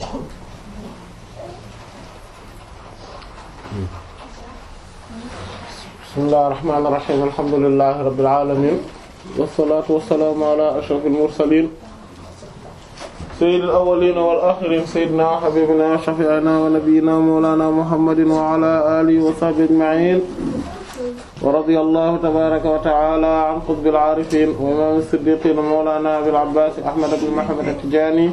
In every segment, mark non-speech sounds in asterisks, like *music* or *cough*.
bismillahir rahmanir rahim alhamdulillahi rabbil alamin wassalaatu wassalaamu ala ashrafil mursalin sayyidil awwalin wal akhirin sayyidina wa habibina wa shafi'ina wa nabiyyina mawlana muhammadin wa ala alihi wa sahbihi ajma'in wa radiyallahu tabaraka wa ta'ala an qutbil arifin wa imam as-siddiqin mawlana abil abbas ahmad ibn muhammad at-tijani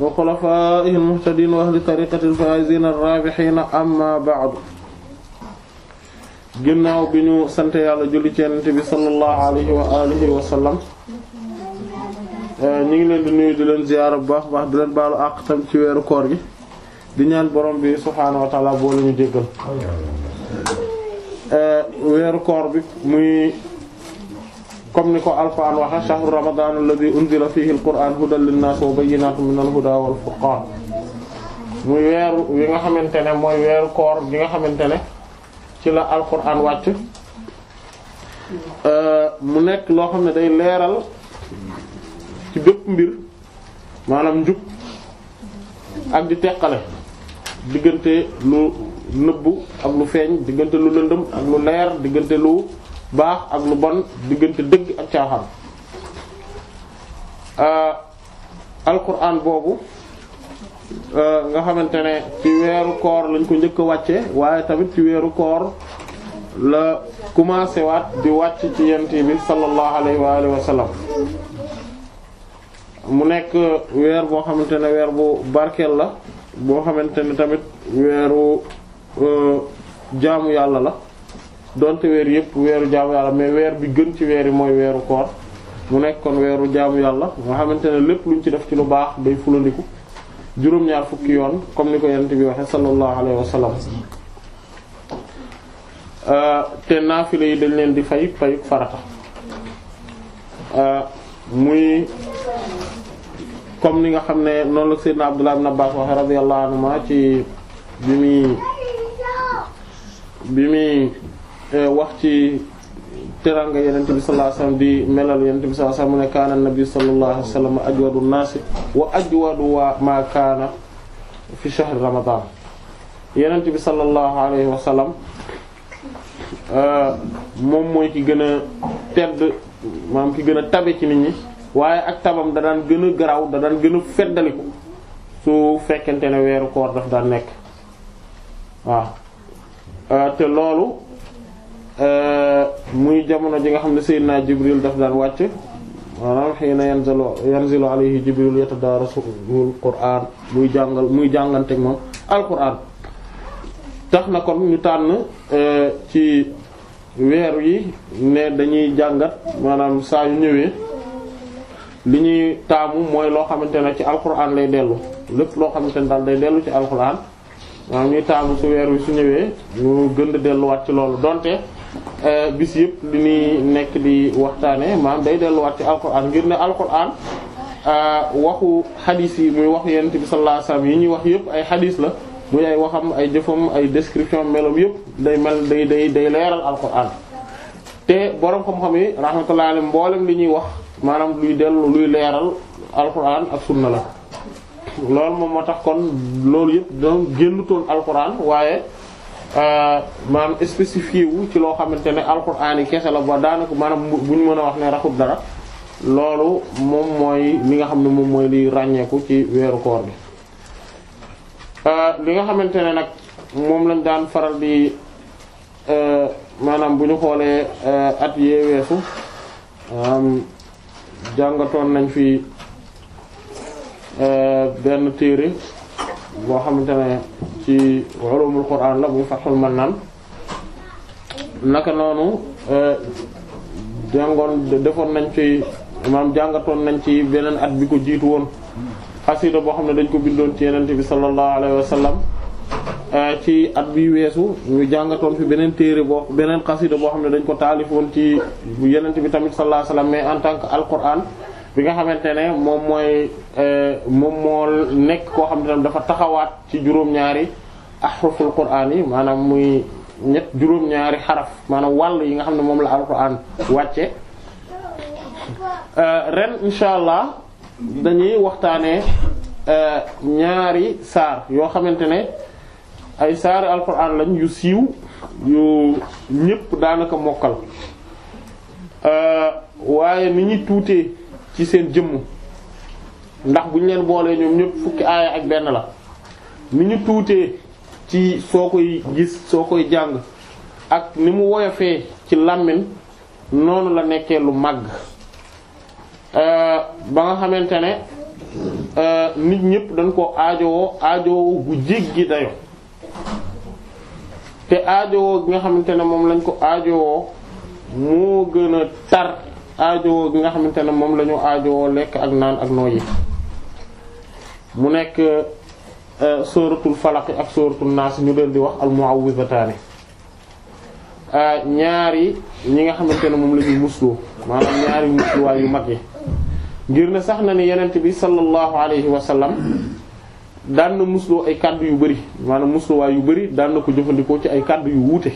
wa xulafaa'ihil muhtadiin wa ahli tariqatil faa'iziina ar-raabihiina amma ba'du ginnaaw bi ñu sant yàlla julli ci Yonent bi sallallahu alayhi wa alihi wa sallam eh, ñu ngi leen di nuyu di leen ziyaara bu baax baax di leen baalu àq tam ci weeru koor gi di ñaan borom bi subhaanahu wa ta'aala boo ñu jéggal eh, weeru koor bi muy comme ni ko alquran waxe shahru ramadan alladhi unzila fihi alquran hudan linnas wa bayyinatin minal huda wal furqan muy weeru wi nga xamante ne mooy weeru koor gi nga xamante ne ci la alquran wàcc euh, mu nekk loo xam ne day leeral ci bépp mbir maanaam njub ak di teqale diggante lu nëbbu ak lu feeñ diggante lu lëndëm ak lu leer diggante lu baax ak lu bon diggante dëgg ak caaxaan euh, alquran boobu euh, nga xamante ne ci weeru koor lañ ko njëkk a wàcce waaye tamit ci weeru koor la commencé waat di wàcc ci yent bi sallallahu alayhi wa alihi mu nekk weer boo xamante ne weer bu barkeel la boo xamante ne tamit weeru euh, jaamu yàlla la donte weer yëpp weeru jaamu yàlla mais weer bi gën ci weer yi mooy weeru koor mu nekkoon weeru jaamu yàlla nga xamante ne lépp lu luñ ci def ci lu baax bay fulandiku juróom-ñaar fukki yoon comme ni ko yonent bi waxee sallallahu alayhi wa sallam euh, te naafile yi dañ leen di fay fay farata euh, muy comme ni nga xam ne noonu la Seydina Abdullah ibn Abbas waxe radiyallahu anhuma ci bi muy bi muy Eh, wax ci teranga yenente bi sallallahu di melal yenente bi sallallahu alayhi wasallam ne kaana nabi sallallahu alayhi wasallam ajwadu naasi wa ajwadu wa ma kaana fi shahr ramadan yenente bi sallallahu alayhi eh, moom mooy ki gën a tedd maam ki gën a tabe ci nit ñi waaye ak tabam da daan gën a garaaw da daan gën feddaliku su fekkente ne weeru koor daf daan nekk waaw eh, te loolu Euh, muy jamono ji nga xam ne naa Jibril daf daan wàcc maanaam hiina yanzilu yanzilu alayhi Jibril yatadaarasuhul Qur'an muy jàngal muy jàngante moom al-Qur'an tax na kon ñu tànn euh, ci weer yi ne dañuy jàngat maanaam saa yu ñëwee li ñuy taamu mooy loo xamante ne ci alquran lay dellu lépp loo xamante ne daal day dellu ci alquran maa ñuy taamu su weer wi su ñëwee ñu gën a delluwaat ci loolu donte Euh, bis yëpp li ñuy nekk di waxtaane maanaam day delluwaat ci alquran ngir ne alquran euh, waxu xadis yi muy wax yonent bi sallallahu alayhi wasallam yi ñuy wax yëpp ay xadis la muy ay waxam ay jëfam ay description melam yëpp day mel day day day leeral alquran te boroom xam-xam yi rahmatullahi ne mboolem li ñuy wax maanaam luy dellu luy leeral alquran ak sunna la loolu moom moo tax kon loolu yëpp doon génnutoon alquran waaye Euh, maanaam spécifié ci loo xamante ne alxuraan yi kese la ba daanaka maanaam bu ñu mën a wax ne raxut dara loolu moom mooy li nga xam ne moom mooy liy ràññeeku ci weeru koor bi euh, li nga xamante ne nag moom lañ daan faral di euh, maanaam bu ñu xoolee at yee weesu jàngatoon nañ fi benn téere boo xamante ne ci ulumul Qur'an la muy Fathul Mannan naka noonu eh, jàngoon defoon nañ ci maam jàngatoon nañ ci beneen at bi ko jiitu woon xasida boo xam ne dañ ko bindoon ci yenente bi sallallahu alayhi wa sallam eh, ci at bi weesu ñu jàngatoon fi beneen téere boo beneen xasida boo xam ne dañ ko taalif woon ci yenente bi tamit sallallahu alayhi mais en tant que Alquran bi nga xamante ne moom mooy euh, moom moo nekk koo xam ne dafa taxawaat ci juróom-ñaari ahruful qur'aan yi maanaam muy ñett juróom-ñaari xaraf maanaam wàll yi nga xam ne moom la alqur'aan wàcce euh, ren incha allah dañuy waxtaanee euh, ñaari saar yoo xamante ne ay saari alqur'aan lañ yu siiw yu ñépp daanaka mokkal waaye ni ñuy tuutee ci seen jëmm ndax bu ñu leen boolee ñoom ñëpp fukki aaya ak benn la ni ñu tuutee ci soo koy gis soo koy jàng ak ni mu woyofee ci làmmiñ noonu la nekkee lu màgg euh, ba nga xamante ne euh, nit ñëpp dañ ko aajowoo aajowoo gu jéggi dayo te aajowoo gi nga xamante ne moom lañ ko aajowoo moo gën a tar aajowoo bi nga xamante ne moom la ñu aajowoo lekk ak naan ak nooyi mu nekk euh, sóoratul falaq ak sóoratul naas ñu leen di wax al mu'awwidhataani euh, ñaari ñi nga xamante ne moom la ñuy muslu maanaam ñaari musluwaay yu mag yi ngir ne sax na ne yenent bi sallallahu alayhi wa sallam daan na musloo ay kàddu yu bari maanaam musluwaay yu bari daan na ko jëfandikoo ci ay kàddu yu wuute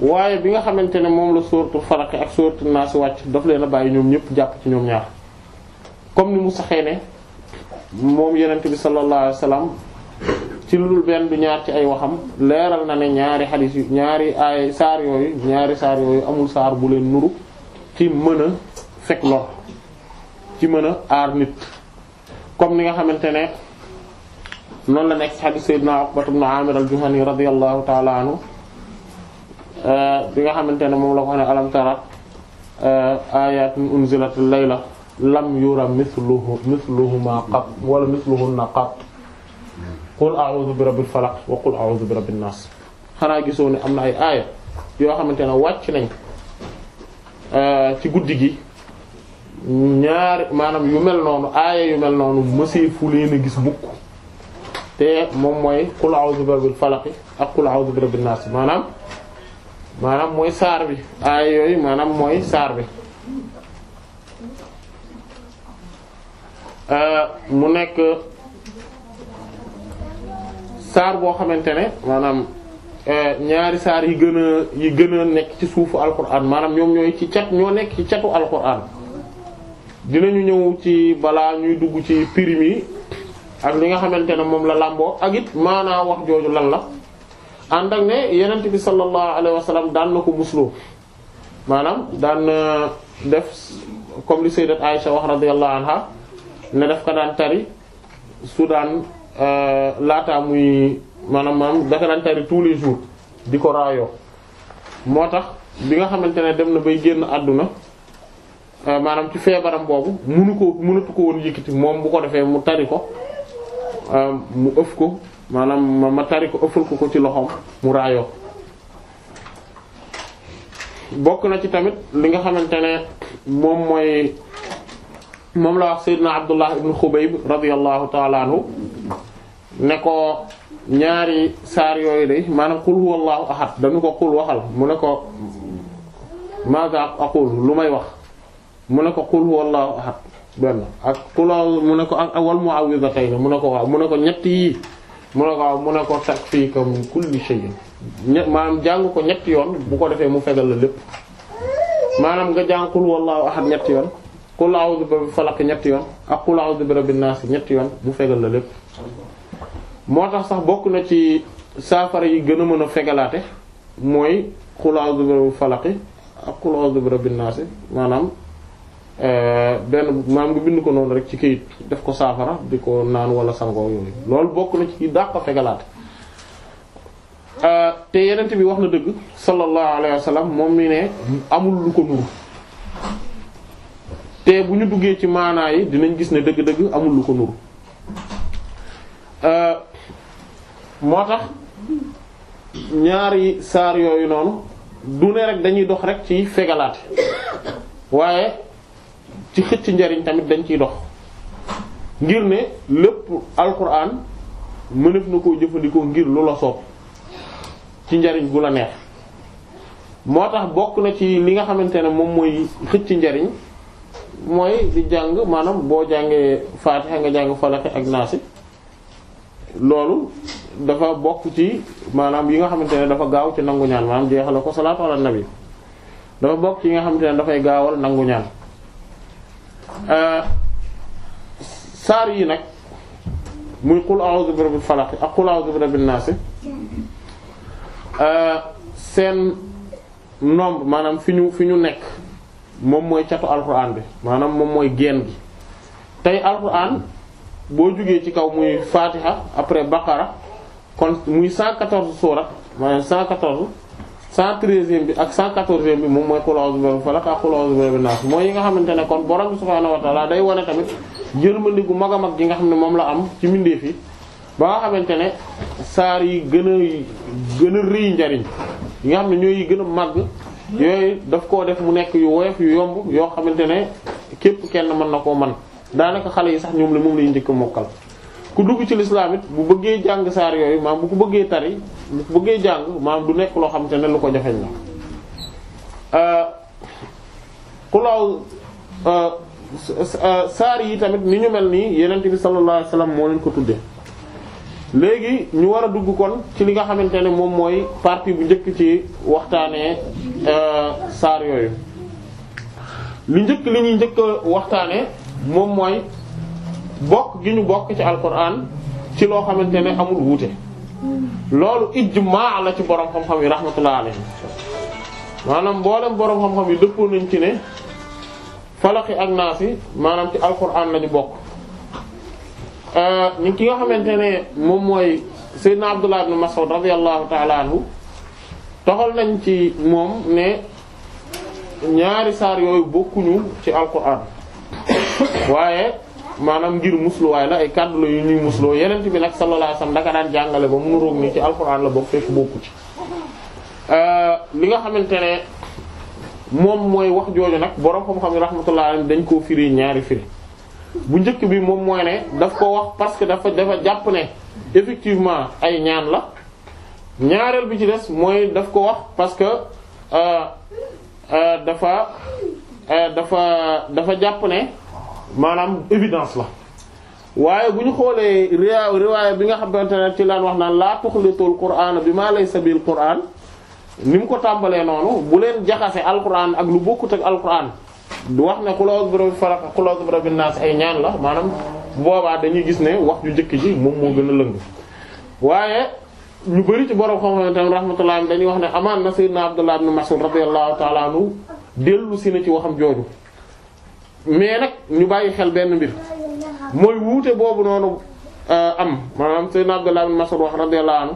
waaye bi nga xamante ne moom la sóortu Falaq ak sóortu Naas wàcc daf leen a bàyyi ñoom ñëpp jàpp ci ñoom ñaar comme ni mu saxee ne moom yonent bi sallallahu ñaar ci ay waxam leeral na ne ñaari xadiis yu ñaari ay saar yooyu ñaari saar yooyu amul saar bu leen nuru ci mën a fekk lor ci mën a aar nit comme ni nga xamante ne noon la nekk ci xadiis Sayyidina Uqbatu ibn Amir al-Juhani radiyallahu ta'ala anhu Euh, bi nga xamante ne moom la ko xam ne alam tara euh, ayatun unzilatil layla lam yura mithluhu mithluhuma qat wala mithluhunna qat qul a'udhu bi rabbil falaq wa qul a'udhu xanaa gisoo am na ay aaya yoo xamante ne wàcc nañ euh, ci guddi gi ñaar maanaam yu mel noonu aaya yu mel noonu mësee fu gis mukk te moom mooy qul a'udhu bi rabbil falaq ak maanaam maanaam mooy saar bi aay yooyu maanaam mooy saar bi euh, mu nekk saar boo xamante ne maanaam euh, ñaari saar yi gën a yi gën nekk ci suufu alquran maanaam ñoom ñooy ci cat ñoo nekk ci catu alquran dinañu ñëw ci balaa ñuy dugg ci primi ak li nga xamante ne moom la làmboo ak maanaa wax jooju lan la ànd ak ne yenent bi sallallahu alayhi wa daan na ko musloo maanaam daan def comme li sayyidat Aisha wax radiyallahu anha ne def ko daan tari su daan euh, laata muy maanaam maanaam dafa daan tari tous les jours di ko raayoo moo tax bi nga xamante ne dem na bay génn àdduna euh, maanaam ci feebaram boobu munu ko mënatu ko woon yëkkati moom bu ko defee mu tari ko euh, mu ëf ko maanaam ma tari ko ëffal ko ci loxoom mu raayoo bokk na ci tamit li nga xamante ne moom mooy moom la wax Seydina Abdullah ibn Xubayb radiyallahu ta'ala anhu ne ko ñaari saar yooyu day maanaam qul huwallahu ahad dañu ko qul waxal mu ne ko maza aqul lu may wax mu ne ko qul huwallahu ahad benn ak qul mu ne ko ak wal mu'awwidhatayn mu ne ko waaw mu ne ko ñett yi mu ne waaw mu ne ko takfiika min kulli shay'in maanaam jàng ko ñetti yoon bu ko defee mu fegal la lépp maanaam nga jàng qul huwallahu ahad ñetti yoon qul a'udhu bi rabbil falaq ñetti yoon ak qul a'udhu bi rabbin nas ñetti yoon mu fegal la lépp moo tax sax bokk na ci saafara yi gën a mën a fegalaate mooy qul a'udhu bi rabbil falaq ak qul a'udhu bi rabbin nas maanaam Euh, benn maam nga bind ko noonu rek ci kayit def ko saafara di ko naan wala sangoo yooyu loolu bokk na ci dàq fegalaat euh, te yenent bi wax na dëgg sallallahu alayhi wa moom mi ne amul lu bu ñu duggee ci maanaa yi dinañ gis ne dëgg-dëgg amul ko nuru euh, moo ñaari saar yooyu noonu du rek dañuy dox rek ci fegalaate waaye ci xëcc njariñ tamit dañ ciy dox ngir ne lépp alquran mënef na koo jëfandikoo ngir lu la soob ci njariñ gu la neex moo tax bokk na ci li nga xamante ne moom mooy xëcc njariñ mooy di jàng maanaam boo jàngee faatixa nga jàng falaki ak naasi loolu dafa bokk ci maanaam yi nga xamante ne dafa gaaw ci nangu ñaan maanaam jeexale ko salaatu ala nabi dafa bokk ci yi nga xamante ne dafay gaawal nangu ñaan Euh, saar yi nag muy qul a'udhu bi rabbil falaq ak qul a'udhu bi rabbin nas euh, seen nombre maanaam fi ñu fi ñu nekk moom mooy catu alquran bi maanaam moom mooy geen gi tey alquran boo jugee ci kaw muy fatiha après baqara kon muy 114 suura maanaam 114 cent treizième bi ak cent quatorzième bi moom mooy qul a'udhu bi rabbil falaq ak qul bi rabbin nas mooy yi nga xamante ne kon borom bi subhaanahu wa ta'ala day wane tamit yërmande gu mag a mag gi nga xam ne moom la am ci mbindeef yi ba nga xamante ne saar yi gën a gën a rëy njariñ yi nga xam ne ñooy yi gën a màgg yooyu daf koo def mu nekk yu woyof yu yomb yoo xamante ne képp kenn mën na koo man daanaka xale yi sax ñoom la moom lay njëkk mokkal ku dugg ci lislaam it bu bëggee jàng saar yooyu maam bu ko bëggee tari bu ko bëggee jàng maam du nekk loo xam te ne lu ko jafeñ la xulaaw euh, euh, saar yi tamit ni ñu mel nii yenent bi sallallahu alayhi moo leen ko tudde léegi ñu war a dugg kon ci li nga xamante ne moom mooy partie bu njëkk ci waxtaanee euh, saar yooyu lu njëkk li ñuy njëkk waxtaanee moom mooy bokk gi ñu bokk ci alquran ci loo xamante ne amul wuute loolu ijmaa la ci borom xam-xam yi rahmatullah alayhi maanaam mboolem borom xam-xam yi dëppoo nañ ci ne falaki ak naas yi maanaam ci alquran la lañu bokk. Euh, ñu ki nga xamante ne moom mooy Seydina Abdullah ibn Mas'ud radiyallahu ta'ala anhu toxal nañ ci moom ne ñaari saar yooyu bokkuñu ci alquran *coughs* waaye. maanaam ngir musluwaay la ay kàddu la yu ñuy musloo yeneen bi nag sallallahu alayhi wasallam daka daan jàngale ba mu roog ni ci alxuraan la bokk fekk bokku ci euh, li nga xamante ne moom mooy wax jooju nag boroom xam-xam ne rahmatullah dañ koo firi ñaari firi bu njëkk bi moom mooy ne daf ko wax parce que dafa dafa jàpp effectivement ay ñaan la ñaareel bi ci des mooy daf ko wax parce que euh, euh, dafa dafa dafa jàpp ne maanaam évidence la waaye bu ñu xoolee riwaaya bi nga xamante ne ci laan wax naan laa tuxlitul qur'ana bi ma lay bil qur'an ni mu ko tàmbalee noonu bu leen jaxase alquran ak lu bokkut ak alquran du wax ne xuloo bi rabbil falaq ay ñaan la maanaam boobaa dañuy gis ne wax ñu jëkk ji moom moo gën a lëng waaye ñu bari ci borom xam-xam tam rahmatullah dañuy wax ne amaan na sayyidna Abdullah ibn Mas'ud radiyallahu ta'ala anhu dellu si na ci waxam jooju mais nag ñu bàyyi xel benn mbir mooy wuute boobu noonu euh, am maanaam Seydina Abdullah ibn Mas'ud wax radiyallahu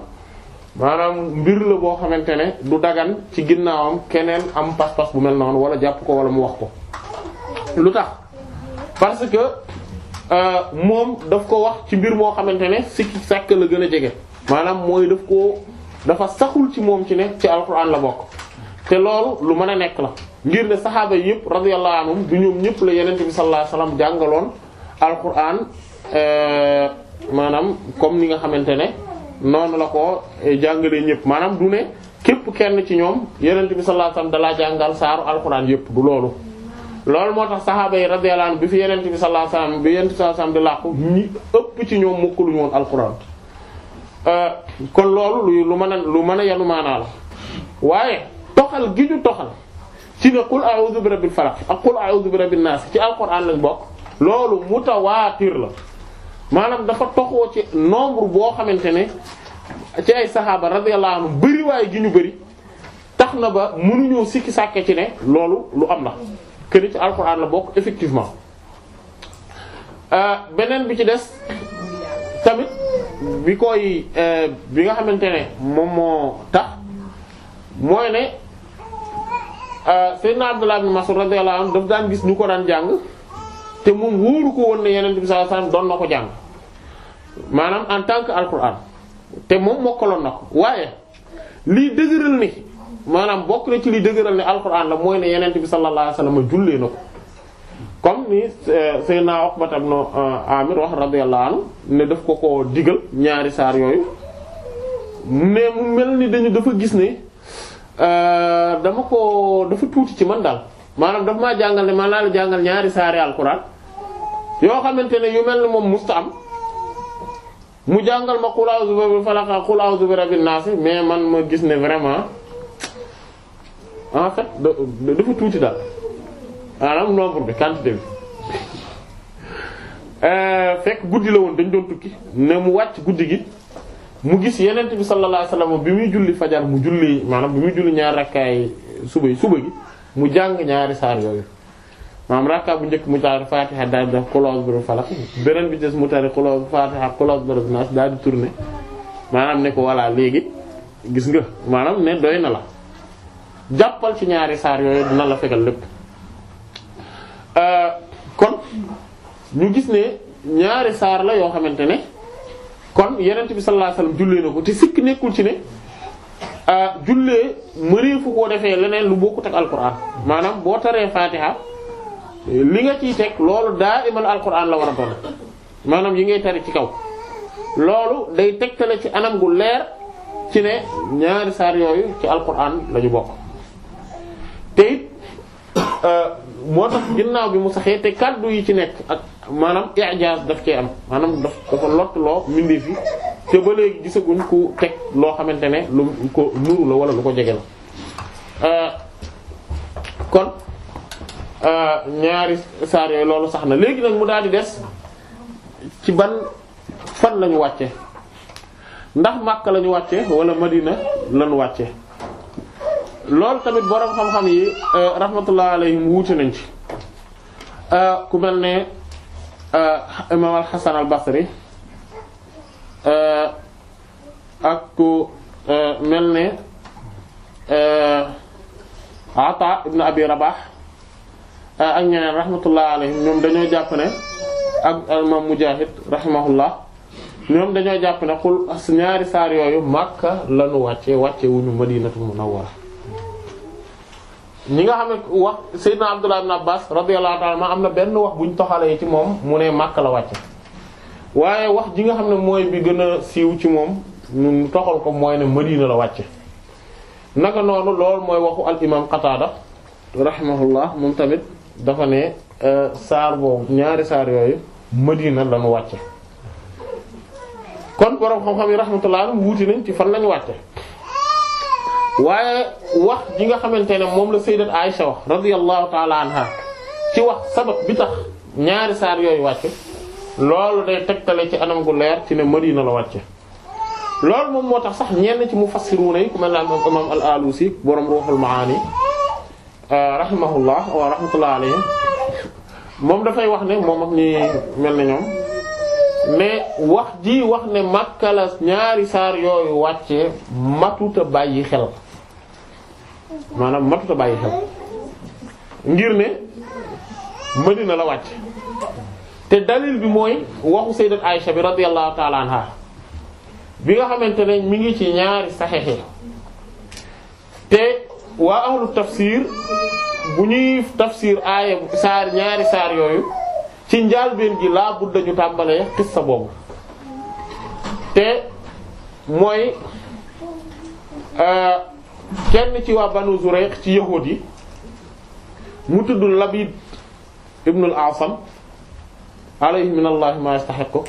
maanaam mbir la boo xamante ne du dagan ci ginnaawam keneen am pas-pas bu mel noonu wala jàpp ko wala mu wax ko lu tax parce que euh, moom daf ko wax ci mbir moo xamante ne sikki sàkk la gën a jege maanaam mooy daf ko dafa saxul ci moom ci ne ci alxuraan la bokk te loolu lu mën a nekk la ngir ne saxaaba yi yëpp radiyallahu anhum du ñoom ñëpp la yeneen bi sallallahu alayhi wasallam jàngaloon alquran euh, maanaam comme ni nga xamante ne noonu la ko euh, jàngalee ñëpp maanaam du ne képp kenn ci ñoom yeneen bi sallallahu alayhi wasallam dalaa jàngal saaru alquran yëpp du loolu. loolu moo tax saxaaba yi radiyallahu anhum bi fi yeneen bi sallallahu alayhi wasallam bi yeneen bi sallallahu alayhi wasallam di ñi ëpp ci ñoom mokkaluñu woon alquran euh, kon loolu lu mën a lu mën a yanu maanaa la waaye toxal gi ñu toxal. ci ne qul a'udhu bi rabbil falaq ak qul a'udhu bi rabbin nas ci alquran lañ bokk loolu mutawaatir la maanaam dafa toxoo ci nombre boo xamante ne ci ay saxaaba radiyallahu anhum bëri waaye gi ñu bëri tax na ba mënuñoo sikki sàkke ci ne loolu lu am la kër ci alquran la bokk effectivement euh, beneen bi ci des tamit bi koy euh, bi nga xamante ne moom moo tax mooy ne Euh, Seydina Abdullah ibn Mas'ud radiyallahu anhu daf daan gis ñu ko daan jàng te moom wóoru ko woon ne Yonent bi sallallahu alayhi wasallam doon na ko jàng maanaam en tant que alquran te moom mokkaloon na waaye lii dëgëral maanaam bokk na ci li dëgëral ne alquran la mooy ne Yonent bi sallallahu alayhi wasallam jullee na ko comme ni euh, Seydina Uqbata ibn euh, Amir wax radiyallahu anhu ne daf ko ko digal ñaari saar yooyu mais mu mel ni dañu dafa gis ne. Euh, dama ko dafa tuuti ci man daal maanaam daf maa jàngal ne man laa la jàngal ñaari saari alxuraan yoo xamante ne yu mel ne moom musta am mu jàngal ma qul a'udhu bi rabbil falaq qul a'udhu bi rabbin nas mais man ma gis ne vraiment en fait dafa tuuti daal maanaam nombre bi quantité bi euh, fekk guddi la woon dañ doon tukki ne mu wàcc guddi gi mu gis yenent bi sallallahu alayhi wasallam bi muy julli fajar mu julli maanaam bi muy julli ñaari rakkaay suba suba gi mu jàng ñaari saar yooyu maanaam rakka bu njëkk mu tari fatiha daal di beneen bi des mu tari xulóos fatiha xulóos bi daal di tourné maanaam ne ko voilà léegi gis nga maanaam ne doy na la jàppal ci ñaari saar yooyu dina la fegal lépp euh, kon ñu gis ne ñaari saar la yoo xamante ne kon yenent bi sallallahu alayhi wasallam jullee na ko te sikk nekkul ci ne ah, jullee mëneefu koo defee leneen lu bokkut ak alquran maanaam boo taree fatiha li nga ciy teg loolu daa imal alquran la war a doon maanaam yi ngay tari ci kaw loolu day tegtale ci anam gu leer ci ne ñaari saar yooyu ci alquran la ñu bokk te ah, moo tax ginnaaw bi mu saxee te kàddu yi ci nekk ak maanaam i'jaaz daf cee am maanaam daf dafa lott loo mbindee fi te ba léegi gisaguñ ku teg loo xamante ne lu ko nuru la wala lu ko jege la euh, kon euh, ñaari saar yooyu loolu sax na léegi nag mu daal di des ci ban fan lañu wàcce ndax Makka lañu wàcce wala Madina lañu wàcce loolu tamit borom xam-xam yi euh, rahmatullah alayhim wuute nañ ci euh, ku mel ne euh, imaam al-Hasan al-Basri ak ku mel ne Ata ibn Abi Rabah ak ñeneen rahmatullah alayhim ñoom dañoo jàpp ne ak imaam Mujaahid rahimahullah ñoom dañoo jàpp ne xul ñaari saar yooyu Makka lañu wàcce wàcce wuñu Madinatul Munawwara ñi nga xam ne wax Seydina Abdullah ibn Abbas radiyallahu ta'ala ma am na benn wax bu ñu toxalee ci moom mu ne Makka la wàcc waaye wax ji nga xam ne mooy bi gën a siiw ci moom ñu toxal ko mooy ne Madina la wàcce naka noonu loolu mooy waxu al imam Qatada rahimahullah moom tamit dafa ne euh, saar boobu ñaari saar yooyu Madina lañu wàcce kon borom xam-xam yi rahmatullah wuuti nañ ci fan lañu wàcce waaye wax ji nga xamante ne moom la sayyidat Aisha wax radiyallahu ta'ala anha ci wax sabab bi tax ñaari saar yooyu wàcc loolu day tegtale ci anam gu leer ci ne Madina la wàcce loolu moom moo tax sax ñenn ci mufassiruna yi ku mel na moom imam al-Alusi boroom Ruhul Maani euh, rahimahullah wa rahmatullah alayhi moom dafay wax ne moom ak mel na ñoom mais wax ji wax ne Makka la ñaari saar yooyu wàcce matuta bàyyi xel maanaam matuta bàyyi xel ngir ne Madina la wàcc te dalil bi mooy waxu sayyidat Aisha bi radiyallahu ta'ala anha bi nga xamante ne mi ngi ci ñaari saxexe te waa ahlu tafsir bu ñuy tafsir aaya saar ñaari saar yooyu ci njaalbeen gi laa bu dañu tàmbalee xis sa boobu te mooy euh, kenn ci waa banu Zurayq ci yahuud yi mu tudd Labid ibnul Asam alayhi minallahi ma yastahiqu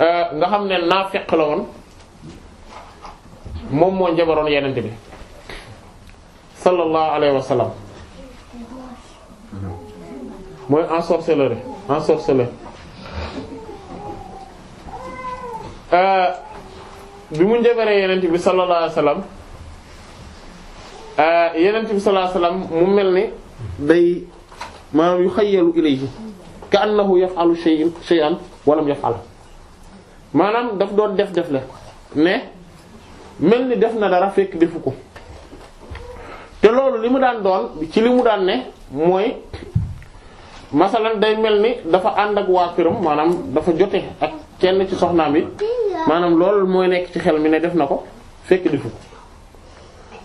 euh, nga xam ne naafiq la woon moom moo njabaroon yenente bi sallallahu alayhi wa mooy en en ensorcellerie ensorcellerie euh, bi mu njabaree yenent bi sallallahu alayhi wasallam euh, bi sallallahu alayhi mu mel ni day maanaam yu xayyalu ilayhi ka annahu yaf'alu shay'an shay'an walam yaf'al maanaam daf doon def def la ne mel ni def na dara fekk defu ko te loolu li mu daan doon ci li mu daan ne mooy masalan day mel ni dafa ànd ak waa këram maanaam dafa jote ak kenn ci soxnaam bi maanaam lool mooy nekk ci xel mi ne def na ko fekk defu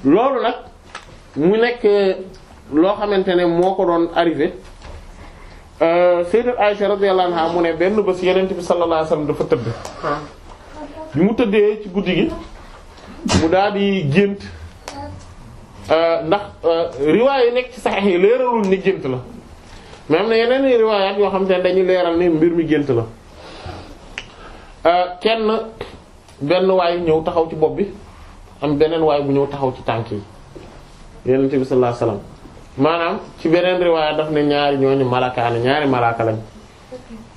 loolu nag mu nekk loo xamante ne moo ko doon arrivé euh, Sayyidat Aisha radiyallahu anha mu ne benn bés Yonent bi sallallahu alayhi wasallam dafa tëdd bi mu tëddee ci guddi gi mu daal di gént euh, ndax euh, riwaay yi nekk ci saxiix yi leeraluñ ni gént la mais na yeneen riwaayaat yoo xam te ne dañu leeral ne mbir mi gént la euh, kenn benn waay ñëw taxaw ci bopp bi am beneen waay bu ñëw taxaw ci tànk yi yonent bi sallallahu alayhi wasallam maanaam ci beneen riwaayaat daf ne ñaari ñooñu malakaane ñaari malaaka lañ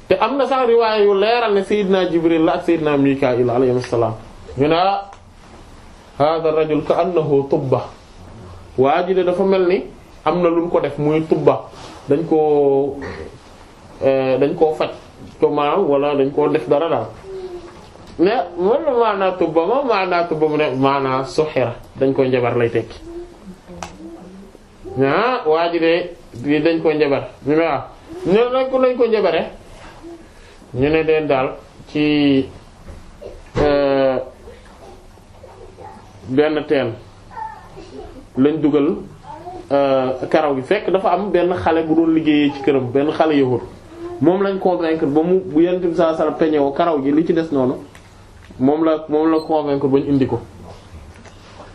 te am na sax riwaay yu leeral ne Seydina Jibril la ak Seydina Mikaayil alayhi salaam ñu ne ah hada rajul ka annahu tubba waa ji de dafa mel ni am na lu mu ko def muy tubba dañ koo euh, dañ koo faj ko maanaam wala dañ koo def dara daal mais man la maanaa tubba ma maanaa tubba mu ne maanaa soxira dañ koo njabar lay tekki ah waa ji de dañ ko njabar ñu ne ah ñun dañ ko dañ ko njabare ñu ne leen daal ci euh, benn teen lañ dugal. Euh, karaw bi fekk dafa am benn xale bu doon liggéeyee ci këram benn xale yahud moom lañ convaincre ba mu bu yonent bi sallallahu alayhi peñewoo karaw gi li ci des noonu moom la moom la convaincre ba ñu indi ko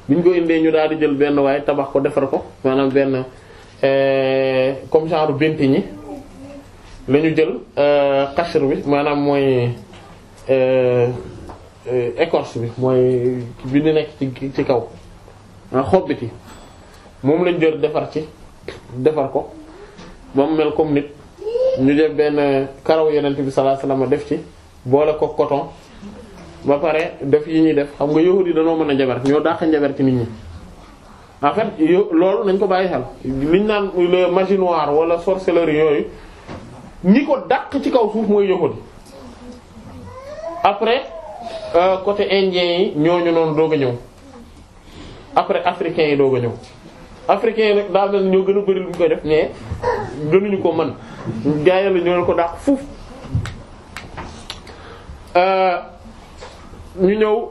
biñ ko indee ñu daal di jël benn waaye tabax ko defar ko maanaam benn euh, comme genre bint ñi la ñu jël euh, xashr maanaam mooy écorce bi mooy bi ñu nekk ci ci kaw xobit yi moom lañ jot defar ci defar ko ba mu mel comme nit ñu jël benn karaw yonent bi sallallahu alayhi wasallam def ci boole ko coton ba pare def yi ñuy def xam nga yahudi danoo mën a njabar ñoo dàq njabar ci nit ñi en fait loolu nañ ko bàyyi xel liñ naan le magie noire wala sorcellerie yooyu ñi dàq ci kaw suuf mooy yahudi après euh, côté indien yi ñooñu noonu doog a ñëw après africain yi doog ñëw africain yi nag daa mel ñoo gën a bëri lu ñu koy def mais gënuñu ko man gaa yi la ko dàq fuuf euh, ñu ñëw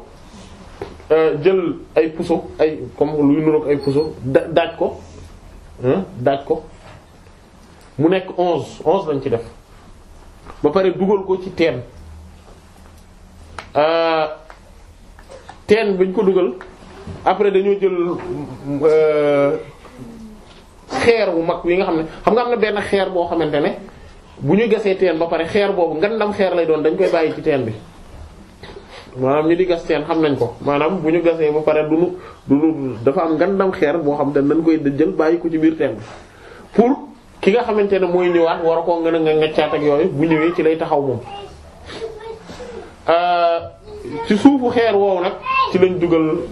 euh, jël ay puso ay comme luy nuroog ay puso daaj ko daaj ko mu nekk onze onze lañ ci def ba pare dugal ko ci teen euh, teen bañ ko dugal après dañoo jël euh, xeer wu mag wi nga xam ne xam nga am na benn xeer boo xamante ne bu ñu gasee teen ba pare xeer boobu ngandam xeer lay doon dañ koy bàyyi ci teen bi maanaam ñu di gas teen xam nañ ko maanaam bu ñu gasee ba pare du nu dafa am ngandam xeer boo xam te dañ koy jël bàyyi ko ci biir teen bi pour ki nga xamante ne mooy ñëwaat war a koo ngën a nga ngaccaat ak yooyu bu ñëwee ci lay taxaw moom euh, ci suufu xeer woowu nag ci lañ dugal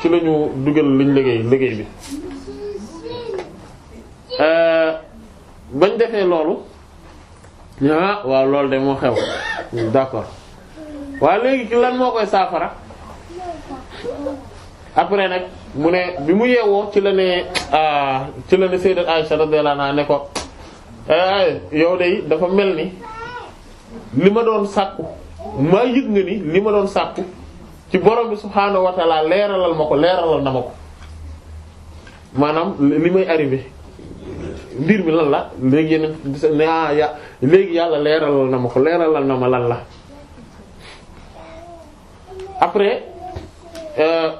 ci la ñu dugal liñ liggéey liggéey bi euh, bañ defee loolu ah waaw loolu de moo xew d'accord waa léegi ci lan moo koy saafara après nag mu ne bi mu yeewoo ci la ne ah, ci la ne sayyidat Aisha radiyallahu anha ne ko eh, yow de dafa mel ni li ma doon sàkku maa yëg nga ni li ma doon sàkku ci borom bi subhaanahu wa ta'ala leeralal ma ko leeralal na ma ko maanaam li may arrivé mbir mi lan la léegi yeneen ah ya léegi yàlla leeralal na ma ko leeralal na ma lan la après euh,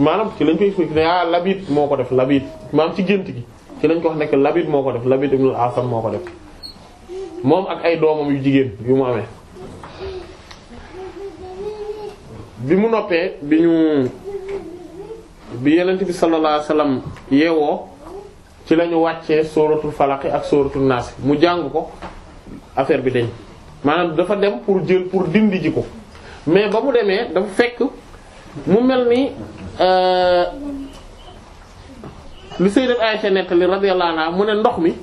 maanaam ci lañ koy expliquer ne ah Labiid moo ko def Labiid maanaam ci gént gi ci lañ ko wax nekk Labiid moo ko def Labiid ibn al-Asam moo ko def moom ak ay doomam yu jigéen yu mu amee. bi mu noppee bi ñu bi yenent bi sallallahu alayhi yeewoo ci la ñu wàccee sóoratul falaq ak sóoratul naas mu jàng ko affaire bi dañ maanaam dafa dem pour jël pour dindi ji ko mais ba mu demee dafa fekk mu mel ni euh, li sayyidat Aisha nettali radiyallahu anha mu ne ndox mi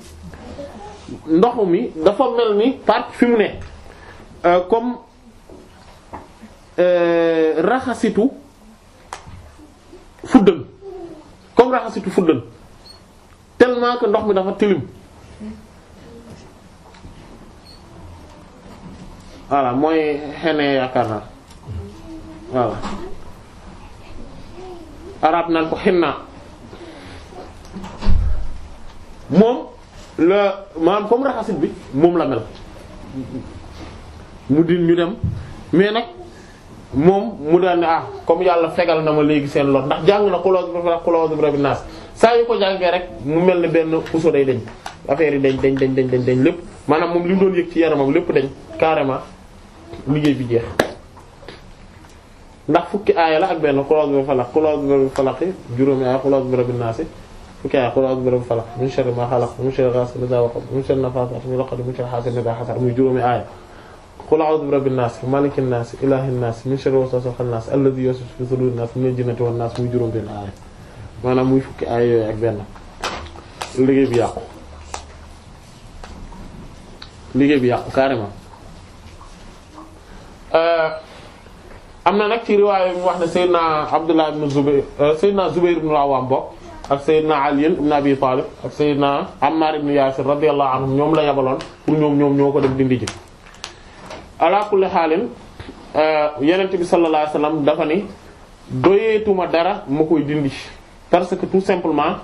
ndox mi dafa mel ni part fi mu ne euh, comme Euh, raxasitu fuddën comme raxasitu fuddën tellement que ndox mi dafa tilim voilà mooy xenee yaakaar naa voilà arab naan ko xinnaa moom la maanaam comme raxasit bi moom la mel mu din ñu dem mais nag moom mu daan ne ah comme yàlla fegal na ma léegi seen lor ndax jàng na xuloosi bi xuloosi bi rabbi naas ko jàngee rek mu mel ne benn uso day dañ affaire yi dañ dañ dañ dañ dañ dañ lépp maanaam moom li yëg ci yaramam lépp dañ carrément liggéey bi jeex ndax fukki aaya la ak benn xuloosi bi falaq xuloosi bi rabbi falaq yi juróomi aaya xuloosi bi rabbi naas fukki aaya xuloosi bi rabbi falaq min sharri ma xalaq min sharri ghasiqin idha waqab min sharri nafathati fil 'uqad min sharri hasidin idha hasad muy juróomi aaya qul a'udhu bi rabbin nas malikin nas ilahin nas min sharri waswasil khannas alladhi yuwaswisu fi sudurin nas min al-jinnati wan muy juróom benn aaya maanaam muy fukki aaya yooyu ak benn liggéey bi yàqu liggéey bi yàqu carrément euh, am na nag ci riwaaya bi mu wax ne Seydina Abdullah ibn Zubayr euh, Seydina Zubayr ibn al-Awwam bokk ak Seydina Ali ibn Abi Talib ak Seydina Ammar ibn Yasir radiyallahu anhum ñoom la yabaloon pour ñoom ñoo ko dem dindi ji ala kulli xaalin euh, yenent bi sallallahu alayhi wasallam dafa ni doyeetuma dara ma koy dindi parce que tout simplement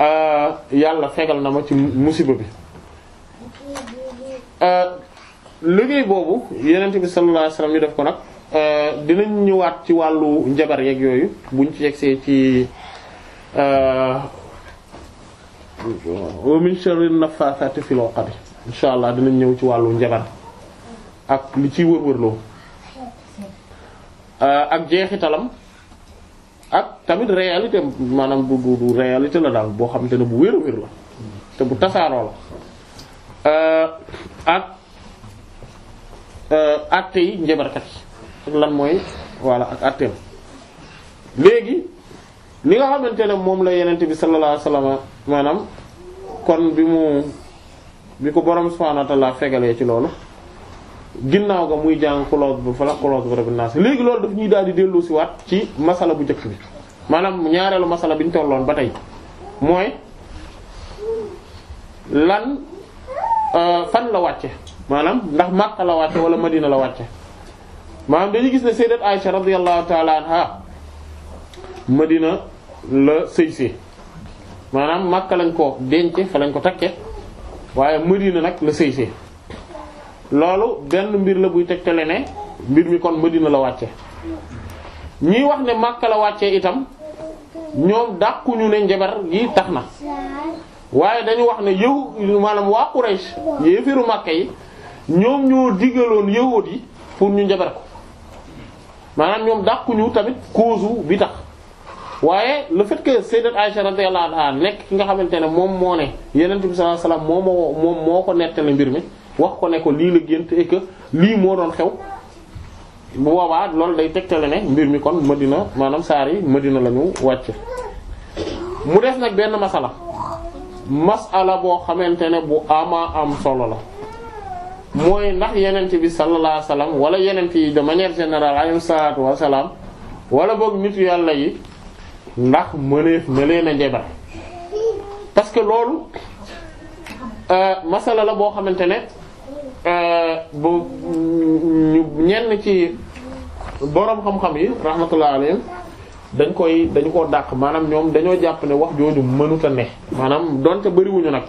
euh, yàlla fegal na ma ci musiba bi euh, liggéey boobu yenent bi sallallahu alayhi ñu def ko nag dinañ ñëwaat ci wàllu njabar yeeg yooyu buñ ci yegsee ci wa min sharri nafathati fil uqad insha allah dinañ ñëw ci wàllu njabar ak li ciy wër-wërloo euh, ak jeexitalam ak tamit réalité maanaam du du du réalité la daal boo xamante ne bu wér wér la te bu tasaaroo la euh, ak euh, actes yi njabarkat lan mooy voilà ak actes léegi li nga xamante ne moom la yenente bi sallallahu alayhi maanaam kon bi mu bi ko borom subhanahu wa fegalee ci loolu. ginnaaw ga muy jàng xulaas bu falaq xulaas bu rabbin naas léegi loolu daf ñuy daal di dellu si waat ci masala bu njëkk bi maanaam ñaareelu masala bi ñu tolloon ba tey mooy lan euh, fan la wàcce maanaam ndax Makka la wàcce wala Madina la wàcce maanaam dañuy gis ne sayyidat Aisha la sëysee maanaam Makka lañ ko denc fa lañ ko takke waaye Madina nag la sëysee loolu benn mbir la buy tegtale ne mbir mi kon Madina la wàcce ñiy wax ne Makka la wàcce itam ñoom dàkkuñu ne njabar yi tax na waaye dañu wax ne yow maanaam waa Quraysh yéefiru Makka yi ñoom ñoo digaloon yahuud yi pour ñu njabar ko maanaam ñoom dàkkuñu tamit cause bi tax waaye le fait que sayyidat Aisha radiyallahu anha nekk ki nga xamante ne moom moo ne Yonent bi sallallahu alayhi wasallam moo moo moo ko nettali mbir mi wax ko ne ko lii la gént et lii moo doon xew bu boobaa loolu day tegtale ne mbir mi kon Madina maanam saar yi Madina la ñu wàcc mu def nag benn masala masala boo xamante ne bu ama am solo la mooy ndax yenent bi sallallahu alayhi wasallam wala yenent yi de manière générale alayhi salaatu wasalaam wala boog nitu yàlla yi ndax mëneef na leen a njabar parce que loolu euh, masala la boo xamante ne Euh, bu ñu ñenn ci boroom xam-xam yi rahmatullah dañ koy dañ koo dàq maanaam ñoom dañoo jàpp ne wax jooju mënuta ne maanaam donte bariwuñu nag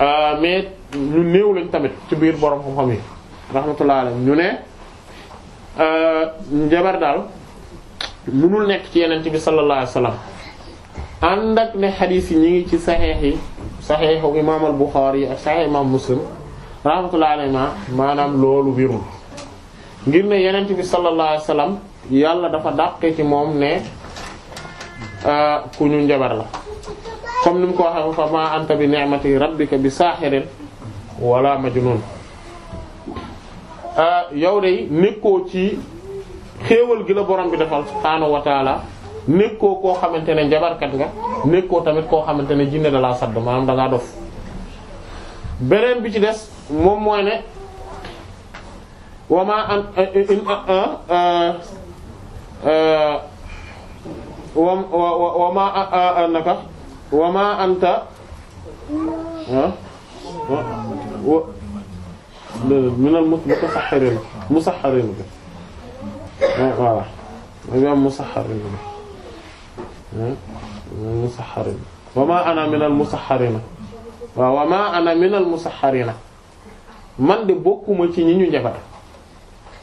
euh, mais ñu néew lañ tamit ci biir boroom xam-xam yi rahmatullah alayhim ñu ne euh, njabar daal mënul nekk ci yeneen bi sallallahu alayhi wasallam ànd ak ne xadiis yi ñi ngi ci saxeex yi saxeexu imaam al Buxaari yi ak saxeex imaam Muslim rahmatullahi alayhi maanaam loolu wérul ngir ne yenent bi sallallahu alayhi wa sallam yàlla dafa dàqe ci moom ne euh, ku ñu njabar la comme ni mu ko waxee fa ma anta bi ni'mati rabbika bi saahirin wala majnun euh, yow de nekkoo ci xéewal gi la borom bi defal subhaanahu wa taala koo xamante ne njabarkat nga nekkoo tamit koo xamante ne jinne da laa sadd maanaam da dof beneen bi ci des moom mooy ne wama an wama naka wama anta minal musaxxirin musaxxirin bi eh, voilà dañu am musaxxirin bi eh, musaxxirin man de bokkuma ci ñi ñu njabar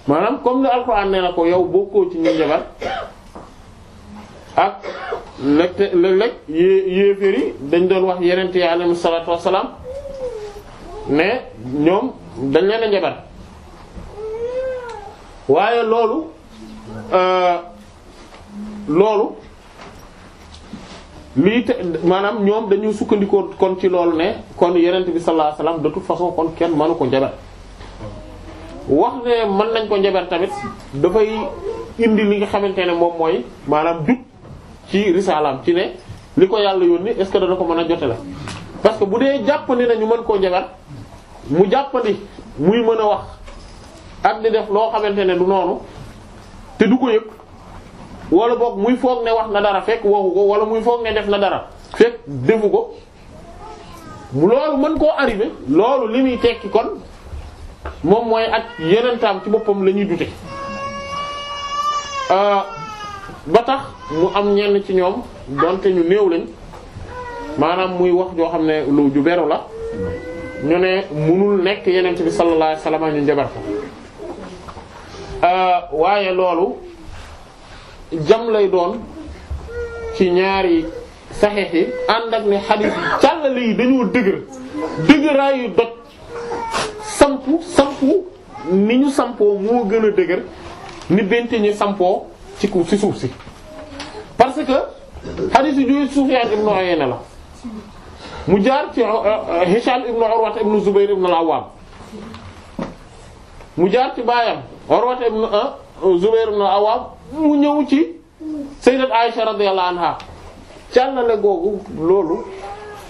maanaam comme ne alxuraan nee na ko yow bokkoo ci ñu njabar ak léeg léeg yéeféer yi dañ doon wax yeneen yenente yi alayhi salaatu wassalaam ne ñoom dañ leen a njabar waaye loolu euh, loolu lii te maanaam ñoom dañu sukkandikoo kon ci loolu ne kon yenent bi sallallahu alayhi wasallam de toute façon kon kenn mënu ko njabar wax ne man nañ ko njabar tamit dafay indi li nga xamante ne moom mooy maanaam dut ci risalaam ci ne li ko yàlla yónni est-ce que dana ko mën a jote la parce que bu dee jàppandi nañu mën koo njabar mu jàppandi muy mën a wax ak di def loo xamante ne du noonu te du ko yëg wala boog muy foog ne wax na dara fekk waxu ko wala muy foog ne def na dara fekk defu ko loolu mën koo arrivé loolu li muy tekki kon moom mooy ak yenentaam ci boppam la ñuy dute euh, ba tax mu am ñenn ci ñoom donte ñu néew lañ maanaam muy wax joo xam ne lu ju beru la ñu ne munul nekk yenent bi sallallahu alayhi wasallam euh, waaye loolu jam lay doon ci ñaari saxeex yi ànd ak ne xadis yi càllale yi dañoo dëgër dëgëraay doj sampu sampu ni ñu sampoo moo gën a dëgër ni bente ñi sampoo ci ku ci suuf si parce que xadis yi jóge Sufyaan ibnu Uyayna la mu jaar ci euh, euh, Hishaam ibnu Urwa ibnu Zubayr ibnu al-Awwaam mu jaar ci baayam Urwata ibn ah, Zubayr ibn mu ñëw ci sayyidat Aisha radiyallahu anha càllale googu loolu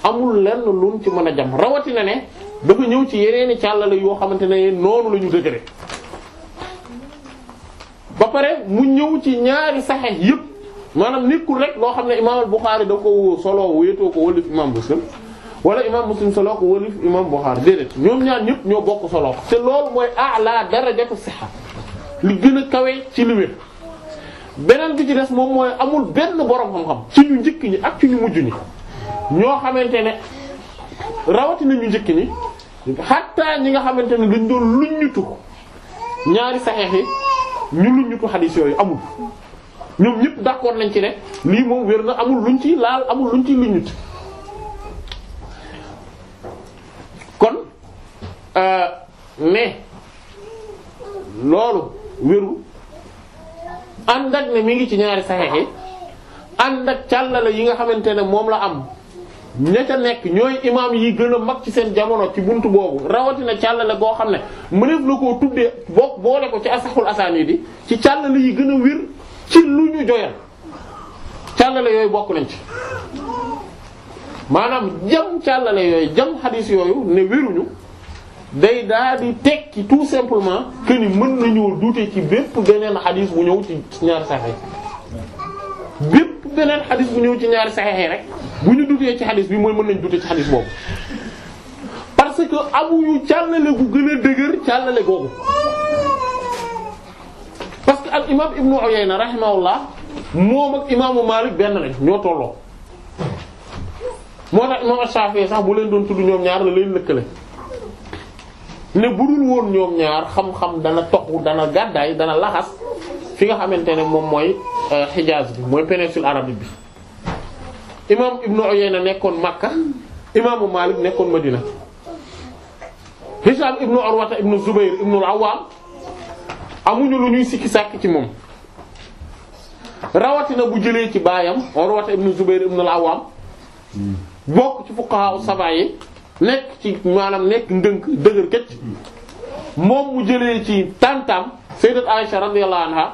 amul lenn lun ci mën a jam rawatina ne dafa ñëw ci yeneeni càllale yoo xamante ne noonu la ñu dëgëre ba pare mu ñëw ci ñaari saxe yëpp maanaam nekkul rek loo xam ne imaam al Bukhari da ko solo wéetoo ko wala imam Muslim wala imaam muslim solo ko walif imaam buxaari déedéet ñoom ñaan ñëpp ñoo bokk solo ko te loolu mooy a'la darajatu siha li gën a kawe ci li wér bi ci des moom mooy amul benn borom xam-xam ci ñu njëkk ñi ak ci ñu mujj ñi ñoo xamante ne rawatina ñu njëkk ñi xatta ñi nga xamante ne dañ doon luññutu ñaari saxeex yi ñu luññutu xadiis yooyu amul ñoom ñëpp d'accord nañ ci ne lii moom wér na amul luñ ci laal amul luñ ci luññut kon euh, mais loolu wérul ànd ne mi ngi ci ñaari saxeex yi ànd yi nga xamante ne moom la am ña ca nekk ñooy imaam yi gën a mag ci seen jamono ci bunt boobu rawatina càllale goo xam ne mëneef la ko tuddee boo boole ko ci asaxul asaan yi di ci càllale yi gën a wér ci lu ñu joyal càllale yooyu bokk nañ ci maanaam jam càllale yooyu jam xadis yooyu ne wéruñu day daal di tekki tout simplement que ni mën nañoo duute ci bépp beneen xadis bu ñëw ci ñaari saxeex bépp beneen xadis bu ñëw ci ñaari saxeex rek bu ñu dutee ci xadis bi mooy mën nañ dute ci xadis boobu parce que amuñu càllale bu gën a dëgër càllale googu parce que al imam ibnu Uyayna rahimahullah moom ak imaamu Maalik benn lañ ñoo tolloo moo tax imam Shafi'i sax bu leen doon tudd ñoom ñaar la leen lëkkale ne budul woon ñoom ñaar xam-xam dana toxu dana gàddaay dana laxas fi nga xamante ne moom mooy euh, Hijaz bi mooy péninsule arabique bi imam Ibn Uyayna nekkoon Makka imaamu Malik nekkoon Madina Hisham ibnu Urwata ibnu Zubayr ibnu al amuñu lu ñuy sikki sàkk ci moom rawatina bu jëlee ci baayam Urwata ibnu Zubayr ibnu al bokk ci fuqaha saba yi nekk ci maanaam nekk ndënk dëgër këcc moom mu jëlee ci tantam sayyidat Aisha radiyallahu anha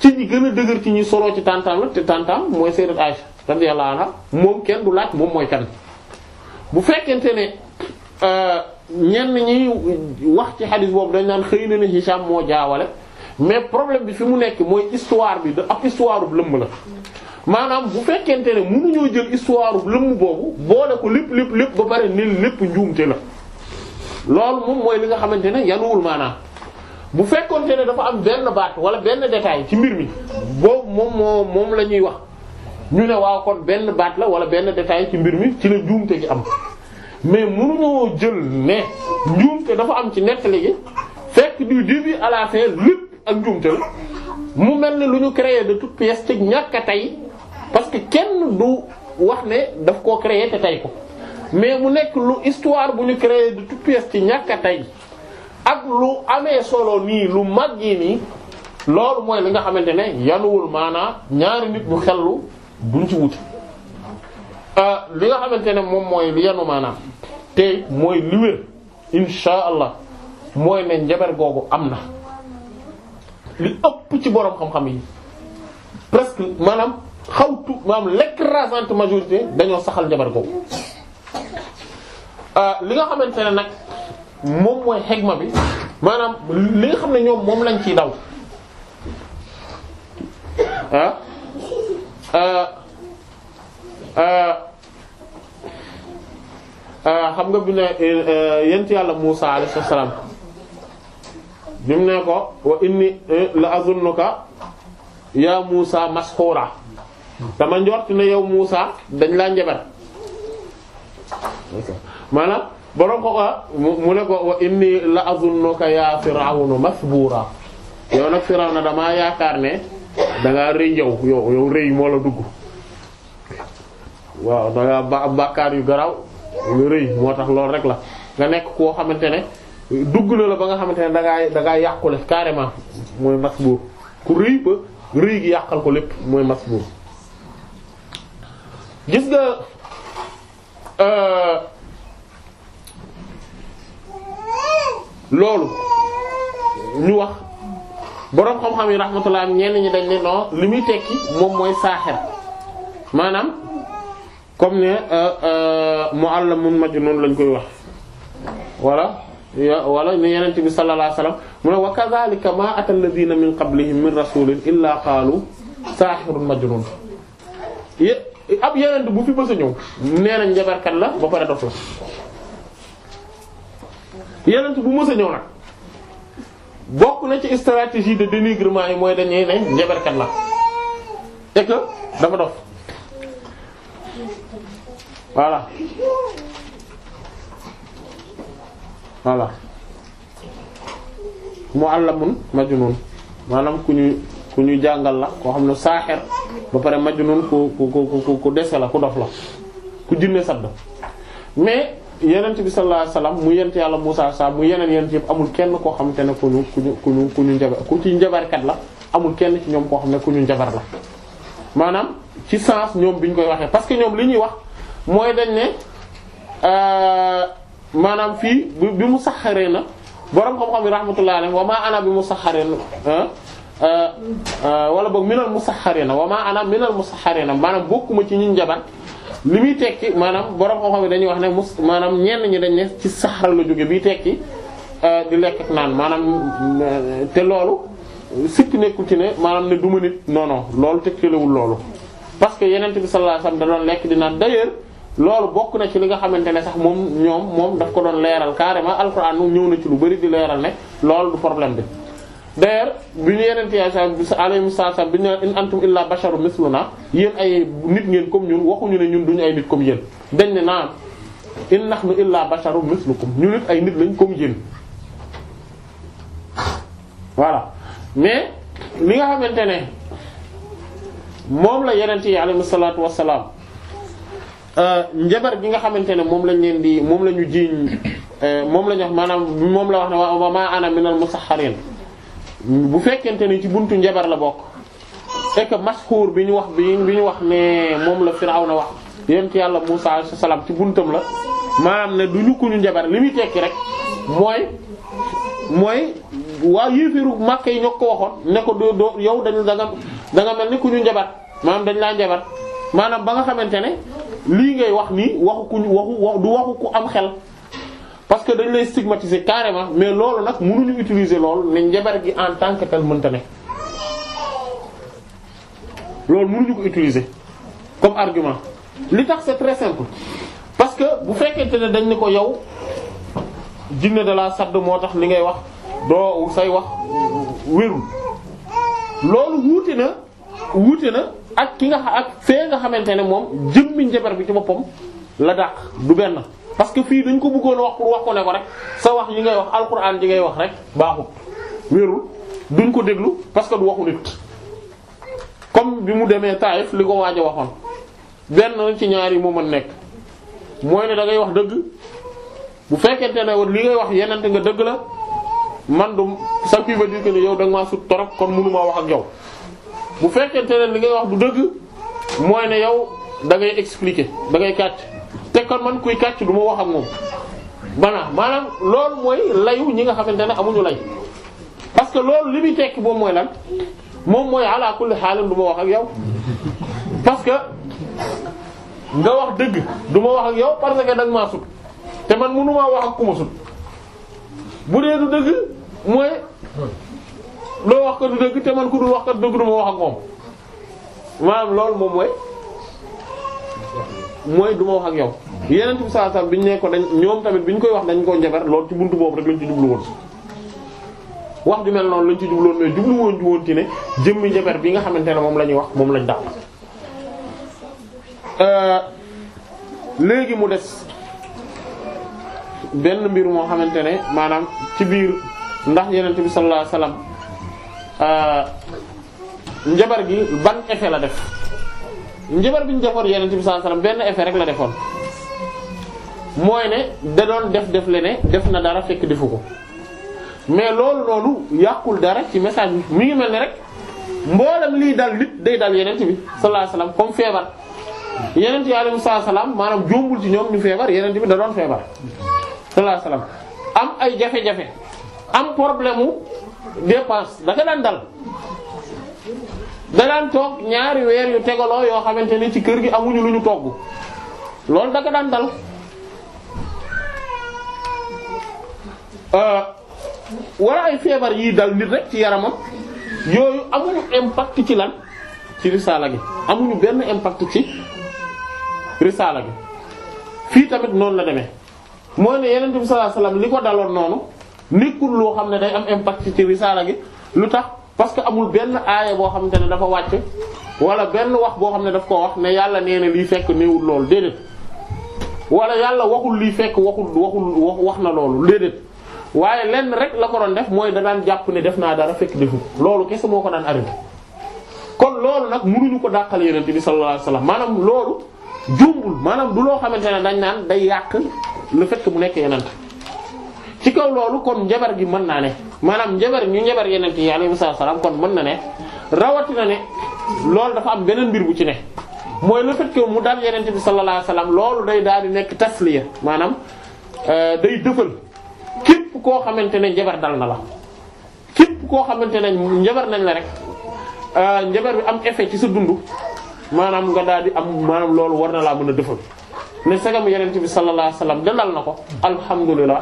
ci ñi gën a dëgër ci ñi solo ci tantam la te tantam mooy sayyidat Aisha radiyallahu anha moom kenn du laaj moom mooy kan bu fekkente ne euh, ñenn ñi wax ci xadis boobu dañ naan xëy na ne Hisham moo jaawale mais problème bi fi mu nekk mooy histoire bi da ab histoire la maanaam bu fekkente ne mënuñoo jël histoire lëmm boobu boole ko lépp lépp lépp ba bari ni lépp njuumte la loolu moom mooy li nga xamante ne yanuwul maanaam bu fekkonte ne dafa am benn baat wala benn détail ci mbir mi boobu moom moom la ñuy wax ñu ne waaw benn baat la wala benn détail ci mbir mi ci la njuumte gi am mais mënuñoo jël ne njuumte dafa am ci nettali gi fekk du début à la lépp ak njuumte la mu mel ne lu ñu créer de toute pièce ci ñàkk a tey parce que kenn du wax ne daf koo créer te tey ko mais mu nekk lu histoire bu ñu créer de toutes pièces ci ñàkk a tey ak lu amee solo nii lu mag nii loolu mooy li nga xamante ne yanuwul maanaa ñaari nit ñu xellu duñ ci wuti euh, li nga xamante ne moom mooy li yanu maanaa te mooy li wér insha allah mooy ne njabar googu am na li ëpp ci boroom xam-xam yi presque maanaam xaw tu maanaam l'écrasante majorité dañoo saxal jabar googu euh, li nga xamante ne nag moom mooy xegma bi maanaam li nga xam ne ñoom moom lañ ciy daw ah? euh, euh, xam nga bi ne yent yàlla Muusa alayhi salaam bi mu ne ko wa inni la azunnuka ya Muusa masxuura dama njort ne yow Muusa dañ laa njabar maanaam borom ko mu ne ko wa inni la azunnuka yaa Firawna masbuura yow nag Firawna damaa yaakaar ne dangaa rëy yow yow rëy moo la dugg waaw dangaa ba bàkkaar yu garaw nga rëy moo tax loolu rek la nga nekk koo xamante ne dugg na la ba nga xamante ne dangaa dangaa yàqule carrément mooy masbuur ku rëy ba rëy yàqal ko lépp mooy mas masbuur gis nga euh, loolu ñu wax boroom xam-xam yi rahmatullah ñenn ñi dañ ne non li muy tekki moom mooy saaxir maanaam comme ne euh, euh, mu'allamun majnun lañ koy wax wala wala ne yenent bi sallallahu alayhi wasallam mu ne wa kadhalika ma ata alladhina min qablihim min rasulin illa qaalu saaxirun majnun ab yeneen bu fi bës a ñëw nee nañ njabarkat la ba pare dof la yeneen bu mës a ñëw nag bokk na ci stratégie de dénigrement yi mooy dañuy ne njabarkat la et que dafa dof voilà voilà mu'allamun majnun maanaam ku ñu ku ñu jàngal la koo xam ne saaxir ba pare majnun ku ku ku ku dese la ku dof la ku jinne sadd mais yenent bi sallallahu alayhi mu yent yàlla Musaa sa mu yeneen yenent yëpp amul kenn koo xamante ne ku ñu ku ñu ku ñu ku la amul kenn ci ñoom koo xam ne ku ñu njabar la maanaam ci sens ñoom bi ñu koy waxee parce que ñoom li ñuy wax mooy dañ ne euh, maanaam fii bi mu saxaree na boroom xam-xam yi rahmatullahi alayhi wa ma ana bi mu saxaree na Euh, euh, wala boog minal musaxarina wa ma ana minal musaxarina maanaam bokkuma ci ñun njabar li muy tekki maanaam borom xam-xam yi dañuy wax ne mus maanaam ñenn ñi dañ ne ci saxara la jóge bi tekki euh, di lekk ak naan maanaam te loolu sikk nekkul ci ne maanaam ne duma nit non non loolu tekkiwul loolu. parce que yeneen bi sallallahu alayhi wasallam da doon lekk di naan loolu bokk na ci li nga xamante ne sax moom ñoom moom daf ko doon leeral carrément alxuraan ñëw na ci lu bari di leeral ne loolu du problème bi. d'ailleurs bi ñu yeneen sax yaay bi alayhi salaam bi ñu naan in antum illa basharun misluna yéen ay nit ngeen comme ñun waxuñu ne ñun duñu ay nit comme yéen dañ ne naan in nahnu illa basharun mislukum ñu nit ay nit lañ comme yéen voilà mais li nga xamante ne moom la yeneen ci alayhi salaatu wassalaam euh, njabar gi nga xamante ne moom lañ leen di moom la ñu jiiñ euh, moom la ñu maanaam moom la wax ne wa ma ana minal musahharin bu fekkente ni ci buntu njabar la bokk et que bi ñu wax bi bi ñu wax ne moom la na wax yonent yàlla Musaa alayhi salaam ci buntam la maanaam ne du ñu ko njabar li muy tekki rek mooy mooy waa yéeféeru Makka yi ñoo ko waxoon ne ko doo doo yow dañu da nga mel ni ku ñu njabar maanaam dañ laa njabar maanaam ba nga xamante ne lii ngay wax nii waxu ku waxu du waxu ku am xel. parce que dañ lay stigmatiser carrément mais loolu nag mënuñu utiliser lool ne njabar gi en tant que tel mënta ne loolu mënuñu ko utiliser comme argument li tax c'est très simple parce que bu fekkente ne dañ ne ko yow jinne da la sadd moo tax li ngay wax doo say wax wérul loolu wuute na wuute na ak ki nga ak fee nga xamante ne moom jëmmi njabar bi ci boppam la dàq du benn parce que fii duñ ko bëggoon wax pour wax ko ne ko rek sa wax yi ngay wax alxuraan yi ngay wax rek baaxut wérul duñ ko déglu parce que du waxu nit comme bi mu demee Taïf li ko waaj waxoon benn ci ñaar yi moo mën nekk mooy ne da wax dëgg bu fekkente ne li ngay wax yenente nga dëgg la man du ça veut dire que ne yow da nga maa sut trop wax ak yow bu fekkente ne li ngay wax du dëgg mooy ne yow da ngay expliquer da ngay kàcc te man kuy kàcc du ma wax ak moom bana maanaam lool mooy layu ñi nga xamante ne amuñu lay parce que loolu li muy tekki moom mooy lan moom mooy ala kulli xaalim du ma wax ak yow parce que nga wax dëgg du ma wax ak yow parce que danga maa sut te man mënu maa wax ak ku ma sut bu dee du dëgg mooy loo wax ko du dëgg te man ku dul wax ko dëgg du wax ak moom maanaam loolu moom mooy mooy du wax ak yow yeneen bi saa sax bi ñu ne dañ ñoom tamit bi ñu koy wax dañ koo njabar loolu ci buntu boobu rek lañ ci jublu woon wax ju mel noonu lañ ci jublu woon mais jublu woon ju woon ci ne jëmmi njabar bi nga xamante ne moom wax moom lañ dàq euh, mu des benn mbir moo xamante ne maanaam ci biir ndax yenent bi sallallahu alayhi wasallam euh, gi ban effet la def njabar bi ñu defoon Yonent bi sallallahu alayhi wasallam benn effet rek la defoon mooy ne da doon def def le ne def na dara fekk defu ko mais loolu loolu yàqul dara ci message bi mu ngi mel ne rek mboolem lii dal nit day dal Yonent bi sallallahu alayhi comme feebar Yonent yi alayhi salaam maanaam jombul ci ñoom ñu feebar Yonent bi da doon feebar sallallahu alayhi am ay jafe-jafe am problème mu dépense da ka daan dal. danaan toog ñaari weer yu tegaloo yoo xamante ne ci kër gi amuñu lu ñu togg loolu da nga daan dal euh, wala ay feebar yii dal nit rek ci yaramam yooyu amuñu impact ci lan ci risaala gi amuñu benn impact ci risaala gi fii tamit noonu la demee mooy ne Yonent bi sallallahu alayhi wasallam li ko daloon noonu nekkul loo xam ne day am impact ci risaala gi lu tax. parce que amul benn aaya boo xamante ne dafa wàcc wala benn wax boo xam ne daf ko wax ne yàlla nee na lii fekk néewul loolu déedéet wala yàlla waxul lii fekk waxul waxul wax wax na loolu déedéet waaye lenn rek la ko doon def mooy da jàpp ne def naa dara fekk defu loolu kese moo ko daan arrivé kon loolu nag mënuñu ko dàqal yonent bi sallallahu alayhi wasallam maanaam loolu jumbul maanaam du loo xamante ne dañ naan day yàq le fekk que mu nekk yonent ci kaw loolu kon njabar gi mën naa ne maanaam njabar ñu njabar yenent yi alayhi salaam kon mën na ne rawatina ne loolu dafa am beneen mbir bu ci ne mooy le fait que mu daan yenent bi sallallahu alayhi wasallam loolu day daal di nekk tasliya maanaam euh, day dëfal képp koo xamante ne njabar dal na la képp koo xamante ne njabar nañ la rek euh, njabar bi am effet ci sa dund maanaam nga daal di am maanaam loolu war na laa mën a dëfal ne sagam yenent bi sallallahu alayhi wasallam na ko alhamdulilah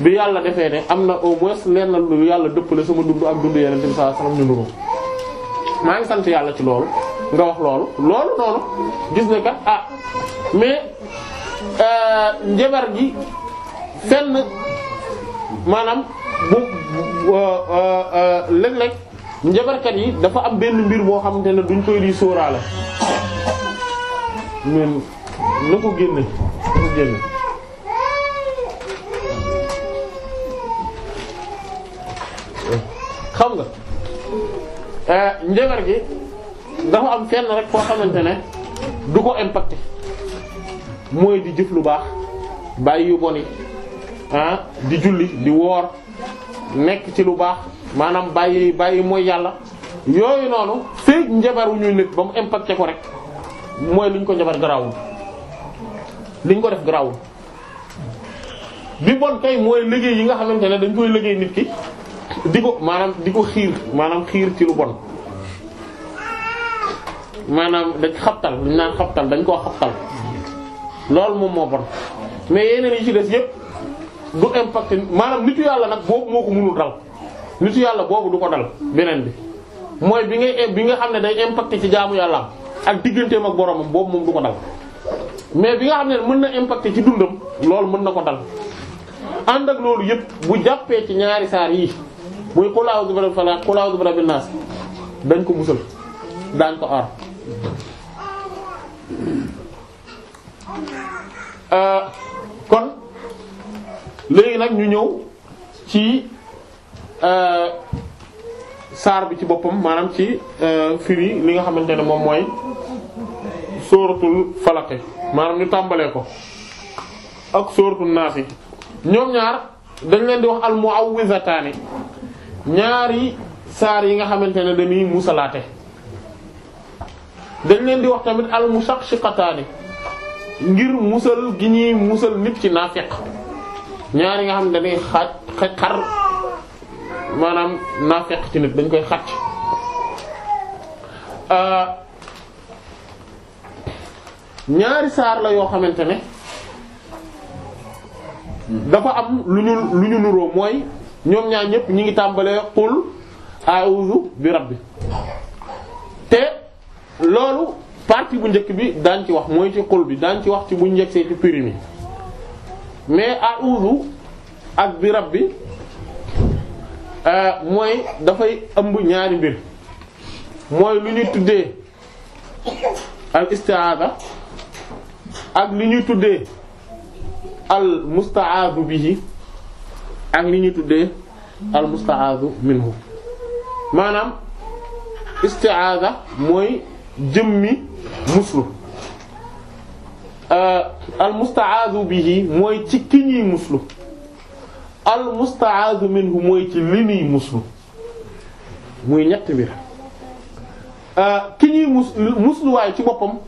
bi yàlla defee ne am na au moins lenn lu yàlla dëppale sama dund ak dund yeneen tamit saa salaam ñu nuru maa ngi sant yàlla ci loolu nga wax loolu loolu noonu gis ne kat ah mais euh, njabar gi fenn maanaam bu euh, euh, léeg njabarkat yi dafa am benn mbir boo xamante ne duñ koy di sóoraale. mais na ko génne na ko génne. xam nga euh, njabar gi dafa am fenn rek koo xamante ne du ko impacté mooy di jëf lu baax bàyyi yu bon yi ah, di julli di woor nekk ci lu baax maanaam bàyyi bàyyi mooy yàlla yooyu noonu feeg njabar wu ñuy nit ba mu impacté ko rek mooy liñ ko njabar garaawul liñ ko def garaawul bi bon kay mooy liggéey yi nga xamante ne dañ koy liggéey nit ki di ko maanaam di ko xiir maanaam xiir ci lu bon maanaam dañ xabtal dañ naan xabtal dañ koo xabtal loolu moom moo bon mais yeneen yi ci des yépp du impact maanaam nitu yàlla nag boobu moo ko mënul dal nitu yàlla boobu du ko dal beneen bi mooy bi ngay bi nga xam ne day impacté ci jaamu yàlla ak digganteem ak boromam boobu moom du ko dal mais bi nga xam ne mën na impacté ci dundam loolu mën na ko dal ànd ak loolu yépp bu jàppee ci ñaari saar yi muy qul a'udhu bi rabbil falaq bi rabbin dañ ko musal daañ ko aar euh, kon léegi nag ñu ñëw ci euh, saar bi ci boppam maanaam ci euh, firi li nga xamante ne moom mooy sóoratul falaq maanaam ñu tàmbalee ko ak sóoratul naas ñoom ñaar dañ leen di wax al mu'awwizataani ñaari saar yi nga xamante ne dañuy musalaate dañ leen di wax tamit al mushaqqiqataani ngir musal gi ñuy musal nit ci naafiq ñaari nga xam ne dañuy xaaj xar maanaam naafiq ci nit dañ koy xacc euh, ñaari saar la yoo xamante ne dafa am lu ñu lu ñu nuroo mooy ñoom ñaar ñëpp ñi ngi tàmbalee qul a'udhu bi rabbi te loolu partie bu njëkk bi daañ ci wax mooy ci qul bi daañ ci wax ci buñ njëkk see ci prix mi mais a'udhu ak bi rabbi euh, mooy dafay ëmb ñaari mbir mooy lu ñuy tuddee al isti'aada ak lu ñuy tuddee al bi bihi ak li ñu tuddee al musta'aadu minhu maanaam isti'aada mooy jëmmi muslu euh, al musta'aadu bihi mooy ci ki ñuy muslu al musta'aadu minhu mooy ci li ñuy muslu muy ñett mbir euh, ki ñuy mus musluwaay ci boppam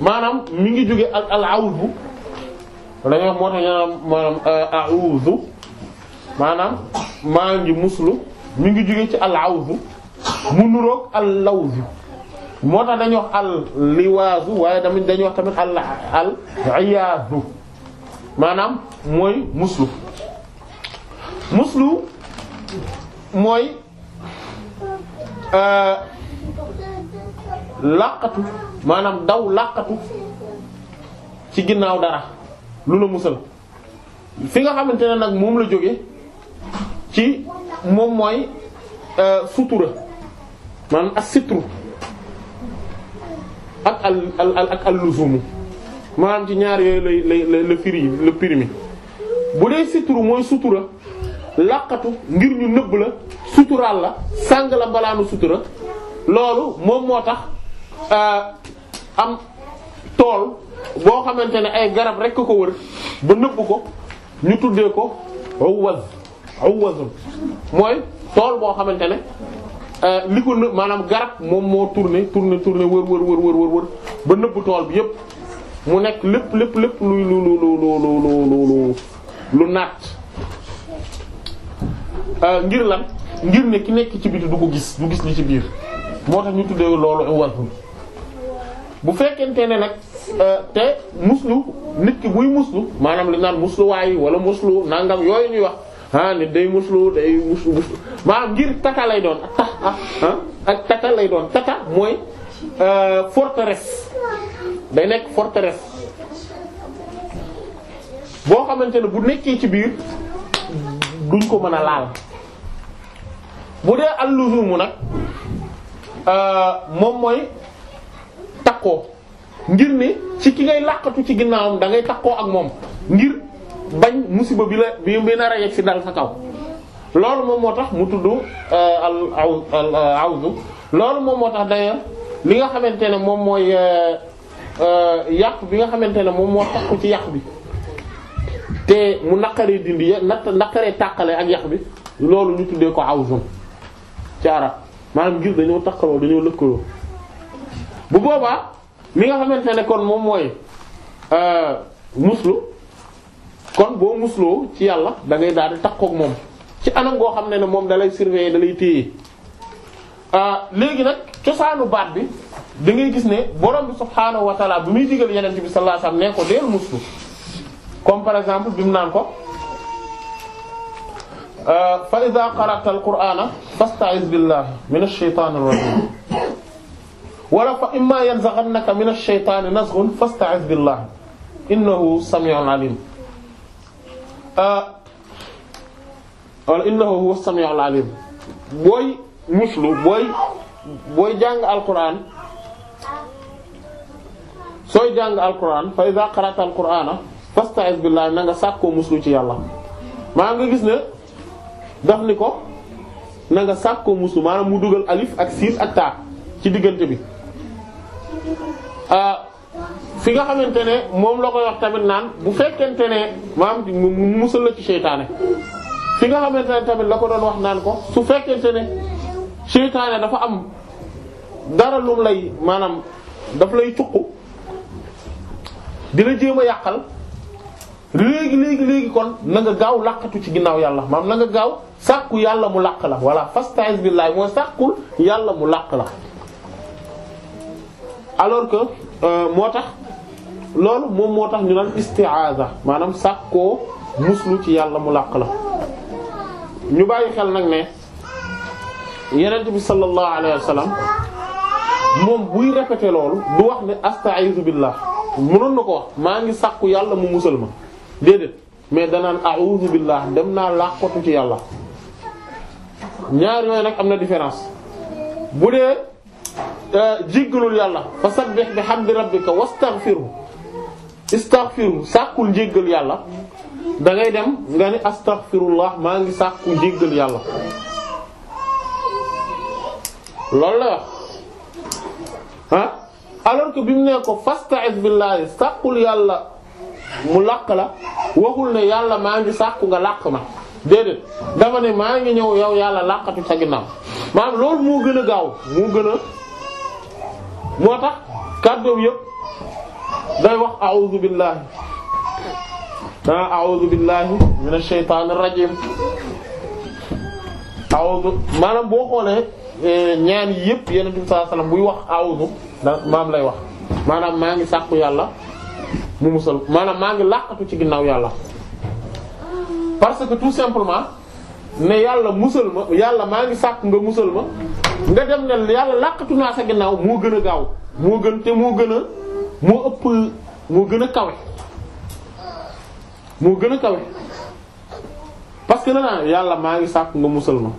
maanaam mi ngi jóge al al awdu dañuy wax moo tax ñu naan maanaam euh, maanaam maa ngi muslu mi ngi jóge ci al-awzu mu nuroog al-lawzu moo tax dañuy wax al-liwaazu waaye tamit dañuy wax tamit al al-iyaazu maanaam mooy muslu muslu mooy euh, làqatu maanaam daw làqatu ci ginnaaw dara lu la musal fi nga xamante ne nag moom la jóge ci moom mooy euh, sutura man as-sitru ak al al ak al-luzumu maanaam ci ñaar yooyu lay lay lay le firi le pirmi bu dee sitru mooy sutura laqatu ngir ñu nëbb la suturaal la sàng la mbalaanu sutura loolu moom moo tax euh, am tool boo xamante ne ay garab rekk a ko wër ba nëbb ko ñu tuddee ko waz awwazun mooy tool boo xamante ne euh, li ko nëb maanaam garab moom moo tourné tourné tourné wër wër wër wër wër wër ba nëbb tool bi yépp mu nekk lépp lépp lépp lu lu lu lu lu lu lu naat euh, ngir lan ngir ne ki nekk ci biti du ko gis du gis li ci biir moo tax ñu tuddee loolu awwazun bu fekkente ne nag euh, te muslu nit buy muslu maanaam li naan musluwaay wala muslu nangam yooyu ñuy wax. ah nit day muslu day muslu muslu ngir tata lay doon ah, ak tax mooy euh, forteresse day nekk forteresse boo xamante ne bu nekkee ci biir duñ ko mën a laal bu dee alluzumu nag euh, moom mooy takkoo ngir ni ci ki ngay làqatu ci ginnaawam da ngay takkoo ak moom ngir. bañ musiba bi la bi bi nar a yegg si dal sa kaw loolu moom moo tax mu tudd euh, al al euh, awzu loolu moom moo tax d'ailleurs li nga xamante ne moom mooy euh, yàq bi nga xamante ne moom moo ci yàq bi te mu naqaree dindi ya ak yàq bi loolu ñu tuddee ko awzu ci arab maanaam ngir dañoo takkaloo dañoo lëkkaloo bu boobaa li nga xamante ne kon moom mooy muslu kon boo musloo ci yàlla da ngay daal di takkook moom ci anam goo xam ne ne moom dalay surveiller dalay téye ah, léegi nag cosaanu baat bi da ngay gis ne borom bi subhaanahu wa taala bi muy digal yeneen bi sallallahu alayhi ne ko deel muslu comme par exemple bi mu naan ko ah, fa iza qara'ta al-qur'ana fasta'iz billahi minash shaytanir rajim wala fa imma yanzaghannaka minash shaytani nazghun fasta'iz billahi innahu sami'un alim Ah, wala innahu huwa samiul alim booy muslu booy booy jàng alquran sooy jàng alquran fa iza qara'ta alqur'ana fasta'iz billahi na nga sàkkoo muslu ci yàlla maa nga gis ne daf ni ko na nga sàkkoo muslu maanaam mu dugal alif ak siis ak taa ci diggante bi. Ah, fi nga xamante ne moom la koy wax tamit naan bu fekkente ne maam mu musal la ci seytaane fi nga xamante ne tamit la ko doon wax naan ko su fekkente ne seytaane dafa am dara lum lay maanaam daf lay cuq di la jéem a yàqal léegi léegi léegi kon na nga gaaw làqatu ci ginnaaw yàlla maam na nga gaaw sàkku yàlla mu làq la voilà fasta'iz billahi moo sàkkul yàlla mu làq la alors que euh, moo tax loolu moom moo tax ñu naan isti'aza maanaam sàkkoo muslu ci yàlla mu làq la ñu bàyyi xel nag ne yenent bi sallallahu alayhi wa moom buy répété loolu du wax ne astaizu billah mënoon na ko maa ngi sàkku yàlla mu musal ma déedéet mais danaan a'udhu billah dem naa làqatu ci yàlla ñaar yooyu nag am na différence bu dee Euh, jéggalul yàlla fa sabbih bi hamdi rabbika wastaghfiru istaghfiru sàkkul jéggal yàlla da ngay dem nga ni astaghfirullah maa ngi sàkku jéggal yàlla loolu la ah alors que bi mu ne ko fasta'iz billahi sàkkul yàlla mu làq la waxul ne yàlla maa ngi sàkku nga làq ma déedéet dama ne maa ngi ñëw yow yàlla làqatu sa ginnaaw maanaam loolu moo gën gaaw moo gën moo tax kàddoom yëpp day wax a'udhu billahi ah a'udhu billahi minash shaytanir rajim a'udhu maanaam boo xoolee eh, ñaan yi yëpp yeneen bi buy wax a'udhu da maam lay wax maanaam maa ngi sàkku yàlla mu musal maanaam maa ngi làqatu ci ginnaaw yàlla parce que tout simplement ne yàlla musal ma yàlla maa ngi sàkk nga musal ma nga dem ne yàlla làqatu naa sa ginnaaw moo gën a gaaw moo gën te moo gën a moo ëpp moo gën a kawe moo gën a kawe parce que danaa yàlla maa ngi sàkk nga musal ma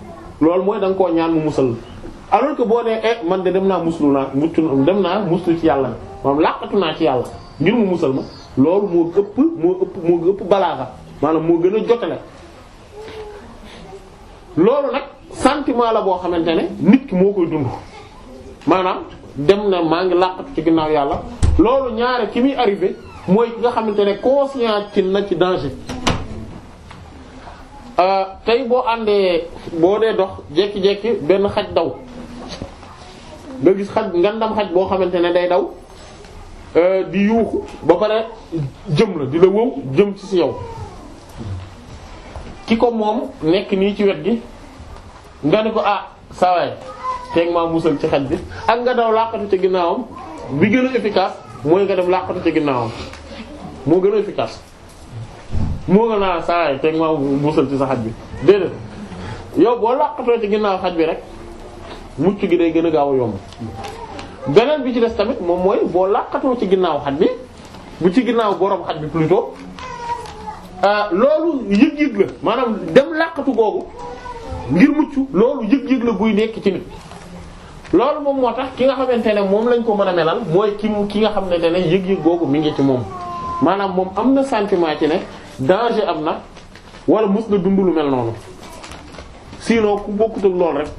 loolu mooy da koo ñaan mu musal alors eh, man de dem naa muslu naa mucc dem naa muslu ci yàlla maanaam làqatu naa musal ma loolu moo ëpp moo ëpp moo maanaam moo gën a jotale loolu nag sentiment la boo xamante ne nit ki moo koy dund maanaam dem na maa ngi làqatu ci ginnaaw yàlla loolu ñaare ki muy arrivé mooy ki nga xamante ne conscient ci na ci danger euh, tey boo àndee boo dee dox jekki-jekki benn xaj daw nga gis xaj ndam xaj boo xamante ne day daw euh, di yuux ba pare jëm la di la jëm ci si yow ki ko moom nekk nii ci wet gi nga ne ko ah sawaay teeg maa ci xaj bi ak nga daw làqatu ci ginnaawam bi gën a efficace mooy nga dem làqatu ci ginnaawam moo gën a efficace moo gën a sawaay teeg maa musal ci sa xaj bi déedéet yow boo làqatoo ci ginnaaw xaj bi rek mucc gi day gën a gaaw a yomb beneen bi ci des tamit moom mooy boo làqatoo ci ginnaaw xaj bi bu ci ginnaaw borom xaj bi plutôt Euh, loolu yëg-yëg la maanaam dem làqatu googu ngir mucc loolu yëg-yëg la buy nekk ci nit loolu moom moo tax ki nga xamante ne moom lañ ko mën a melal mooy ki ki nga xam ne ne yëg-yëg googu mi ngi ci moom maanaam moom am na sentiment ci ne danger am na wala mës nga dund lu mel noonu sinon ku bokkut ak loolu rek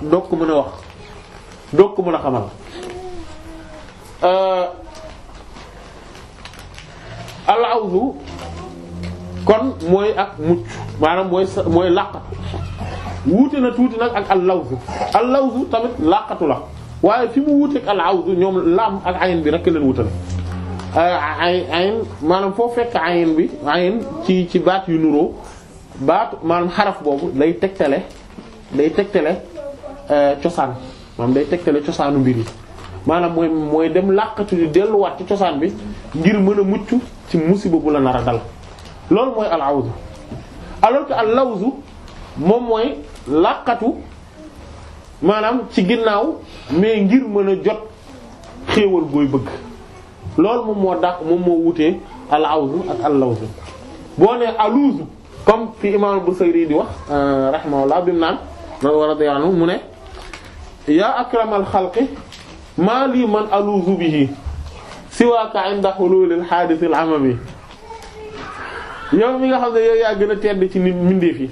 doog ko mën a wax doog ko mën a xamal euh, al kon mooy ak mucc maanaam mooy sa mooy làqatu wuute na tuuti nag ak allawzu allawzu tamit làqatu la waaye fi mu al alawzu ñoom laam ak ayin bi rek leen wutale euh, ay ayin maanaam foo fekk ayin bi ayin ci ci baat yu nuroo baat maanaam xaraf boobu day tegtale day tegtale euh, cosaan maanaam day tegtale cosaanu mbir yi maanaam mooy mooy dem làqatu di delluwaat ci cosaan bi ngir mën a mucc ci musiba bu la nara dal loolu mooy alawzu alors que alawzu moom mooy làqatu maanaam ci ginnaaw mais ngir mën a jot xéewal gooy bëgg lool moom moo dàq moom moo wutee alawzu ak allawzu boo ne aluzu comme fi imaam Busayri di wax euh, rahimahullah bi mu naan radiyallahu anhu mu ne yaa akramal xalqi maa lii man aluzu bihi siwaaka inda hululil haadithil amami yow mi nga xam ne yow yaa gën a tedd ci nit mbindeef yi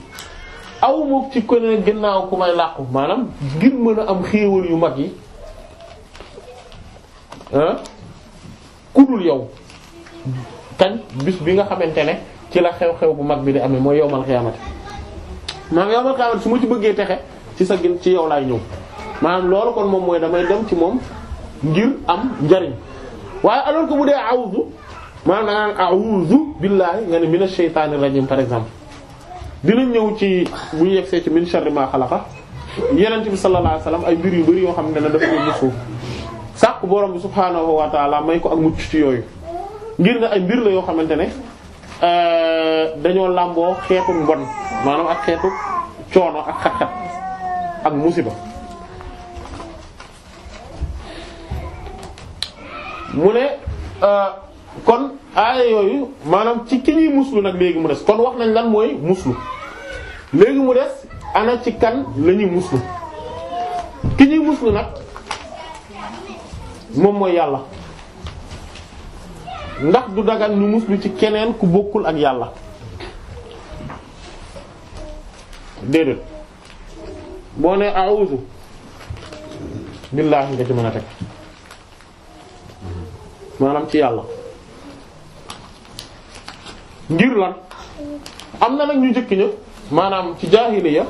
aw ci ko ne gannaaw ku may làqu maanaam ngir mën a am xéewal yu mag yi ku yow kañ bis bi nga xamante ne ci la xew-xew bu mag bi di amee mooy yowmal xiyaamati maanaam yowmal xiyaamati su ma ci bëggee texe ci sa gën ci yow laay ñëw maanaam loolu kon moom mooy damay dem ci moom ngir am njariñ waaye alors que bu dee awdu maanaam da nga naan a'uuzu billaahi nga ne mina shaytaani rajiim par exemple dinañ ñëw ci bu ñu yegsee ci min sharri maa xalaqa yeneen bi sallallaahu alayhi wa ay mbir yu bari yoo xam ne ne dafa koy musu sàkk borom bi subhaanahu wa may ko ak mucc ci yooyu ngir ne ay mbir la yoo xamante ne euh, dañoo làmboo xeetu mbon maanaam ak xeetu coono ak xat-xat ak musiba mu ne euh, kon aaya yooyu maanaam ci ki ñuy muslu nag léegi mu des kon wax nañ lan mooy muslu léegi mu des ana ci kan la ñuy muslu ki ñuy muslu nag moom mooy yàlla ndax du dagal ñu muslu ci keneen ku bokkul ak yàlla déedéet boo ne a'udhu billahi nga ci mën a teg maanaam ci yàlla ngir lan am na nag ñu njëkk ña maanaam ci ya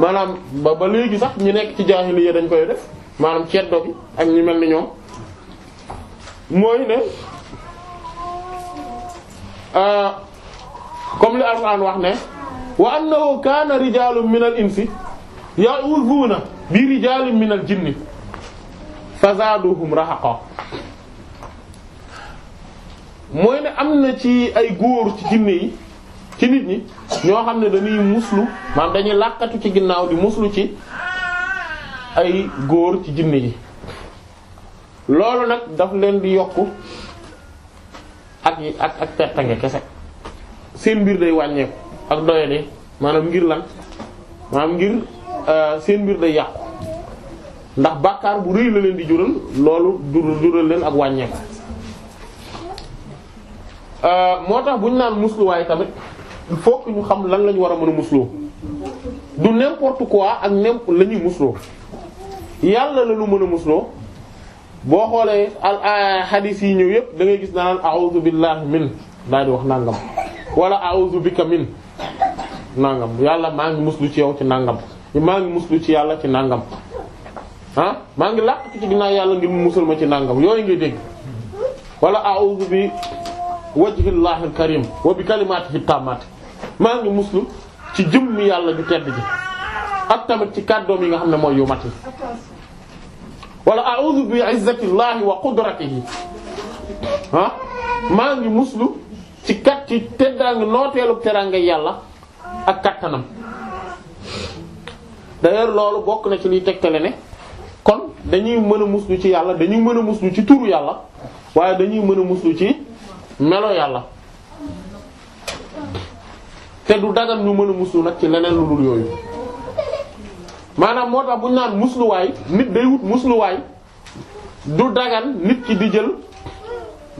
maanaam ba ba léegi sax ñu nekk ci jaahiliya dañ koy def maanaam ceddo bi ak ñu mel ni ñoom mooy ne euh, comme li Alxuraan wax ne wa annahu kaana rijaalun minal insi ya'uuzuuna bi rijaalin minal jinni fazaaduhum rahaqa mooy ne am na ci ay góor ci jinne yi ci nit ñi ñoo xam ne dañuy muslu maanaam dañuy làkkatu ci ginnaaw di muslu ci ay góor ci jinne yi loolu nag daf leen di yokk ak yi ak ak pertange kese seen mbir day wàññeeku ak doyade maanaam ngir lan maanaam ngir euh, seen mbir day yàqu ndax bàkkaar bu rëy la leen di jural loolu jural leen ak wàññeeku Euh, moo tax bu ñu naan musluwaay tamit il ñu xam lan la ñu war a mën a musloo du n'importe quoi ak n'importe lañuy ñuy yàlla la lu mën a musuloo boo xoolee al hadith euh, yi ñëw yëpp dangay gis naan a'udhu billahi min daal di wax nangam wala a'udhu bika min nangam yàlla maa ngi muslu ci yow ci nangam maa ngi musul ci yàlla ci nangam ah maa ngi làq ci ginnaaw yàlla ngir mu musal ma ci nàngam yooyu ngay dégg wala a'udhu wajhillahil karim wa bi kalimatihi tammati maa ngi muslu ci jëmmi yàlla ju tedd ji ak tamit ci kàddoom yi nga xam ne mooy yu mat yi wala a'udhu bi izzatillahi wa qudratihi ah maa ngi muslu ci kat ci teddaangi nooteelu teraanga yàlla ak kattanam d'ailleurs loolu bokk na ci liy tegtale ne kon dañuy mën a muslu ci yàlla dañuy mën a muslu ci turu yàlla waaye dañuy mën a muslu ci melo yàlla te du dagan ñu mën a muslu nag ci leneen lu dul yooyu maanaam moo tax bu ñu naan musluwaay nit day wut musluwaay du dagan nit ki di jël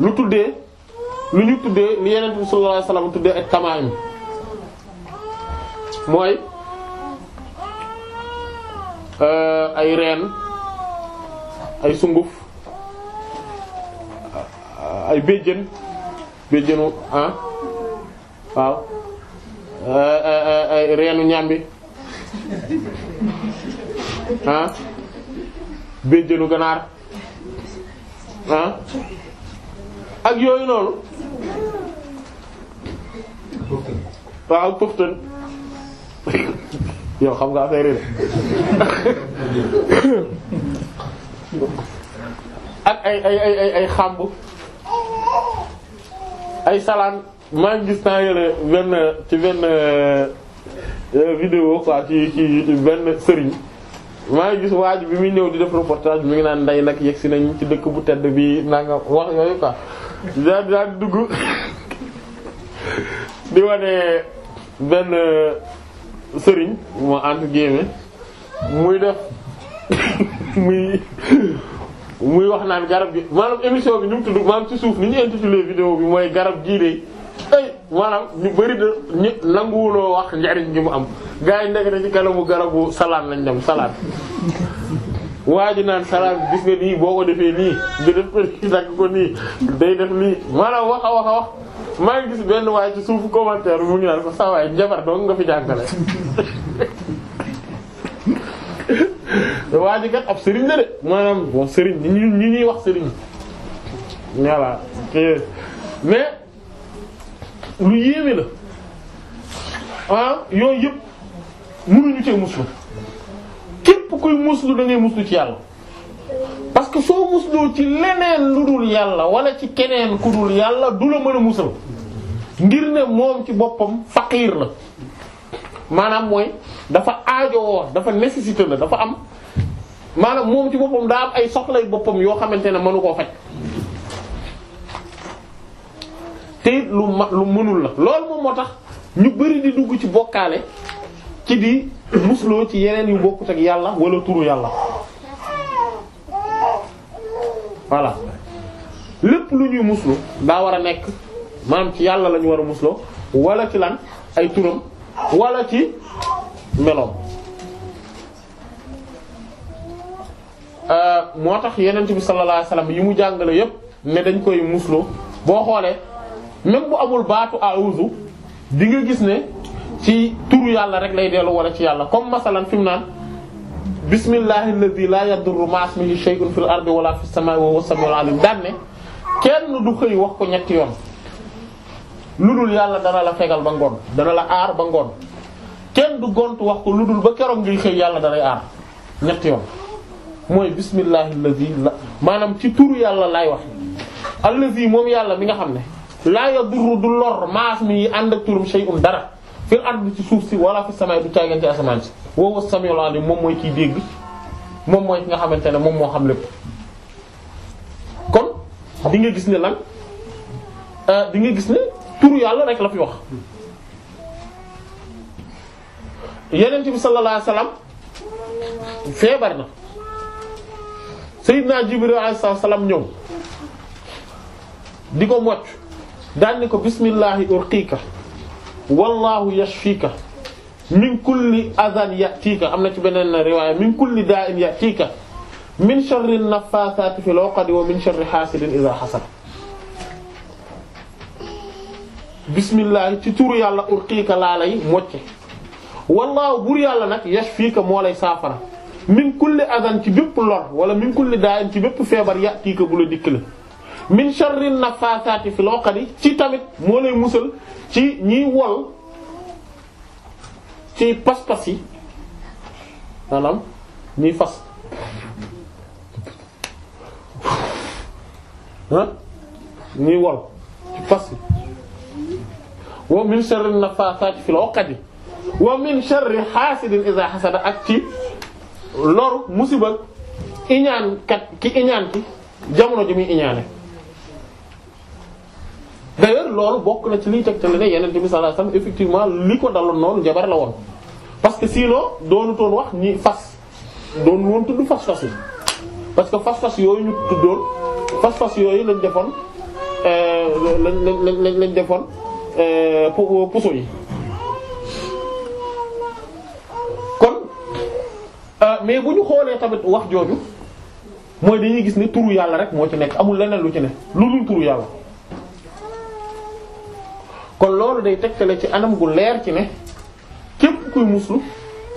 lu tuddee lu ñu tuddee li yeneen bi sallallahu alayhi tuddee ak tamaam mooy euh, ay reen ay sunguf ay béjjën béjjënu ah waaw eh, eh, eh, reenu ñambi ah béjjënu ganaar ah ak yooyu noonu waaw poftan *laughs* yow xam nga affaire yi *laughs* ay ay ay ay ay salaan maa ngi gis naa yële benn ci benn euh, euh, vidéo quoi ci ci benn sëriñ maa ngi gis waa ji bi muy ñëw di def reportage mi ngi naan ndey nag yegsi nañ ci dëkk bu tedd bi nanga wax yooyu quoi daal daal dugg *laughs* di wane benn euh, sëriñ moo entre guillemets muy def *laughs* muy muy wax naan garab gi maanaam émission bi ñu mu tudd maanaam ci suuf ni ñu intitulé vidéo bi mooy garab gii de ay eh, maanaam ñu bari de ñu nanguwuloo wax njariñ gi mu am gars yi ndek na ci kanamu garabu salaan lañ dem salaan waa naan salaan gis nga nii boo ko defee nii nga def ko nii dagg ko nii day def nii maanaam wax a wax a wax maa ngi gis benn waaye ci suufu commentaire mu ngi naan ko saa waay njabar dong nga fi jàngale *laughs* waa ji kat ab sëriñ la de maanaam bon sëriñ ñi ñuy wax sëriñ voilà mais lu yéeme la ah yooyu yëpp mënuñu cee muslu képp kuy muslu da ngay muslu ci yàlla parce que soo musloo ci leneen lu dul yàlla wala ci keneen ku dul yàlla du la mën a musal ngir ne moom ci boppam faqiir la maanaam mooy dafa aajowoo dafa nécessité la dafa am maanaam moom ci boppam daa am ay soxlay boppam yoo xamante ne mënu koo faj te lu ma lu mënul la loolu moom moo tax ñu bari di dugg ci bokkaale ci di musloo ci yeneen yu bokkut ak yàlla wala turu yàlla voilà lépp lu ñuy muslu daa war a nekk maanaam ci yàlla la ñu war a musloo wala ci ay turam wala ci meloom euh, moo tax yenent bi sallallahu alayhi wasallam yi mu jàngale yépp ne dañ koy muslo boo xoolee même bu amul baatu a'udhu di nga gis ne ci turu yàlla rek lay dellu wala ci yàlla comme masalan fi mu naan bismillahi alladhi la yadurru ma'a ismihi shay'un fil ardi wala fis samaa'i wa huwa as-sami'ul daan ne kenn du xëy wax ko ñetti yoon lu dul yàlla dara la fegal ba ngoon dana la aar ba ngoon kenn du gontu wax ko lu dul ba keroog ngay xëy yàlla danay aar ñetti yoon mooy bismillahi allazi la maanaam ci turu yàlla laay wax allazi moom yàlla mi nga xam ne laa yadurru du lor maas mi ànd ak turum shay'un dara fil ard ci suuf si wala fi samay du caagan ci asamaan si woowa samiul alim moom mooy kiy dégg moom mooy ki nga xamante ne moom moo xam lépp kon di nga gis ne lan euh, di nga gis ne turu yàlla rek la fi wax yeneen bi sallallahu alayhi wasallam feebar na Seydina Jibril alayhi salaam ñëw di ko mocc daan ni ko bismillahi urqiika wallahu yashfika min kulli adan yatiika am na ci beneen riwaaya min kulli daa'in yatiika min sharri naffaasaati fil uqad wa min sharri haasidin idhaa hasad bismillah ci turu yàlla urqiika laa lay mocce wallaahu bur yàlla nag yashfiika moo lay saafara min kulli adan ci bépp lor wala min kulli daa'in ci bépp feebar ya'tiika bu la dikk la min sharri nafaasaati fil uqadi ci tamit moo lay musal ci ñiy wol ci pas-pas yi maanaam ñiy fas ñiy wol wa min sharri nafaasaati fil uqadi wa min sharri hasidin iza hasada ak ci loru musiba iñaan kat ki iñaan ki jamono ji muy iñaane d'ailleurs loolu bokk na ci liy te ne yeneen bi sallallahu alayhi wasallam effectivement li ko daloon noonu jabar la woon parce que sinon doonu toon wax ñi fas doon woon tudd fas fas yi parce que fas fas yooyu ñu tuddoon fas fas yooyu lañ defoon euh, lañ lañ defoon Euh, puso euh, yi kon euh, mais bu ñu xoolee tamit wax jooju mooy dañuy gis ne turu yàlla rek moo ci nekk amul leneen lu ci ne lu dul turu yàlla kon loolu day tegtale ci anam gu leer ci ne képp kuy muslu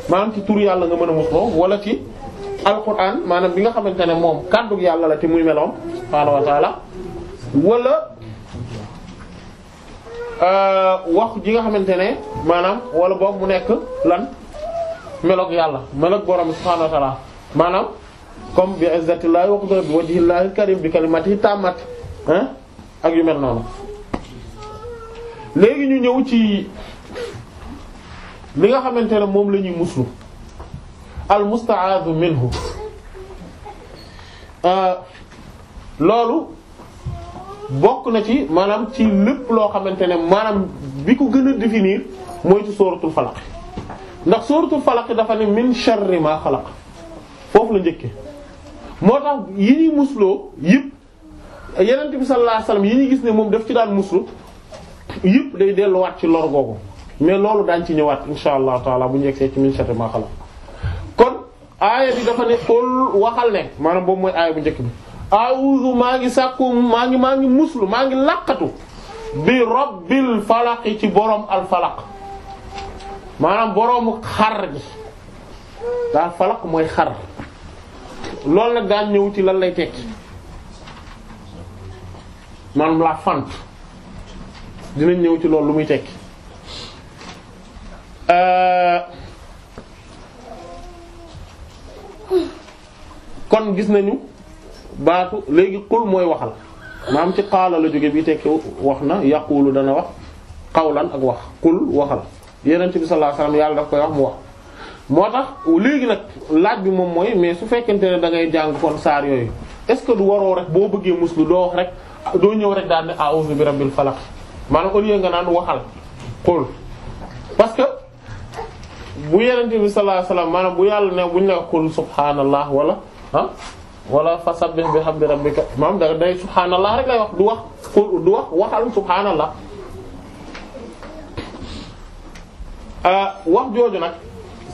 maanaam ci turu yàlla nga mën a musloo wala ci alquran maanaam bi nga xamante ne moom kàddu yàlla la ci muy meloom subhaanahu wa ta'ala Euh, wax ji nga xamante ne maanaam wala boog mu nekk lan meloog yàlla meloog borom subhaanahu wa maanaam comme bi izzatillahi wa qudratihi bi wajhillahi karim bi kalimatihi tammat ak yu mel noonu léegi ñu ñëw ci li nga xamante ne moom lañuy ñuy muslu al musta'aadu minhu euh, loolu bokk na ci maanaam ci lépp loo xamante ne maanaam bi ko gën a définir mooy ci sóoratul falaq ndax sóoratul falaq dafa ne min sharri ma foofu la njëkke moo tax yi ñuy musloo yëpp yenent bi sallallahu alayhi yi ñuy gis ne moom daf ci daan muslu yëpp day delluwaat ci lor googu mais loolu daañ ci ñëwaat insha allahu taala bu ñu yegsee ci min maa ma kon aaya bi dafa ne xool waxal ne maanaam boobu mooy aaya bu njëkk bi a'udhu maa ngi sàkku maa ngi maa ngi muslu maa ngi làqatu bi rabbil falaq ci boroom al falaq maanaam boroomu xar bi daal falaq mooy xar loolu nag daan ñëw ci lan lay tekki maanaam la fant dinañ ñëw ci lool lu muy tekki euh, kon gis nañu baatu léegi qul mooy waxal maam ci qaala la jóge bi tekki wax na yaqulu dana wax qawlan ak wax qul waxal yeneen bi sallallahu alayhi wasallam yàlla daf koy wax mu wax moo tax léegi nag laaj bi moom mooy mais su fekkente ne da ngay jàng kon saar yooyu est-ce que du waroo rek boo bëggee muslu doo wax rek doo ñëw rek daan ne a'udhu bi rabbil falaq maanaam au lieu nga naan waxal qul parce que bu yeneen bi sallallahu alayhi wasallam maanaam bu yàlla ne buñ la qul subhanallah wala ah wala fasabbih bihamdi rabbika maam da day subhaanallah rek lay wax du wax du wax waxal subhaanallah euh, wax jooju nag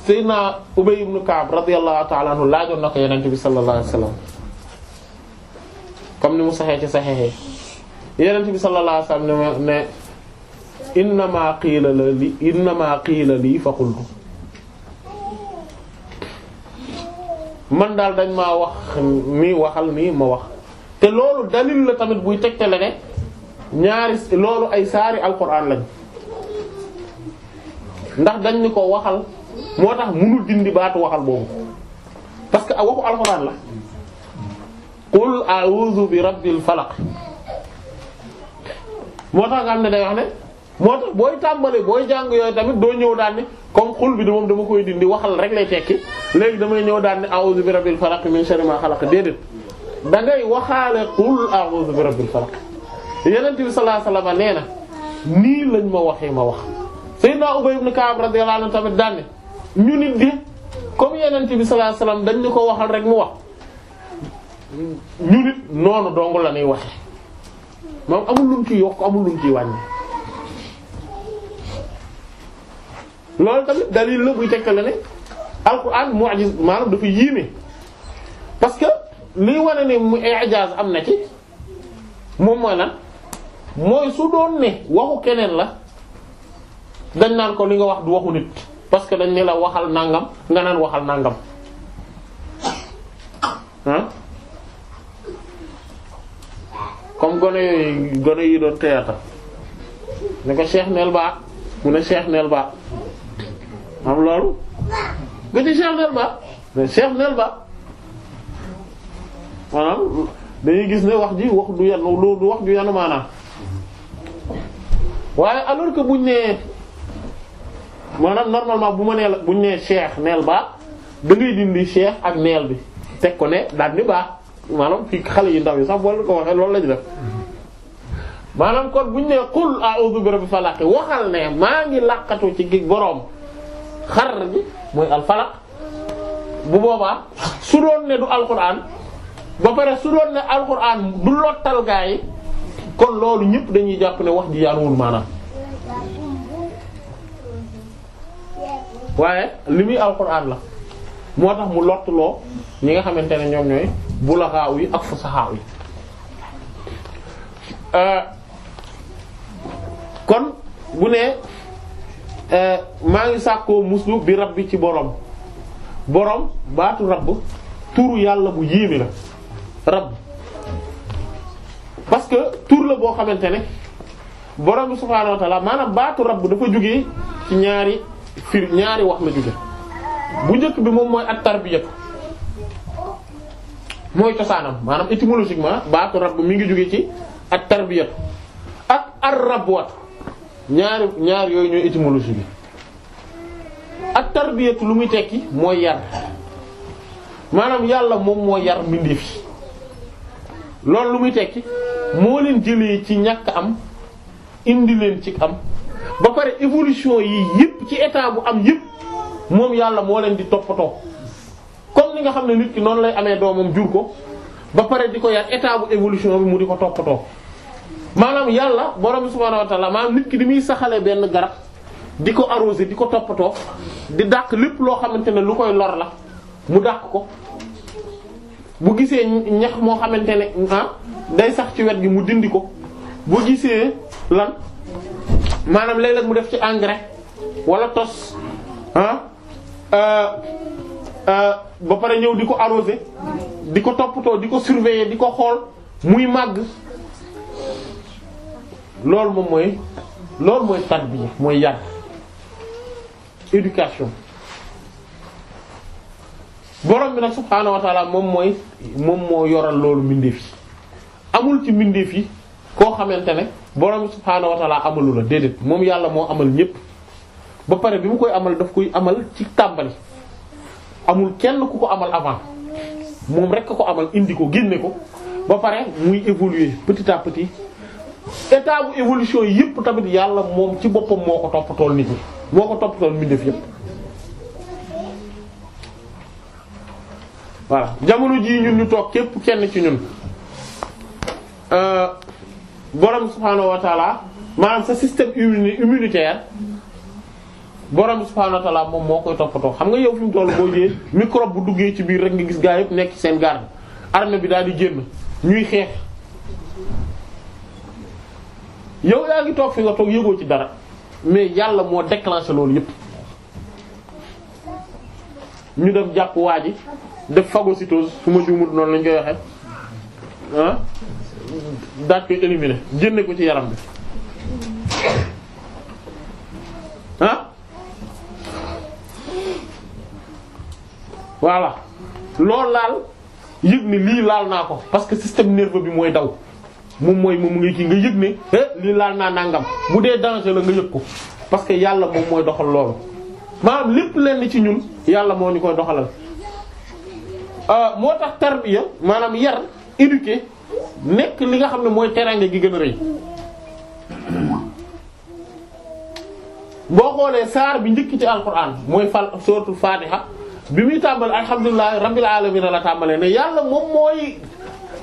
Seydina Ubay ibn Ka'b radiyallahu ta'ala anhu laajoon na ko Yonent bi sallallahu alayhi wa ni mu saxee ci saxee bi sallallahu alayhi wa sallam ne ma ne innamaa qiila lii innamaa qiila lii fa qultu man daal dañ ma wax nii waxal nii ma wax te loolu dalil la tamit buy tegtale ne ñaari loolu ay saari alquran lañ ndax dañ ni ko waxal moo tax mënul dindi baatu waxal boobu parce que waxu alquran la qul a'udhu bi rabbil falaq moo tax nga xam ne day wax ne moo tax booy tàmbali booy jàng yooyu tamit doo ñëw daan ni comme xul bi di moom dama koy dindi waxal rek lay tekki léegi damay ñëw daan ni a'udhu bi rabbil falaq min sharri ma déedéet da ngay waxaale xul a'udhu bi rabbil falaq yonent bi sallallahu alayhi wasallam nee na nii lañ ma waxee ma wax sayyidna Ubay ibn Ka'b radiyallahu anhu tamit daan ni ñu nit di comme yonent bi sallallahu alayhi dañ ñu ko waxal rek mu wax ñu noonu dong la ñuy waxe moom amul lu mu ciy yokk amul lu mu ciy loolu tamit dalil la buy tekkale ne alxuraan mu'jiz maanaam dafa yéeme parce que liy wane ne mu i'jaaz am na ci moom mooy lan mooy su doon ne waxu keneen la dañ naan ko li nga wax du waxu nit parce que dañ ne la waxal nangam nga naan waxal nangam ah. comme gone yooyu gone yi doon théâtre ne ko Cheikh neel baax mu ne Cheikh neel baax am loolu nga ci Cheikh Delba mais Cheikh Delba maanaam dañuy gis ne wax ji wax du yan loolu wax ju yanu maanaam waaye alors que buñ nee maanaam maa bu ma nee la buñ nee Cheikh neel ba da ngay dindi Cheikh ak neel bi teg ko ne daal di baax maanaam fii xale yu ndaw yi sax boole ko waxee loolu lañu def maanaam kon buñ nee qul a'udhu bi rabbil falaq waxal ne maa ngi làqatu ci gi boroom. xar bi mooy alfalaq bu boobaa su doon ne du alquran ba pare su doon ne alquran du lottal gaa yi kon loolu ñëpp dañuy jàpp ne wax ji yaanuwul maanaam waaye li muy alquran la moo tax mu lottuloo ñi nga xamante ne ñoom ñooy bulaxaaw yi ak fusaxaaw yi euh, kon bu ne Eh, maa ngi sàkkoo muslu bi rabbi ci boroom boroom baatu rabb turu yàlla bu yéeme la rabb parce que tur la boo xamante ne borom bi subhaanahu wa ta'ala maanaam baatu rabb dafa jógee ci ñaari fir ñaari wax la jóge bu njëkk bi moom mooy at tarbiyatu mooy cosaanam maanaam étymologiquement baatu rabb mi ngi jóge ci at tarbiyatu ak ar rabbwatu ñaari ñaar yooyu ñooy étymologie bi ak tarbiyatu lu muy tekki mooy yar maanaam yàlla moom moo yar mbindeef yi loolu lu muy tekki moo leen jëlee ci ñàkk am indi leen ci am ba pare évolution yi yépp ci état bu am yépp moom yàlla moo leen di toppatoo comme ni nga xam ne nit ki noonu lay amee doomam jur ko ba pare di ko yar état bu évolution bi mu di ko toppatoo maanaam yàlla borom subhaanahu wa ta'ala maanaam nit ki di muy saxalee benn garab di ko arroser di ko toppatoo di dàq lépp loo xamante ne lu koy lor la mu dàq ko bu gisee ñax moo xamante ne ah day sax ci wet gi mu dindi ko bu gisee lan maanaam léeg-léeg mu def ci engrais wala tos ah euh, euh, ba pare ñëw di ko arroser di ko toppatoo di ko surveiller di ko xool muy màgg. loolu moom mooy loolu mooy bi mooy yar éducation borom bi nag subhaanahu wa moom mooy moom moo yoral loolu mbindeef yi amul ci mbindeef yi koo xamante ne boroom bi subhaanahu wa amalu la déedéet moom yàlla moo amal ñépp ba pare bi mu koy amal daf koy amal ci tàmbali amul kenn ku ko amal avant moom rekk ko amal indi ko génne ko ba pare muy évoluer petit à petit état bu évolution yëpp tamit yàlla moom ci boppam moo ko toppatool nit ñi moo ko toppatool mbindeef yëpp. voilà jamono jii ñun ñu toog képp kenn ci ñun euh, borom subhaanahu wa taala maanaam sa système immunitaire borom subhaanahu wa moom moo koy toppatoo xam nga yow fi mu toll boo jiyee microbe bu duggee ci biir rek nga gis gaa yëpp nekk seen garde armée bi daal di génn ñuy xeex. yow yaa ngi toog fi nga toog yëgoo ci dara mais yàlla moo déclenché loolu yëpp ñu dem jàpp waa ji def phagocytose su ma juumul noonu lañ koy waxee ah daaj koy éliminer génne ko ci yaram bi ah voilà loolu laal yëg ni lii laal naa ko parce que système bi mooy daw moom mooy moom ngay kii nga yëg ne eh, lii laal naa nangam mu dee danger la nga yëg ko parce que yàlla moom mooy doxal loolu maanaam lépp lenn ci ñun yàlla moo ni koy doxalal ah, moo tax tarbiya maanaam yar éduquer nekk li nga xam ne mooy teraange gi gën a rëy boo xoolee saar bi njëkk ci alquran mooy fal suratul fatiha bi muy tàmbali alhamdulillahi rabbil alamin la tàmbalee ne yàlla moom mooy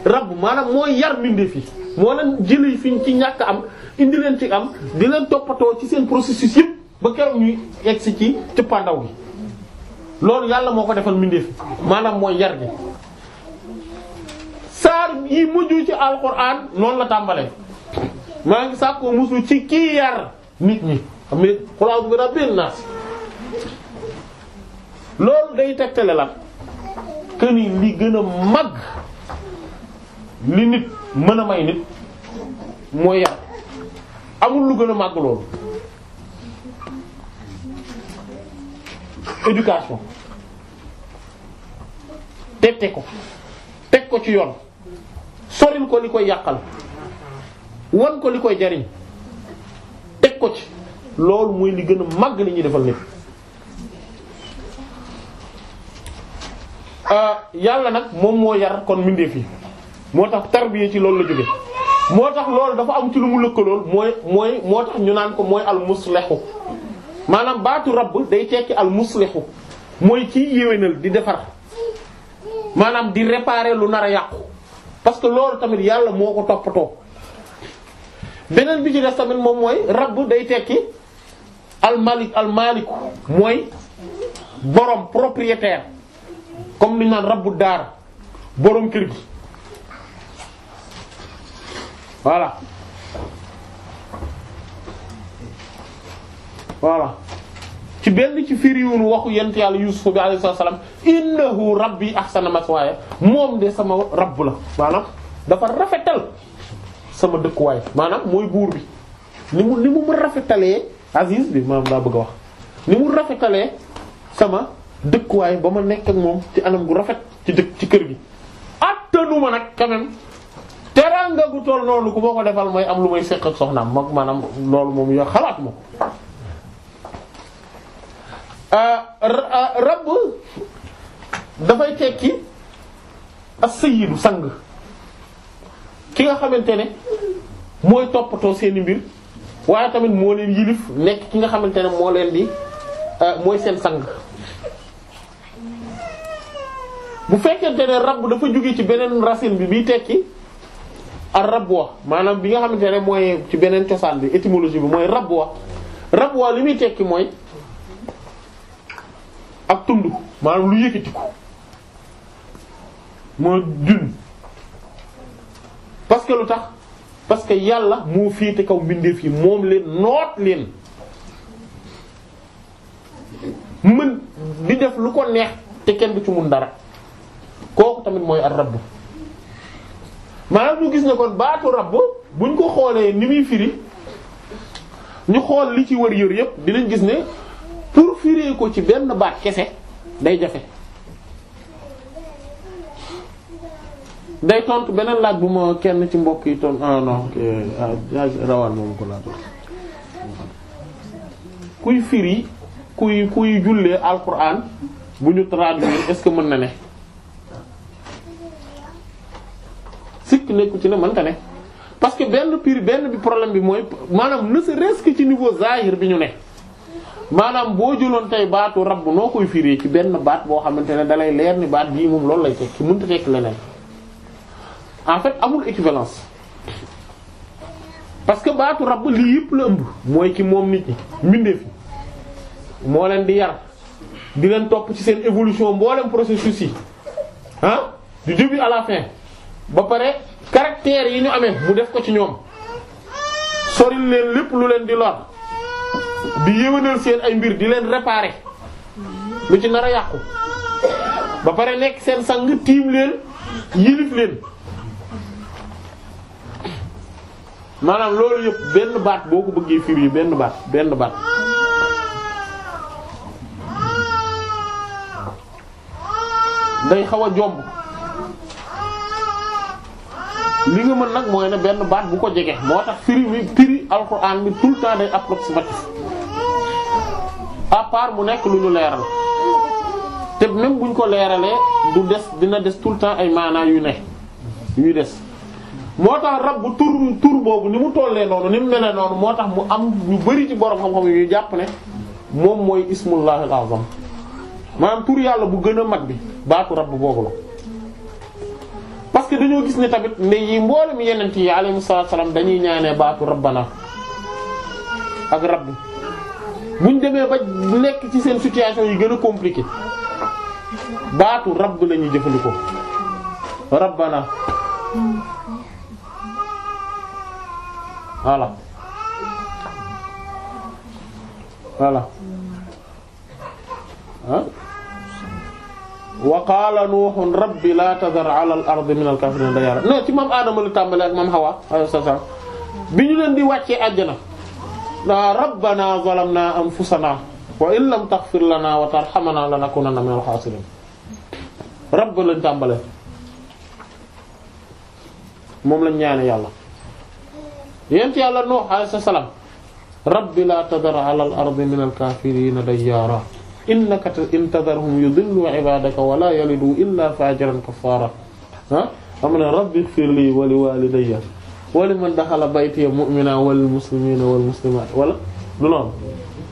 rabb maanaam mooy yar mbindeef yi moo leen jëlee fiñ ci ñàkk am indi leen ci am di leen toppatoo ci seen processus yëpp ba keroog ñuy egsi ci cëppaandaw gi loolu yàlla moo ko defal mbindeef maanaam mooy yar gi. saar yi mujj noonu la tàmbalee maa ngi sàkkoo musu ci kii yar nit ñi xam nga xulaasu bi rabbil naas loolu day tegtale la kër ni li gën a mag. li nit mën a may nit mooy yar amul lu gën a màgg loolu éducation tette ko teg ko ci yoon soril ko li koy yàqal wan ko li koy jariñ teg ko ci loolu mooy li gën a màgg li ñuy defal nit ah, yàlla nag moom moo yar kon mbindeef yi moo tax tarbiya ci loolu la jóge moo tax loolu dafa am ci lu mu lëkkalool mooy mooy moo tax ñu naan ko mooy al muslihu maanaam baatu rabb day tekki al muslihu mooy kiy yéwénal di defar maanaam di réparer lu nar yàqu parce que loolu tamit yàlla moo ko toppatoo beneen bi ci des tamit moom mooy rabb day tekki al malik al mooy borom propriétaire comme ni naan rabbu daar borom kër gi voilà voilà ci benn ci firiwul waxu yent yàlla Yuusuf bi alayhi salaam innahu rabbi ahsana maswaaya moom de sama rabb la maanaam dafa rafetal sama dëkkuwaay maanaam mooy buur bi ni mu ni mu mu rafetalee Aziz bi maanaam laa bëgg a wax ni mu rafetalee sama dëkkuwaay ba ma nekk ak moom ci anam gu rafet ci dëkk ci kër gi attanuma nag quand teraanga gu toll noonu ku ma ko defal mooy am lu may seq ak soxnaam mag maanaam loolu moom yo xalaat moom euh, euh, rabb dafay tekki as-sayyidu sang ki nga xamante ne mooy toppatoo seeni mbir waaye tamit moo leen yilif nekk ki nga xamante ne moo leen di euh, mooy seen sang bu fekkente ne rabb dafa jóge ci beneen racine bi biy tekki ar-rabwa maanaam bi nga xamante ne mooy ci beneen cosaan bi étymologie bi mooy rabwa rabwa li muy tekki mooy ak tund maanaam lu yëkkatiku mooy dun parce que lu tax parce que yàlla moo féete kaw mbindeef yi moom leen noot leen mën di def lu ko neex te kenn du ci mun dara kooku tamit mooy ar-rabb maanaam ñu gis ne kon baatu rabb buñ ko xoolee ni muy firi ñu xool li ci wër yër yëpp dinañ gis ne pour firi ko ci benn baat kese day jafe day tontu beneen laaj bu ma kenn ci mbokk yi tontu ah, ah ko laaj kuy firi kuy kuy jullee alquran bu ñu traduire est-ce que mën na ne sikk nekku ci ne mënta ne parce que benn pire benn bi problème bi mooy maanaam ne serait-ce que ci niveau zahir bi ñu ne maanaam boo jëloon tey baatu rabb noo koy firee ci benn baat boo xamante ne dalay leer ni baat bii moom loolu lay tekki mënta tekki leneen en fait amul équivalence parce que baatu rabb lii yëpp la ëmb mooy ki moom nit ñi mbindeef yi moo leen di yar di leen topp ci seen évolution mboolem processus yi ah du début à la fin ba pare caractère yi ñu amee mu def ko ci ñoom soril leen lépp lu leen di lor di yéwénal seen ay mbir di leen réparer lu ci nar a yàqu ba pare nekk seen sang tiim leen yilif leen maanaam loolu yëpp benn baat boo ko bëggee fir yi benn baat benn baat day xaw a jomb li nga mën nag mooy ne benn baat bu ko jege moo tax firi bi firi alxuraan bi tout le temps day approximatif à part bu nekk lu ñu leeral te même buñ ko leeralee du des dina des tout le temps ay maanaa yu ne yuy des moo tax rab bu tur tur boobu ni mu tollee noonu ni mu melee noonu moo tax mu am ñu bari ci borom xam-xam yu jàpp ne moom mooy ismullahil azam maanaam tur yàlla bu gën a mag bi baatu rab boobu la parce que dañoo gis ne tamit ne yi mboolem yenent yi alayhimu salaam dañuy ñaanee baatu rabbana ak rabbi buñ demee ba nekk ci seen situation yi gën a baatu rabb la ñuy jëfandikoo rabbana voilà voilà ah wa qaala nuuhun rabbi laa tadar ala al ardi min al kaafiriina dayyaara non ci maam Adama la tàmbalee ak maam Hawa alayhi salaam bi ñu leen di wàccee àjjana daa rabbana zalamna anfusana wa in lam taghfir lana wa tarhamna lanakunanna minal xaasiriin rabb lañ tàmbalee moom lañ ñaane yàlla yent yàlla nuuh alayhi salaam rabbi laa tadar ala al ardi min al kaafiriina dayyaara innaka in tadarhum yudillu ibadaka wa la yalidu illa fajiran kaffara ah am na rabbi ighfir li wa li walidayya wa liman dakhala baytiya mu'mina wal muslimina wal muslimat wala du noonu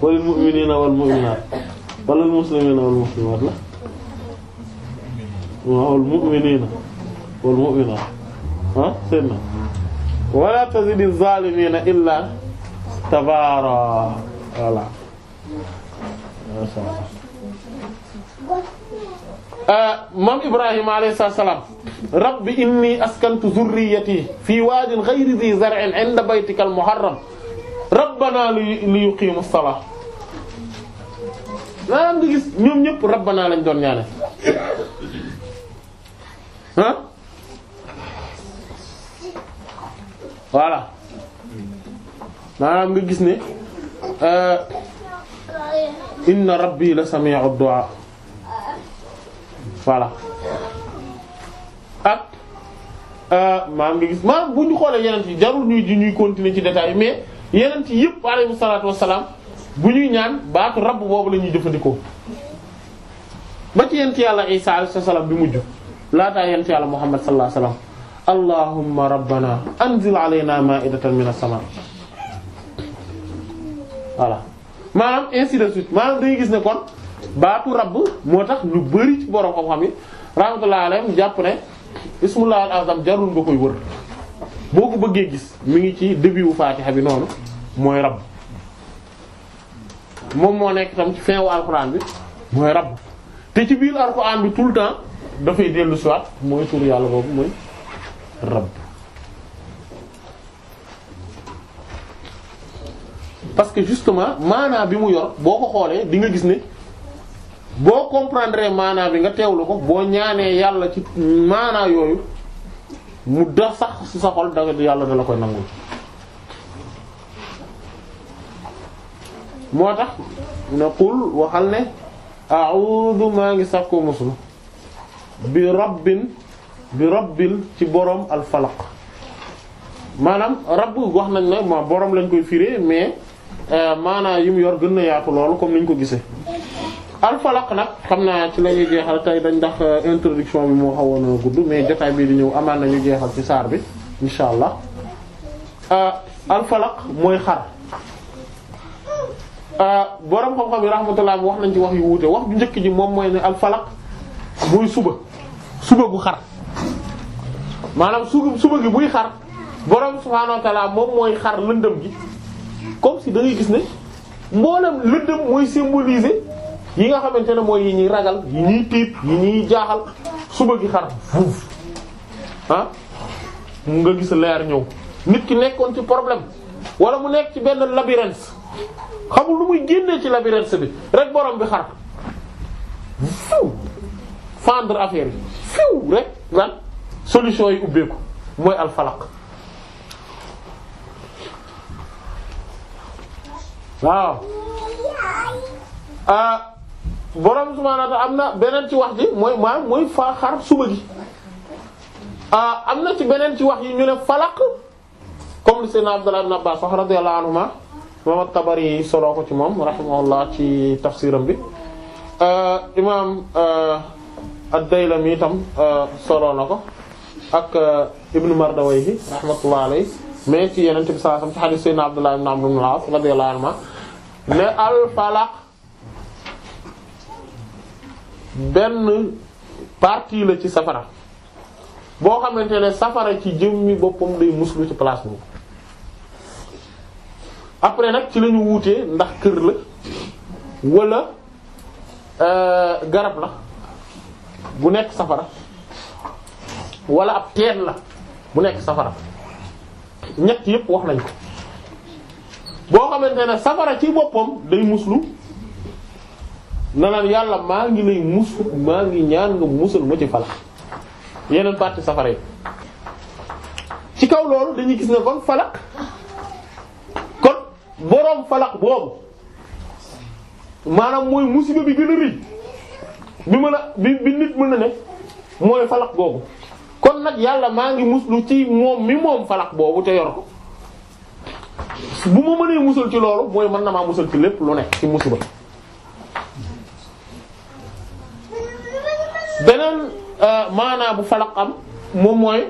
wal mu'minina wal mu'minat wala al muslimina wal muslimat la wal mu'minina wal mu'minat ah seen na wala tazidi zalimina illa tabaara voilà Ah, moom Ibrahima alayhi salaam rabbi inni askantu zurriyati fii waadin ghayri dhi zar'in 'inda baytika al-muharram rabbana li yuqimu as-salah maanaam nga gis ñoom ñëpp rabbana lañ doon ñaane ah voilà maanaam nga gis ne. Ah, inna rabbi la sami'u du'a voilà ak euh, maam nga gis maam bu ñu xoolee yeneen yi jarul ñuy di ñuy continuer ci détail mais yeneen yi yëpp alayhi salaatu bu ñuy ñaan baatu rabb boobu la ñuy jëfandikoo ba ci yent yàlla Isa alayhi salaam bi mujj laataa yent yàlla Muhammad sallallahu alayhi wasallam allahumma rabbana anzil alayna ma'idatan minas sama' voilà maanaam ainsi de suite maanaam dañuy gis ne kon baatu rab moo tax lu bari ci borom xam-xam yi rahmatullahi jàpp ne ismullah al jarul nga koy wër boo ko bëggee gis mi ngi ci début wu Fatiha bi noonu mooy rab moom moo nekk tam ci fin wu alxuraan bi mooy rab te ci biir alxuraan bi tout le temps dafay dellu siwaat mooy tur yàlla boobu mooy rabb parce que justement maanaa bi mu yor boo ko xoolee di nga gis ne boo comprendre maanaa bi nga teew la ko boo ñaanee yàlla ci maanaa yooyu mu da sax si sa xol da yàlla da la koy nangul moo tax na qul waxal ne a'udhu maa ngi sàkkoo muslu bi rabbin bi rabbil ci boroom al maanaam rabb wax nañ ne ma boroom lañ koy firé mais Euh, maanaa yi mu yor gën na yaatu loolu comme ni ñu ko gisee. alfalaq nag xam naa ci la ñuy jeexal tey dañ ndax euh, introduction bi moo xawoon a gudd mais jotaay bii di ñëw amaan nañu jeexal ci saar bi insha allah euh, alfalaq mooy xar borom xam-xam yi rahmatullah wax nañ ci wax yu wuute wax bu njëkk ji moom mooy ne alfalaq muy suba suba bu xar maanaam su suba gi buy xar borom subhaanahu moom mooy xar lëndëm gi comme si da gis ne mboolem lëndëm mooy symboliser yi nga xamante ne mooy yi ñuy ragal yi ñuy tiit yi ñuy jaaxal suba gi xar fuuf ah nga gis leer ñëw nit ki nekkoon ci problème wala mu nekk ci benn labyrinthe xamul lu muy génnee ci labyrinthe bi rek borom bi xar fiw fendre affaire yi rek lan solution yi ubbeeku mooy alfalak waaw ah, borom subhaanahu wa ta'aala am na beneen ci wax ji mooy maanaam mooy faa xar suba gi ah, am na ci beneen ci wax yi ñu ne falaq comme li Seydina Abdullah ibn Abbas wax radiyallahu anhuma imaam Tabari soloo ko ci moom rahimahullah ci tafsiram bi ah, imaam ad-Daylami itam soloo na ko ak Ibn Mardawayhi rahmatullahi alayhi mais ci yeneen bi sallallahu alayhi wasallam ci hadith Seydina Abdullah ibn Amr ibn al-As radiyallahu anhuma ne alfalaq benn partie la ci safara boo xamante ne safara ci jëmmi boppam day muslu ci place boobu après nag ci lañu wuutee ndax kër la wala euh, garab la bu nekk safara wala ab teen la bu nekk safara ñett yépp wax nañ boo xamante ne safara ci boppam day muslu nanaan yàlla maa ngi lay mus maa ngi ñaan nga musal ma ci falax yeneen parti safara yi ci kaw loolu dañuy gis ne kon falak kon boroom falak boobu maanaam mooy musiba bi gën a rëy bi mën a bi bi nit mën a ne mooy falak boobu kon nag yàlla maa ngi muslu ci moom mi moom falak boobu te yor ko bu ma mënee musal ci loolu mooy mën na maa musal ci lépp lu nekk ci musiba beneen euh, maanaa bu falaq am moom mooy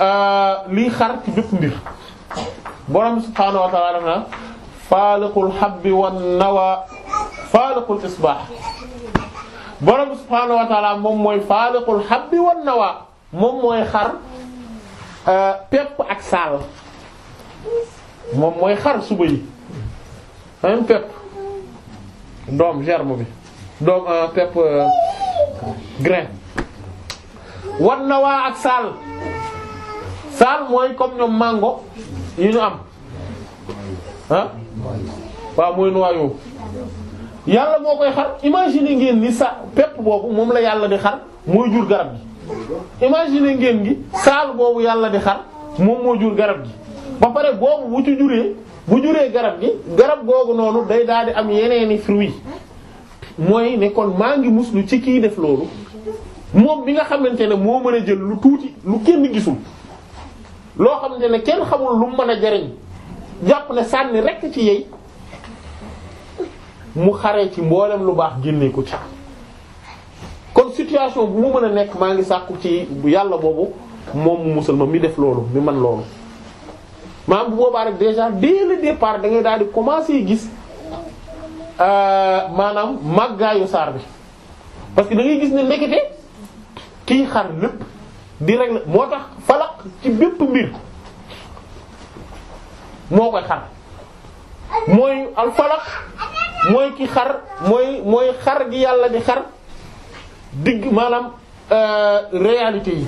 euh, liy xar ci bépp mbir borom subhaanahu wa ta'aala na faaliqul habbi wan nawa faaliqul isbah borom subhaanahu wa ta'aala moom mooy faaliqul habbi wan nawa moom mooy xar euh, pepp ak saal moom mooy xar suba yi am pepp doom germe bi doom euh, pepp euh, grain wan na waa ak saal saal mooy comme ñoom mango yi ñu am ah waaw mooy noyau yàlla moo koy xar imagine ngeen ni sa pepp boobu moom la yàlla di xar mooy jur garab gi imagine ngeen gi saal boobu yàlla di xar moom moo jur garab gi ba pare boobu bu ci juree bu juree garab gi garab googu noonu day daadi am yeneeni fruits mooy ne kon maa ngi muslu ci kiy def loolu moom bi nga xamante ne moo mën a jël lu tuuti lu kenn gisul loo xamante ne kenn xamul lu mën a jariñ jàpp ne sànni rekk ci yey mu xaree ci mboolem lu baax génnee ko ci kon situation bu mu mën a nekk ngi sàkku ci yàlla boobu moom musulman mi def loolu mi man loolu maanaam bu boobaa rek déjà dès le départ da ngay daal di commencer gis euh, maanaam màggaayu saar bi parce que dangay gis ne ndekete kiy xar lépp di rek la moo tax falaq ci bépp mbir moo koy xar mooy al falaq mooy ki xar mooy mooy xar gi yàlla di xar digg maanaam euh, réalité yi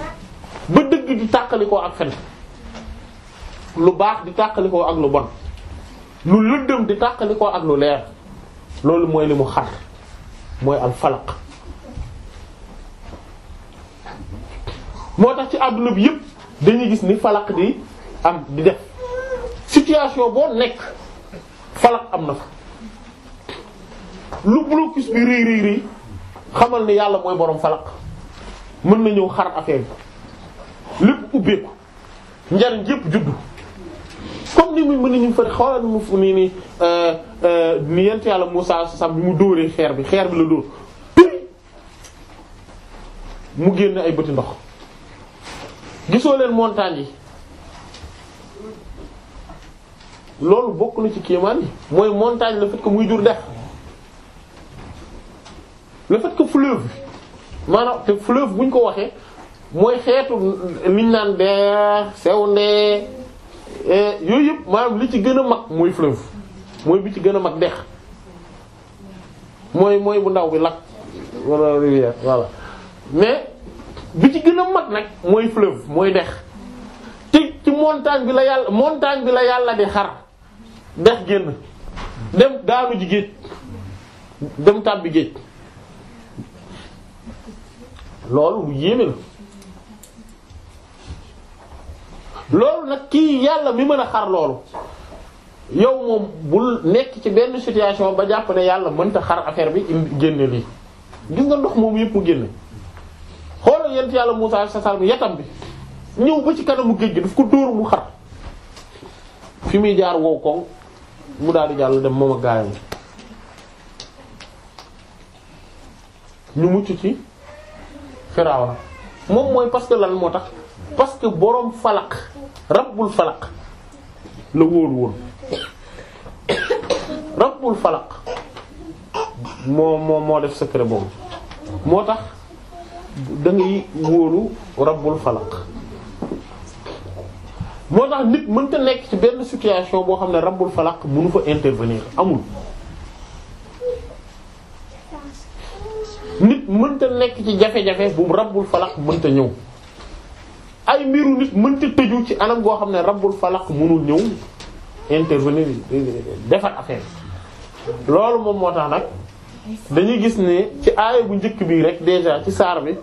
ba dëgg di tàqali koo ak lu baax di tàqalikoo ak lu bon lu lëndëm di tàqalikoo ak lu leer loolu mooy li mu xar mooy al falaq moo tax ci àdduna bi yëpp dañuy gis ni falaq di am di def situation boo nekk falaq am na fa lu blocus bi rii rii rii xamal ne yàlla mooy boroom falaq mën na ñëw xar affaire bi lépp ubbeeku njariñ yëpp juddu comme ni muy mën nañu fa xoolal mu nii nii ni euh, euh, yent yàlla Moussa sax bi mu dóoree xeer bi xeer bi la dóor mu génn ay bëti ndox gisoo leen montagne yi loolu bokk na ci kéemaan yi mooy montagne le fait que muy jur def le fait que fleuve bi maanaam te fleuve buñ ko waxee mooy xeetu niñ naan deer sew ndee yooyu yëpp maanaam li ci gën a mag mooy fleuve mooy bi ci gën a mag dex mooy mooy bu ndaw bi lac wala rivière mais bi ci gën a mag nag mooy fleuve mooy dex te ci montagne bi la yàlla montagne bi la yàlla di xar dex génn dem daanu ji géej dem tàbbi géej loolu lu yéeme la loolu nag kii yàlla mi mën a xar loolu yow moom bul nekk ci benn situation ba jàpp ne yàlla mënta xar affaire bi génne lii gis nga ndox moom yëpp mu génne xoolal yent yàlla Musaa sa salm yatam bi ñëw ba ci kanamu géej gi daf ko dóor mu xar fi muy jaar wow koŋ mu daal di jàll dem moom ak gaayam ñu mucc ci Firawna moom mooy parce que lan moo tax parce que boroom falaq rabbul falaq la wóolu woon rabbul falaq moo moo moo def secret boobu moo tax da ngay wóolu rabbul falaq moo tax nit mënta nekk ci benn situation boo xam ne rabbul falaq nu fa intervenir amul nit mënta nekk ci jafe-jafe bu rabbul falaq mënta ñëw ay mbiru nit mënta tëju ci anam boo xam ne rabbul falaq mënul ñëw intervenir defar affaire loolu moom moo tax nag dañuy gis ne ci aaya bu njëkk bii rek déjà ci saar bi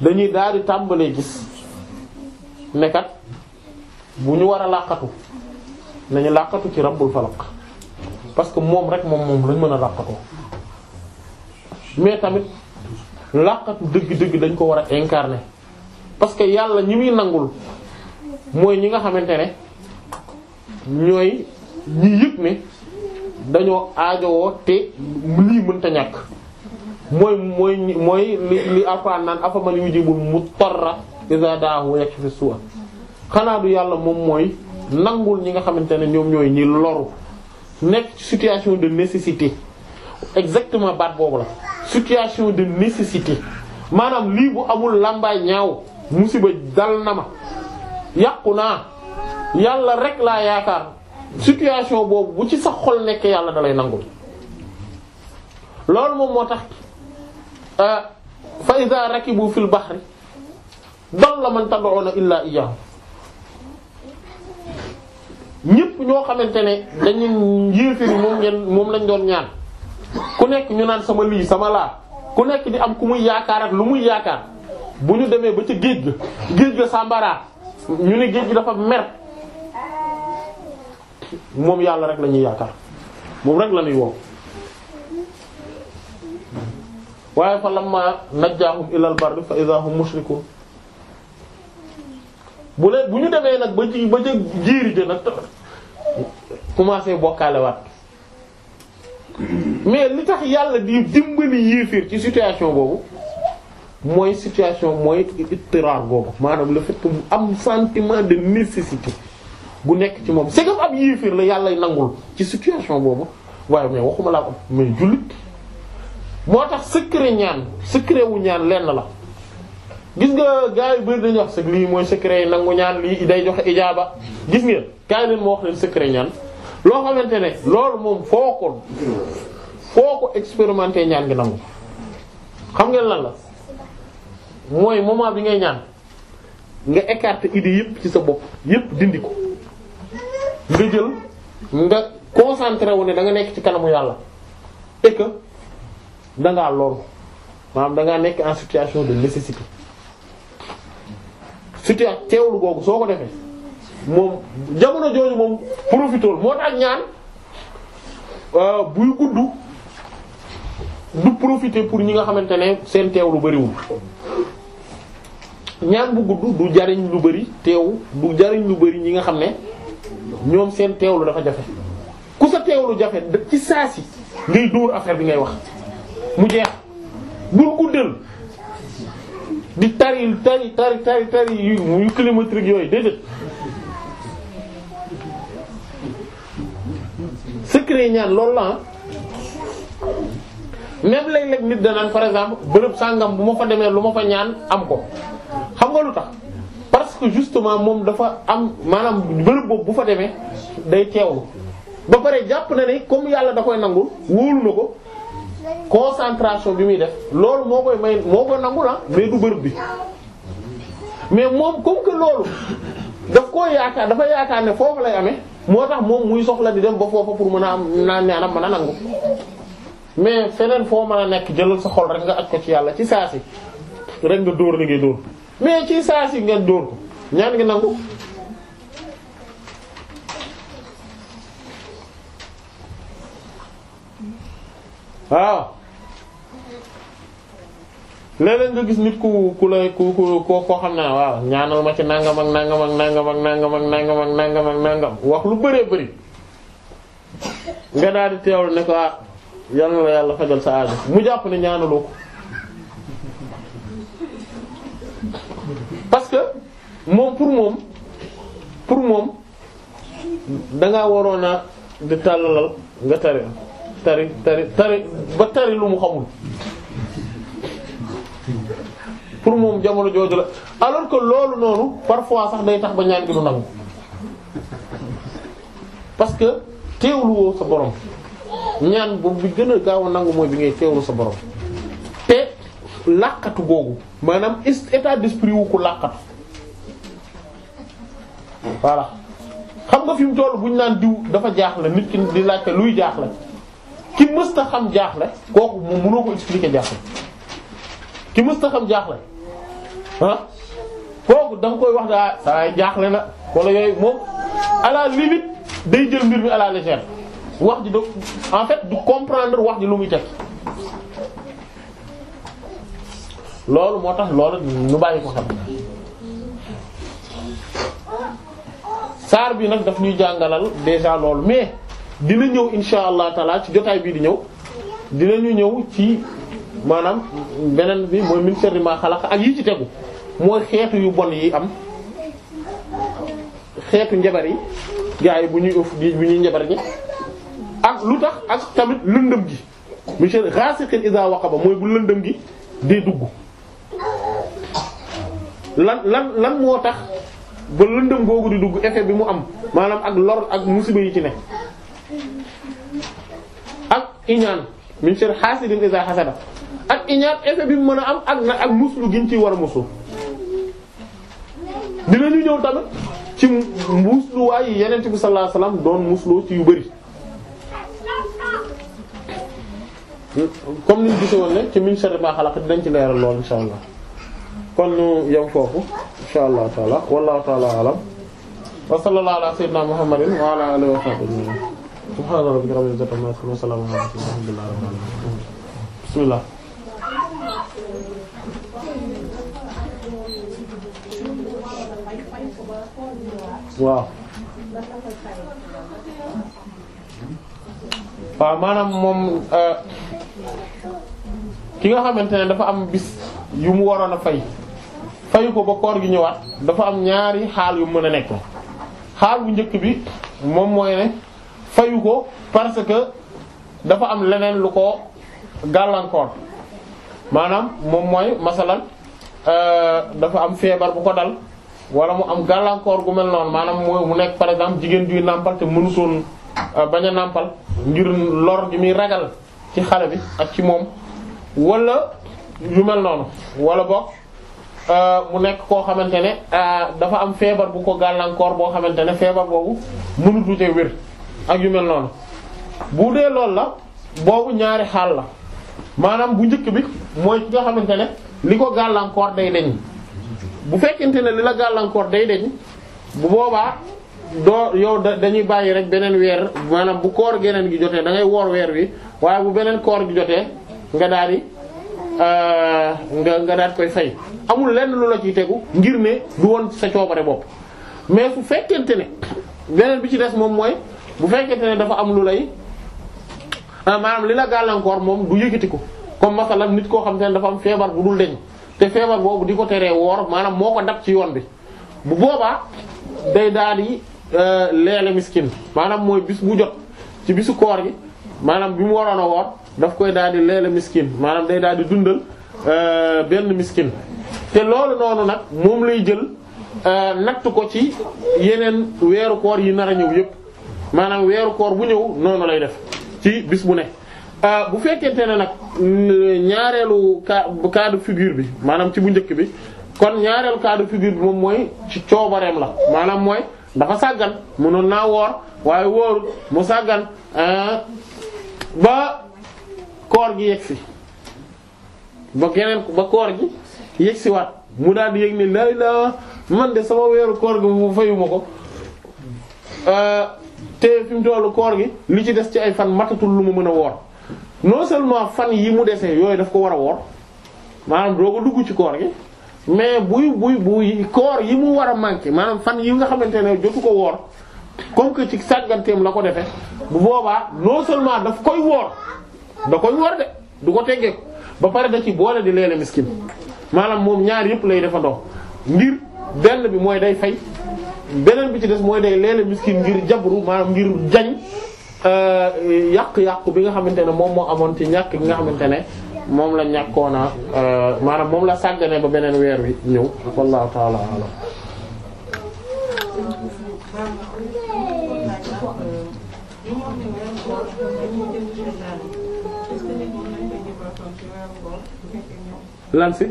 dañuy daal di tàmbalee gis nekkat bu ñu war a làqatu nañu làqatu ci rabbul falaq parce que moom rek moom moom lañ mën a làqatoo mais tamit làqatu dëgg-dëgg dañ ko war a incarner parce que yàlla ñi muy nangul mooy ñi nga xamante ne ñooy ñi yëg ne dañoo aajowoo te lii mënta ñàkk mooy mooy mooy li li alquran naan afaman yujibul mutarra iza daahu yakfi su'a xanaa du yàlla moom mooy nangul ñi nga xamante ne ñoom ñooy ñi loru nekk situation de nécessité exactement baat boobu la situation de nécessité maanaam lii bu amul làmbaay ñaaw musiba dal na ma yàqu naa yàlla rek laa yaakaar situation boobu bu ci sa xol nekk yàlla dalay nangul loolu moom moo tax euh, fa iza rakibu fil bahri la man tad'una illa iyyahu ñépp ñoo xamante ne dañu yéeféri moom lañ doon ñaan ku nekk ñu naan sama lii sama laa ku nekk di am ku muy yaakaar ak lu muy yaakaar bu ñu demee ba ca géej ga géej ga sàmbara ñu ne géej gi dafa mer moom yàlla rek la ñuy yaakaar moom rek la ñuy wow waaye fa lamma najjaahum ilal barri fa idaa hum mushrikuun bu leen bu ñu demee nag ba ci ba ca jiiri de nag commencé bokkaale waat mais li tax yàlla di dimbali yéeféer ci situation boobu mooy situation mooy ittiraar boobu maanaam la fait que mu am sentiment de nécessité bu nekk ci moom c'est comme ab yéefir la yàlla nangul ci situation boobu waaye mais waxuma laa ko mais jullit moo tax secret ñaan secret wu ñaan lenn la gis nga gars yi bëri wax sax lii mooy secret yi nangu ñaan lii day joxe ijaaba gis ngeen kaay leen moo wax leen secret ñaan loo xamante ne loolu moom foo ko foo ko expérimenté ñaan gi nangu xam ngeen lan la mooy moment bi ngay ñaan nga écarte idée yépp ci sa bopp yépp dindi ko nga jël nga concentré wu ne da nga nekk ci kanamu yàlla et que da ngaa lool maanaam da nekk en situation de nécessité situation teewlu googu soo ko defee moom jamono jooju moom profitool moo tax ñaan euh, buy gudd. du profité pour ñi nga xamante ne seen teew lu bariwul ñaan bu gudd du jariñ lu bari teew du jariñ lu bari ñi nga xam ne ñoom seen teewlu dafa jafe ku sa teewlu jafe ci saa si ngay dóor affaire bi ngay wax mu jeex ku guddal di tari tari tari tari tari yu yu climatique yooyu déedéet secret ñaan loolu la ah. même léeg-léeg nit danaan par exemple bërëb sàngam bu ma fa demee lu ma fa ñaan am ko xam nga lu tax parce que justement moom dafa am maanaam bërëb boobu bu fa demee day teewlu ba pare jàpp na ne comme yàlla da koy nangul wóolu na ko concentration bi muy def loolu moo koy may moo koy nangu ah mais du bërëb bi mais moom comme que loolu daf koo yaakaar dafa yaakaar ne foofu lay amee moo tax moom muy soxla di dem ba foofa pour mën a am naan ñaanam mën a nangu mais feneen foo mën a nekk jëlal sa xol rek nga aj ko ci yàlla ci saa si rek nga dóor li dóor mais ci saa si nga dóor ko ñaan nga nangu waaw léeg-léeg nga gis nit ku ku lay ku ku koo xam naa waaw ñaanal ma ci nangam ak nangam ak nangam ak nangam ak nangam ak nangam ak wax lu bëree bëri nga daal di teewlu ne ah, yal na la yàlla fajal sa aajo mu jàpp ne ñaanaloo parce que moom pour moom pour moom dangaa waroon a di tàllalal nga tari tari tari tari ba tari lu mu xamul pour moom jamono jooju la alors que loolu noonu parfois sax day tax ba ñaan gi du nangu parce que teewlu woo sa borom ñaan boobu bi gën a gaaw a nangu mooy bi ngay teewlu sa borom te làqatu googu maanaam état d'esprit wu ko làqatu voilà xam nga fi mu toll bu naan diw dafa jaaxle nit ki di laajte luy jaaxle ki mësta xam jaaxle kooku moom mënoo ko expliquer jaaxle ki ah kooku da koy wax daa ah, jaaxle na wala yooyu moom à la limite day jël mbir mi à la wax ji doo en fait du comprendre wax ji lu muy teg loolu moo tax loolu ñu bàyyi ko xam saar bi nag daf ñuy jàngalal déjà loolu mais dina ñëw insha allah taala ci jotaay bii di ñëw dina ñu ñëw ci maanaam beneen bi mooy ministère bi ma xalax ak yi ci tegu mooy xeetu yu bon yi am xeetu njabar yi gaa yi bu ñuy ëff bu ñuy njabar ji ak lu tax ak tamit lëndëm gi monsieur raasiqin iza waqaba mooy bu lëndëm gi dee dugg lan lan lan moo tax ba lëndëm googu di dugg effet bi mu am maanaam ak lor ak musiba yi ci ne ak iñaan monsieur hasidin iza hasada ak iñaan effet bi mu mën a am ak na ak muslu giñ ci war a muslu dinañu ñëw tamit ci musluwaay yi yeneen bi sallallahu alayhi wasallam doon muslu ci yu bari comme ni ñu gisoon ne ci min sharri ma xalaq dinañ ci leeral lool insha allah kon ñu yem foofu insha allah taala wallahu taala alam wa sallallahu ala sayyidina muhammadin wa wa sahbihi subhana rabbika rabbil izzati amma yasifun wa salamun ala mursalin alhamdulillahi rabbil alamin bismillah waaw waaw maanaam moom euh, ki nga xamante ne dafa am bis yu mu waroon a fay fayu ko ba koor gi ñëwaat dafa am ñaari xaal yu mën a nekk xaal bu njëkk bi moom mooy ne fayu ko parce que dafa am leneen lu ko gàllankoor maanaam moom mooy masalan euh, dafa am feebar bu ko dal wala mu am gàllankoor gu mel noonu maanaam mu nekk par exemple jigéen juy nàmpal te mënutoon euh, bañ a nàmpal ngir lor gi muy ragal ci xale bi ak ci moom wala yu mel noonu wala boog euh, mu nekk koo xamante ne euh, dafa am feebar bu ko gàllankoor boo xamante ne feebar boobu mënut wute wér ak yu mel noonu bu dee loolu la boobu ñaari xaal la maanaam bu njëkk bi mooy ki nga xamante ne li ko gàllankoor day deñ bu fekkente ne li la gàllankoor day deñ bu boobaa doo yow da dañuy bàyyi rek beneen weer maanaam bu koor geneen gi jotee da ngay woor weer wi waaye bu beneen koor gi jotee nga daal di euh, nga daal koy say amul lenn lu la ciy tegu ngir ne du woon sa coobare bopp mais su fekkente ne beneen bi ci des moom mooy bu fekkente ne dafa am lu lay ah, maanaam li la gàllankoor moom du yëkkati ko comme masalan nit koo xam te ne dafa am feebar bu dul deñ te feebar boobu di ko teree woor maanaam moo ko dab ci yoon bi bu boobaa day daal di euh, leele miskin maanaam mooy bis bu jot ci bisu koor gi maanaam bi mu waroon a woor daf koy daal di leela miskin maanaam day daal di dundal euh, benn miskin te loolu noonu nag moom lay jël euh, natt ko ci yeneen weeru koor yi nar a ñëw yépp maanaam weeru koor bu ñëw noonu lay def ci bis bu ne euh, bu fekkente ne nag ñaareelu cas de bi maanaam ci bu njëkk bi kon ñaareelu cas de bi moom mooy ci coobareem la maanaam mooy dafa sàggan mënoon naa woor waaye wóorul mu sàggan ba koor gi yegsi ba yeneen ba koor gi yegsi waat mu daal di yëg ne lay la man de sama weeru koor gi mu fayuma ko euh, te fi mu tollu koor gi li ci des ci ay fan matatul lu ma mën a woor non seulement fan yi mu desee yooyu daf ko war a woor maanaam doo ko dugg ci koor gi mais buy buy buy koor yi mu war a manqué maanaam fan yi nga xamante ne jotu ko woor comme que ci sàgganteem la ko defee bu boobaa non seulement daf koy woor da koy wor de du ko teggee ba pare da ci boole di leele miskin maanaam moom ñaar yëpp lay dafa ndox ngir benn bi mooy day fay beneen bi ci des mooy day leele miskin ngir jabru maanaam ngir jañ euh, yàq-yàq bi nga xamante ne moom moo amoon ci ñàkk bi nga xamante ne moom la ñàkkoona euh, maanaam moom la sàggane ba beneen weer wi ñëw wallahu ta'ala alam lan si.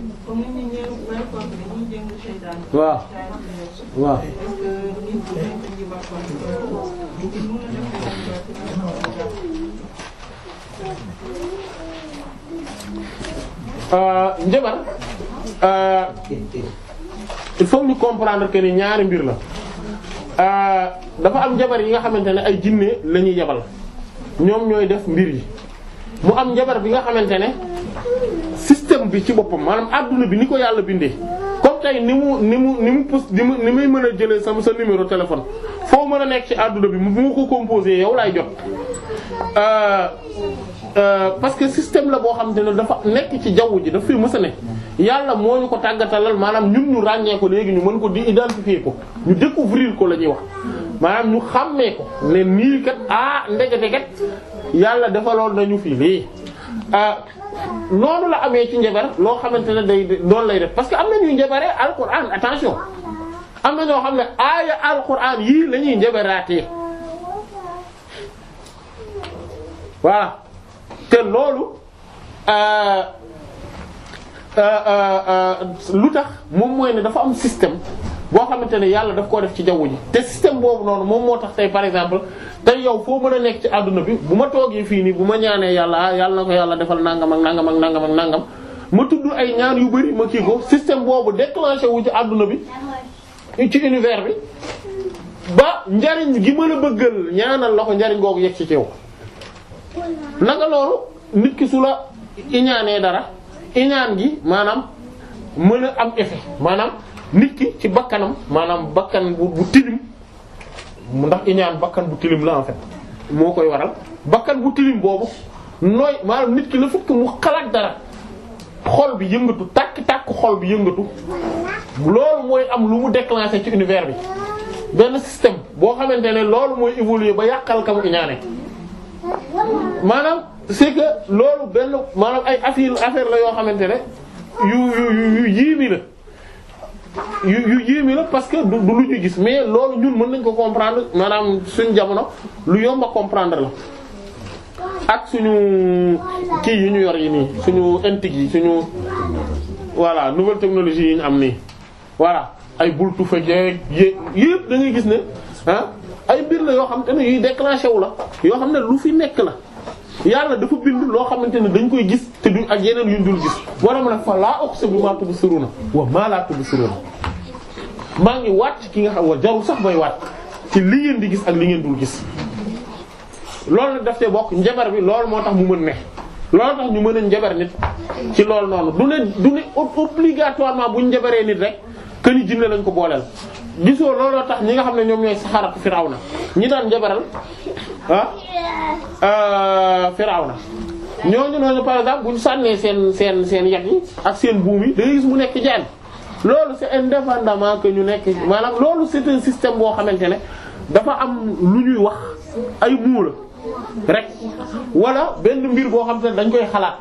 waaw waaw. Euh, jabar euh, il faut ñu comprendre que ni ñaari mbir la euh, dafa am jabar yi nga xamante ne ay jinne lañuy ñuy yabal ñoom ñooy def mbir yi mu am jabar bi nga xamante ne bi ci boppam maanaam àdduna bi ni ko yàlla bindee comme tey ni mu ni mu ni mu pousse ni mu ni muy mën a jëlee sama sa numéro téléphone foo mën a nekk ci àdduna bi mu ko composé yow laay jot. Euh, euh, parce que système la boo xam te ne dafa nekk ci jaww ji daf fi mësa yàlla moo ñu ko tàggatalal maanaam ñun ñu ràññee ko léegi ñu mën ko di identifier ko ñu découvrir ko la ñuy wax maanaam ñu xàmmee ko ne nii kat ah ndekete kat yàlla defaloon nañu fii lii. Euh, noonu la amee ci njabar loo xamante ne day doon lay def parce que am na ñuy njabaree alquran attention am na ñoo xam ne aaya alquran yii lañuy ñuy njabaraatee voilà te loolu euh, euh, euh, lu tax moom mooy ne dafa am système. boo xamante ne yàlla daf koo def ci jaww ji te système boobu noonu moom moo tax tey par exemple tey yow foo mën a nekk ci àdduna bi bu ma toogee fii nii bu ma ñaanee yàlla ah yàlla na ko yàlla defal nangam ak nangam ak nangam ak nangam ma tudd ay ñaan yu bari ma kii ko système boobu déclenché wu ci àdduna bi ci univers bi ba njariñ gi mën a bëggal ñaanal la ko njariñ googu yegg ci yow naka loolu nit ki su la iñaanee dara iñaan gi maanaam mën a am effet maanaam. nit ki ci bakkanam maanaam bakkan bu bu mu ndax iñaan bakkan bu tilim la en fait moo koy waral bakkan bu tilim boobu nooy maanaam nit ki la fekk mu xalaat dara xol bi yëngatu tàkk tàkk xol bi yëngatu loolu mooy am lu mu déclencher ci univers bi benn système boo xamante ne loolu mooy évoluer ba yàqal ka mu iñaane maanaam c'est que loolu benn maanaam ay affaire affaire la yoo xamante ne yu yu yu yii la. yu yu yéeme la parce que du lu ñu gis mais loolu ñun mën nañ ko comprendre maanaam suñ jamono lu yomba comprendre la ak suñu kii yi ñu yor yi nii suñu antique yi suñu voilà nouvelle technologie yi ñu am nii voilà ay bultu fekkee yé yépp da gis ne ah ay mbir la yoo xam te ne yuy déclenché wu la yoo xam ne lu fi nekk la yàlla dafa bind loo xamante ne dañ koy gis te du ak yeneen yuñ dul gis waram nag fa laa uqsimu bimaa tubsiruuna wa maa laa tubsiruuna maa ngi wàcc ki nga xam wa jarul sax may wàcc ci li ngeen di gis ak li ngeen dul gis loolu nag daf te bokk njabar bi loolu moo tax mu mën ne loolu tax ñu mën a njabar nit ci loolu noonu du ne du ne obligatoirement buñ njabaree nit rek këni jinne lañ ko booleel gisoo looloo tax ñi nga xam ne ñoom ñooy saxaaratu na ñi daan jabaral ah euh, Firawna ñooñu noonu par exemple bu ñu sànnee seen seen seen yàq yi ak seen buum yi da ngay gis mu nekk jaan loolu c'est indépendamment que ñu nekk maanaam loolu c'est un système boo xamante ne dafa am lu ñuy wax ay muula rek wala benn mbir boo xam te ne dañ koy xalaat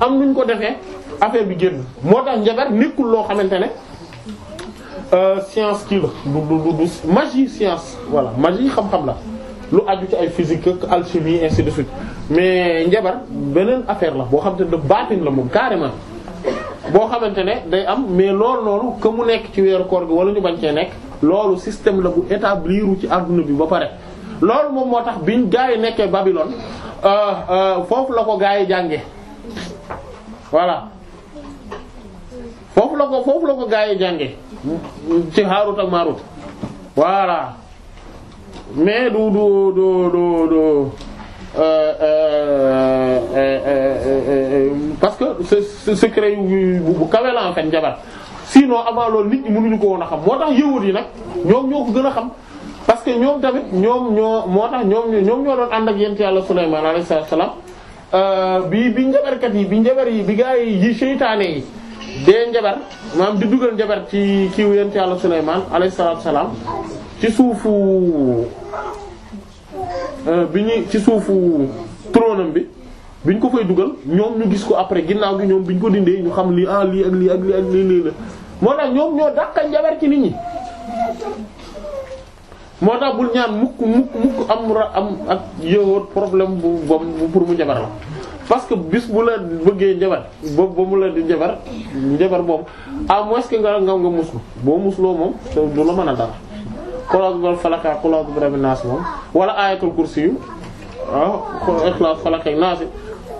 am nuñ ko defee affaire bi génn moo tax njabar nekkul loo xamante ne. Euh, science kii la du du du magie science voilà magie xam-xam la lu aju ci ay physique ak alchimie ainsi de suite mais njabar beneen affaire la boo xamante ne da baatin la moom carrément boo xamante ne day am mais loolu loolu que mu nekk ci weeru koor gi wala ñu bañ cee nekk loolu système la bu établir ci adduna bi ba pare loolu moom moo tax biñ gaa yi nekkee Babylone euh, euh, foofu la ko gaa yi jànge voilà foofu la ko foofu la ko gaa yi jànge ci Haarut ak Maarut voilà mais du du du du du euh, euh, euh, parce que ce secret yu bu kawe la en fait njabar sinon avant loolu nit ñi mënuñu ko woon a xam moo tax yëwut yi nag ñoom ñoo ko gën a xam parce que ñoom tamit ñoom ñoo moo tax ñoom ñoom ñoo doon ànd ak yent yàlla Sulaymaan alayhi salaam bi bi njabarkat yi bi njabar yi bi gaa yi yi seytaane yi dee njabar maanaam di dugal njabar ci kiiw yent yàlla Sulaymaan alayhi salaatu salaam ci suufu euh, bi ñu ci suufu tronam bi biñ ko fay dugal ñoom ñu gis ko après ginnaaw gi ñoom biñ ko dindee ñu xam lii ah lii ak lii ak lii ak lii lii la moo tax ñoom ñoo dàqal njabar ci nit ñi moo tax bul ñaan mukk mukk mukk am ra am ak yowoot problème bu bom pour mu njabar la parce que bis bu la bëggee njabar ba ba mu la di njabar njabar boobu à moins que nga nga nga muslu boo musloo moom du la mën a dara xulaas bu falaka xulaas bu rabi naas moom wala ayatul kursi yu ah ixlaas falaka naas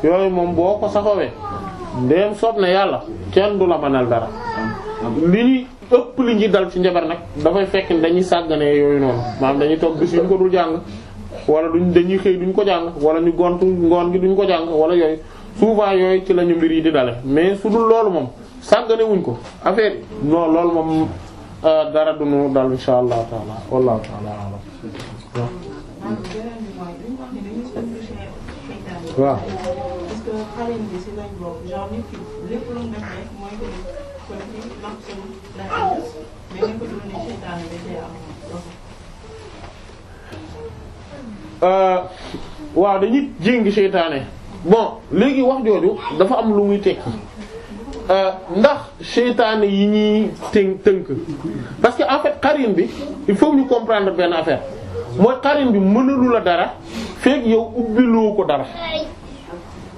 yooyu moom boo ko saxawee ndéem soob na yàlla kenn du la mënal dara li ñuy ëpp li ñuy dal ci njabar nag dafay fekk dañuy sàggane yooyu noonu maanaam dañuy toog bis yu ñu ko dul jàng wala du dañuy xëy duñ ko jàng wala ñu gontu ngoon gi duñ ko jàng wala yooyu souvent yooyu ci lañu mbir yi di dale mais su dul loolu moom sàggane ko affaire non loolu moom euh, dara duñu dal insha allah taala wallahu Euh, waaw dañuy jéngi seytaane bon léegi wax jooju dafa am lu muy tekki euh, ndax seytaane yi ñuy tënk tënk parce que en fait xarin bi il faut ñu comprendre benn affaire mooy xarin bi mënalu dara fekk yow ubbiloo ko dara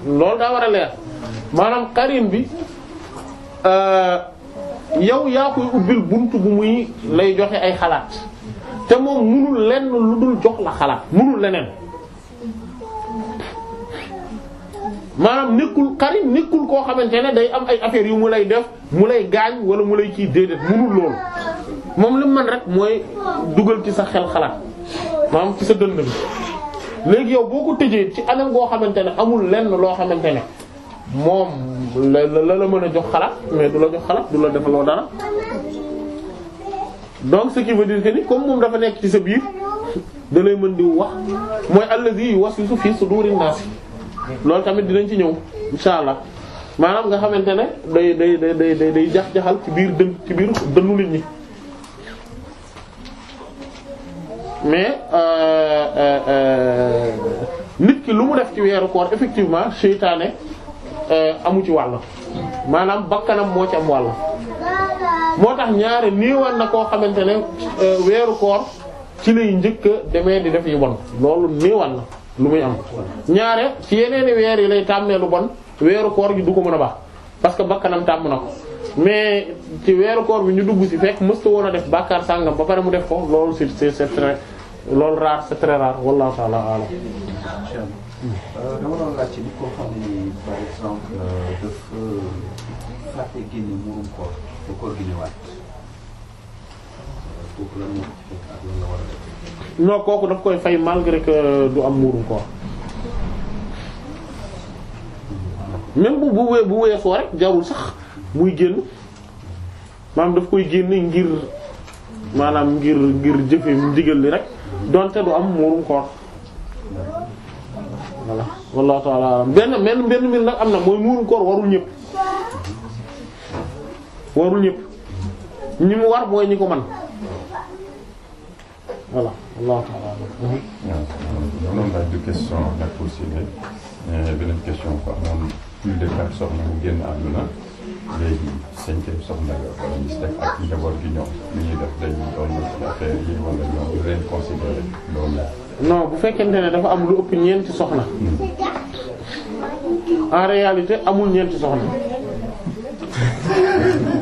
loolu daa war a leer maanaam xarin bi euh, yow yaa koy ubbil bunt bu muy lay joxe ay xalaat te moom munul lenn lu dul jox la xalaat munul leneen maanaam nekkul kari nekkul koo xamante ne day am ay affaires yu mu lay def mu lay gaañ wala mu lay kii déedéet munul loolu moom li man rek mooy dugal ci sa xel xalaat maanaam ci sa dënd bi léegi yow boo ko tëjee ci anam goo xamante ne amul lenn loo xamante ne moom la la la mën a jox xalaat mais du la jox xalaat du la defaloo dara donc ce qui veut dire que ni comme moom dafa nekk ci sa biir dalay mën di wax mooy allazi yuwaswisu su sudurin nas loolu tamit dinañ ci ñëw insha allah maanaam nga xamante ne day day day day day jax jaxal ci biir dën ci biir dënnu nit ñi mais euh, euh, euh, nit ki lu mu def ci weeru koor effectivement seytaane amu ci wàll maanaam bakkanam moo ci am wàll. moo tax ñaare néewaan na koo xamante ne euh, weeru koor ci lay njëkk demee di def yu bon loolu néewaan na lu muy am ñaare ci yeneeni weer yi lay tàmmee lu bon weeru koor gi du ko mën a baax parce que bakkanam tàmm na ko mais ci weeru koor bi ñu dugg ci fekk mësta woon a def bàkkaar sàngam ba pare mu def ko loolu c'est c'est très loolu rare c'est très rare wallahu ta'ala euh, koo xam ne par exemple euh, daf fàtte génne ba kooku daf koy fay malgré que du am muurum koor même bu bu weesoo rek jarul sax muy génn maanaam daf koy génne ngir maanaam ngir ngir jëfe ndigal li rek donte du am muurum koor voilà wallahu ta'ala benn benn benn mbir nag am na mooy muurum koor warul ñëpp. warul ñëpp ñi mu war mooy ñi ko man voilà allah taala noonu mhm. laaj du question nag pour signer beneen question quoi moom plus de quatre soxna mu génn àdduna léegi cinquième soxna nga wala def dañuy doon yi bu fekkente ne dafa am lu ëpp ñeenti soxna mhm. en réalité amul ñeenti soxna *laughs*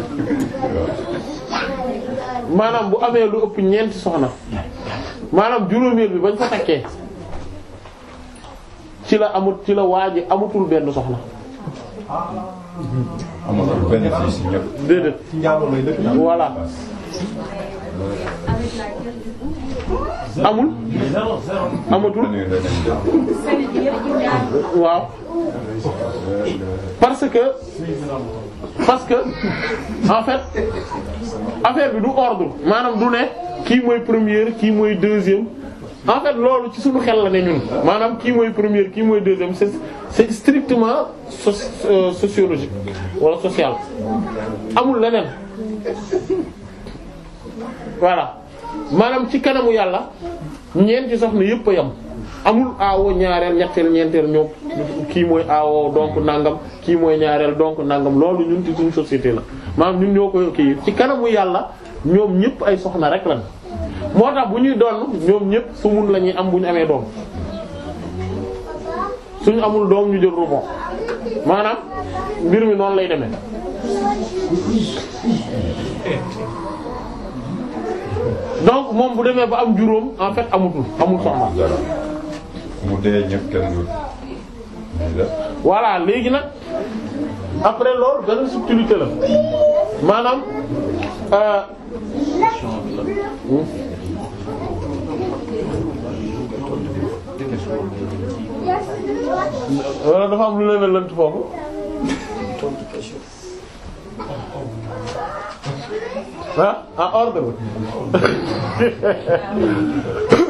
maanaam bu amee lu ëpp ñeenti soxna maanaam juróomeel bi bañ ko takkee ci la amut ci la waaji amatul benn soxna. amatul benn si ñëpp. waaw. parce que. parce que en fait affaire bi du ordre maanaam du ne kii mooy première kii mooy deuxième en fait loolu ci suñu xel la ne ñun maanaam kii mooy première kii mooy deuxième c'est c'est strictement so euh, sociologique wala social amul leneen voilà maanaam ci kanamu yàlla ñeenti soxna yépp a yam. amul aawoo ñaareel ñetteel ñeenteel ñoom kii mooy aawoo donc nangam kii mooy ñaareel donc nangam loolu ñun ci suñu société la maanaam ñun ñoo koy kii ci kanamu yàlla ñoom ñëpp ay soxna rek lan moo tax bu ñuy doon ñoom ñëpp su la ñuy am bu ñu amee doom suñu amul doom ñu jël rebond maanaam mbir mi noonu lay demee. donc moom bu demee ba am juróom en fait amutul amul soxna. mu dee ñëpp kenn du voilà léegi nag après loolu benn subtilité la euh, wala dafa am lu leen a lënt foofu. ah en ordre. *laughs*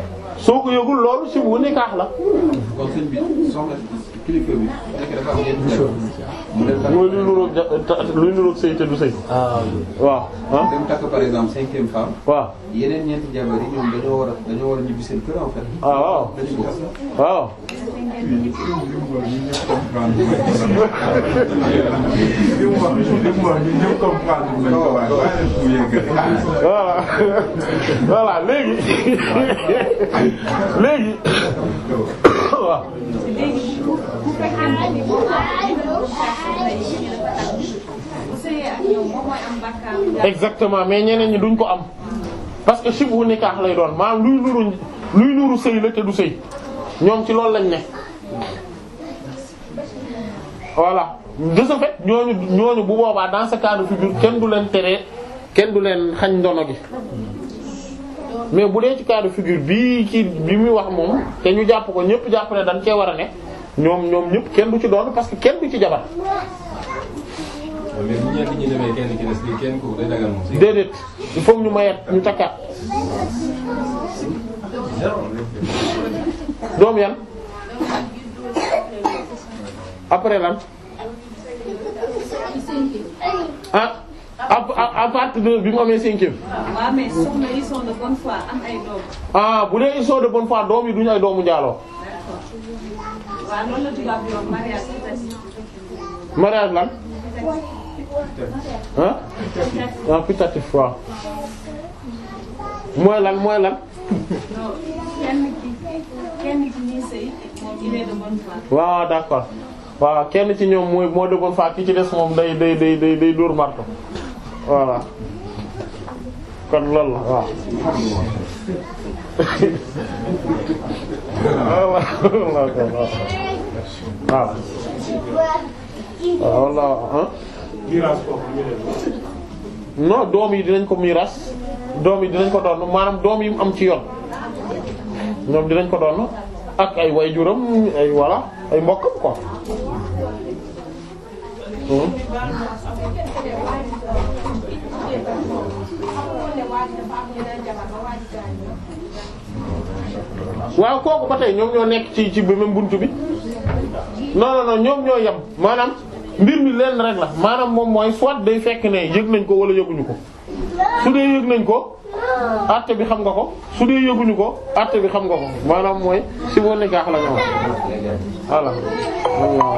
soo ko loolu si wu nikaax la. kon kilifa bi nekk dafa am yenn xeetu. mooy lu ñu lu ñu nuroog sëy te du sëy. Ah, waaw a ah. dem a par exemple cinquième a dañoo a ñibbi seen kër en ah, *laughs* *laughs* *coughs* exactement mais ñeneen ñi duñ ko am parce que shibhu nikah lay doon maanaam luy nuru luy nuru sëy la te du sëy ñoom ci loolu lañ ne voilà de ce fait ñooñu ñooñu bu boobaa dans ce cas kenn du leen tere kenn du leen xañ ndono gi mais bu dee ci cas de bii ci bi muy wax moom te ñu jàpp ko ñépp jàpp ne dañ cee war a ne ñoom ñoom ñëpp kenn du ci doon parce que kenn du ci jabar. déedéet il faut ñu mayat ñu takkaat. doom yan après lan ah à partir de bi mu amee cinquième. ah, ah bu dee ils de bonne foi doom yi duñu ay doomu njaaloo. waaw loolu la tubaab di wax mariage prétexte. mariage lan. ah. putatif waaw. mooy lan mooy lan. kenn waaw d'accord waaw kenn ci ñoom mooy moo de bonne ki ci des moom day day day day day marto voilà kon loolu la waaw. *laughs* waaw waaw waaw non doom yi dinañ ko miiras doom yi dinañ ko doon maanaam doom yi mu am ci yoon ñoom dinañ ko doon ak ay waajuram ay walla ay mbokkam quoi. Hmm. waaw kooku ba tey ñoom ñoo nekk ci ci même buntu bi non non ñoom ñoo yem maanaam mbir mi lenn rek la maanaam moom mooy soit day fekk ne yëg nañ ko wala yëguñu ko su dee yëg nañ ko àtte bi xam nga ko su dee yëguñu ko àtte bi xam nga ko maanaam mooy si boo nekkaax la ñoo voilà.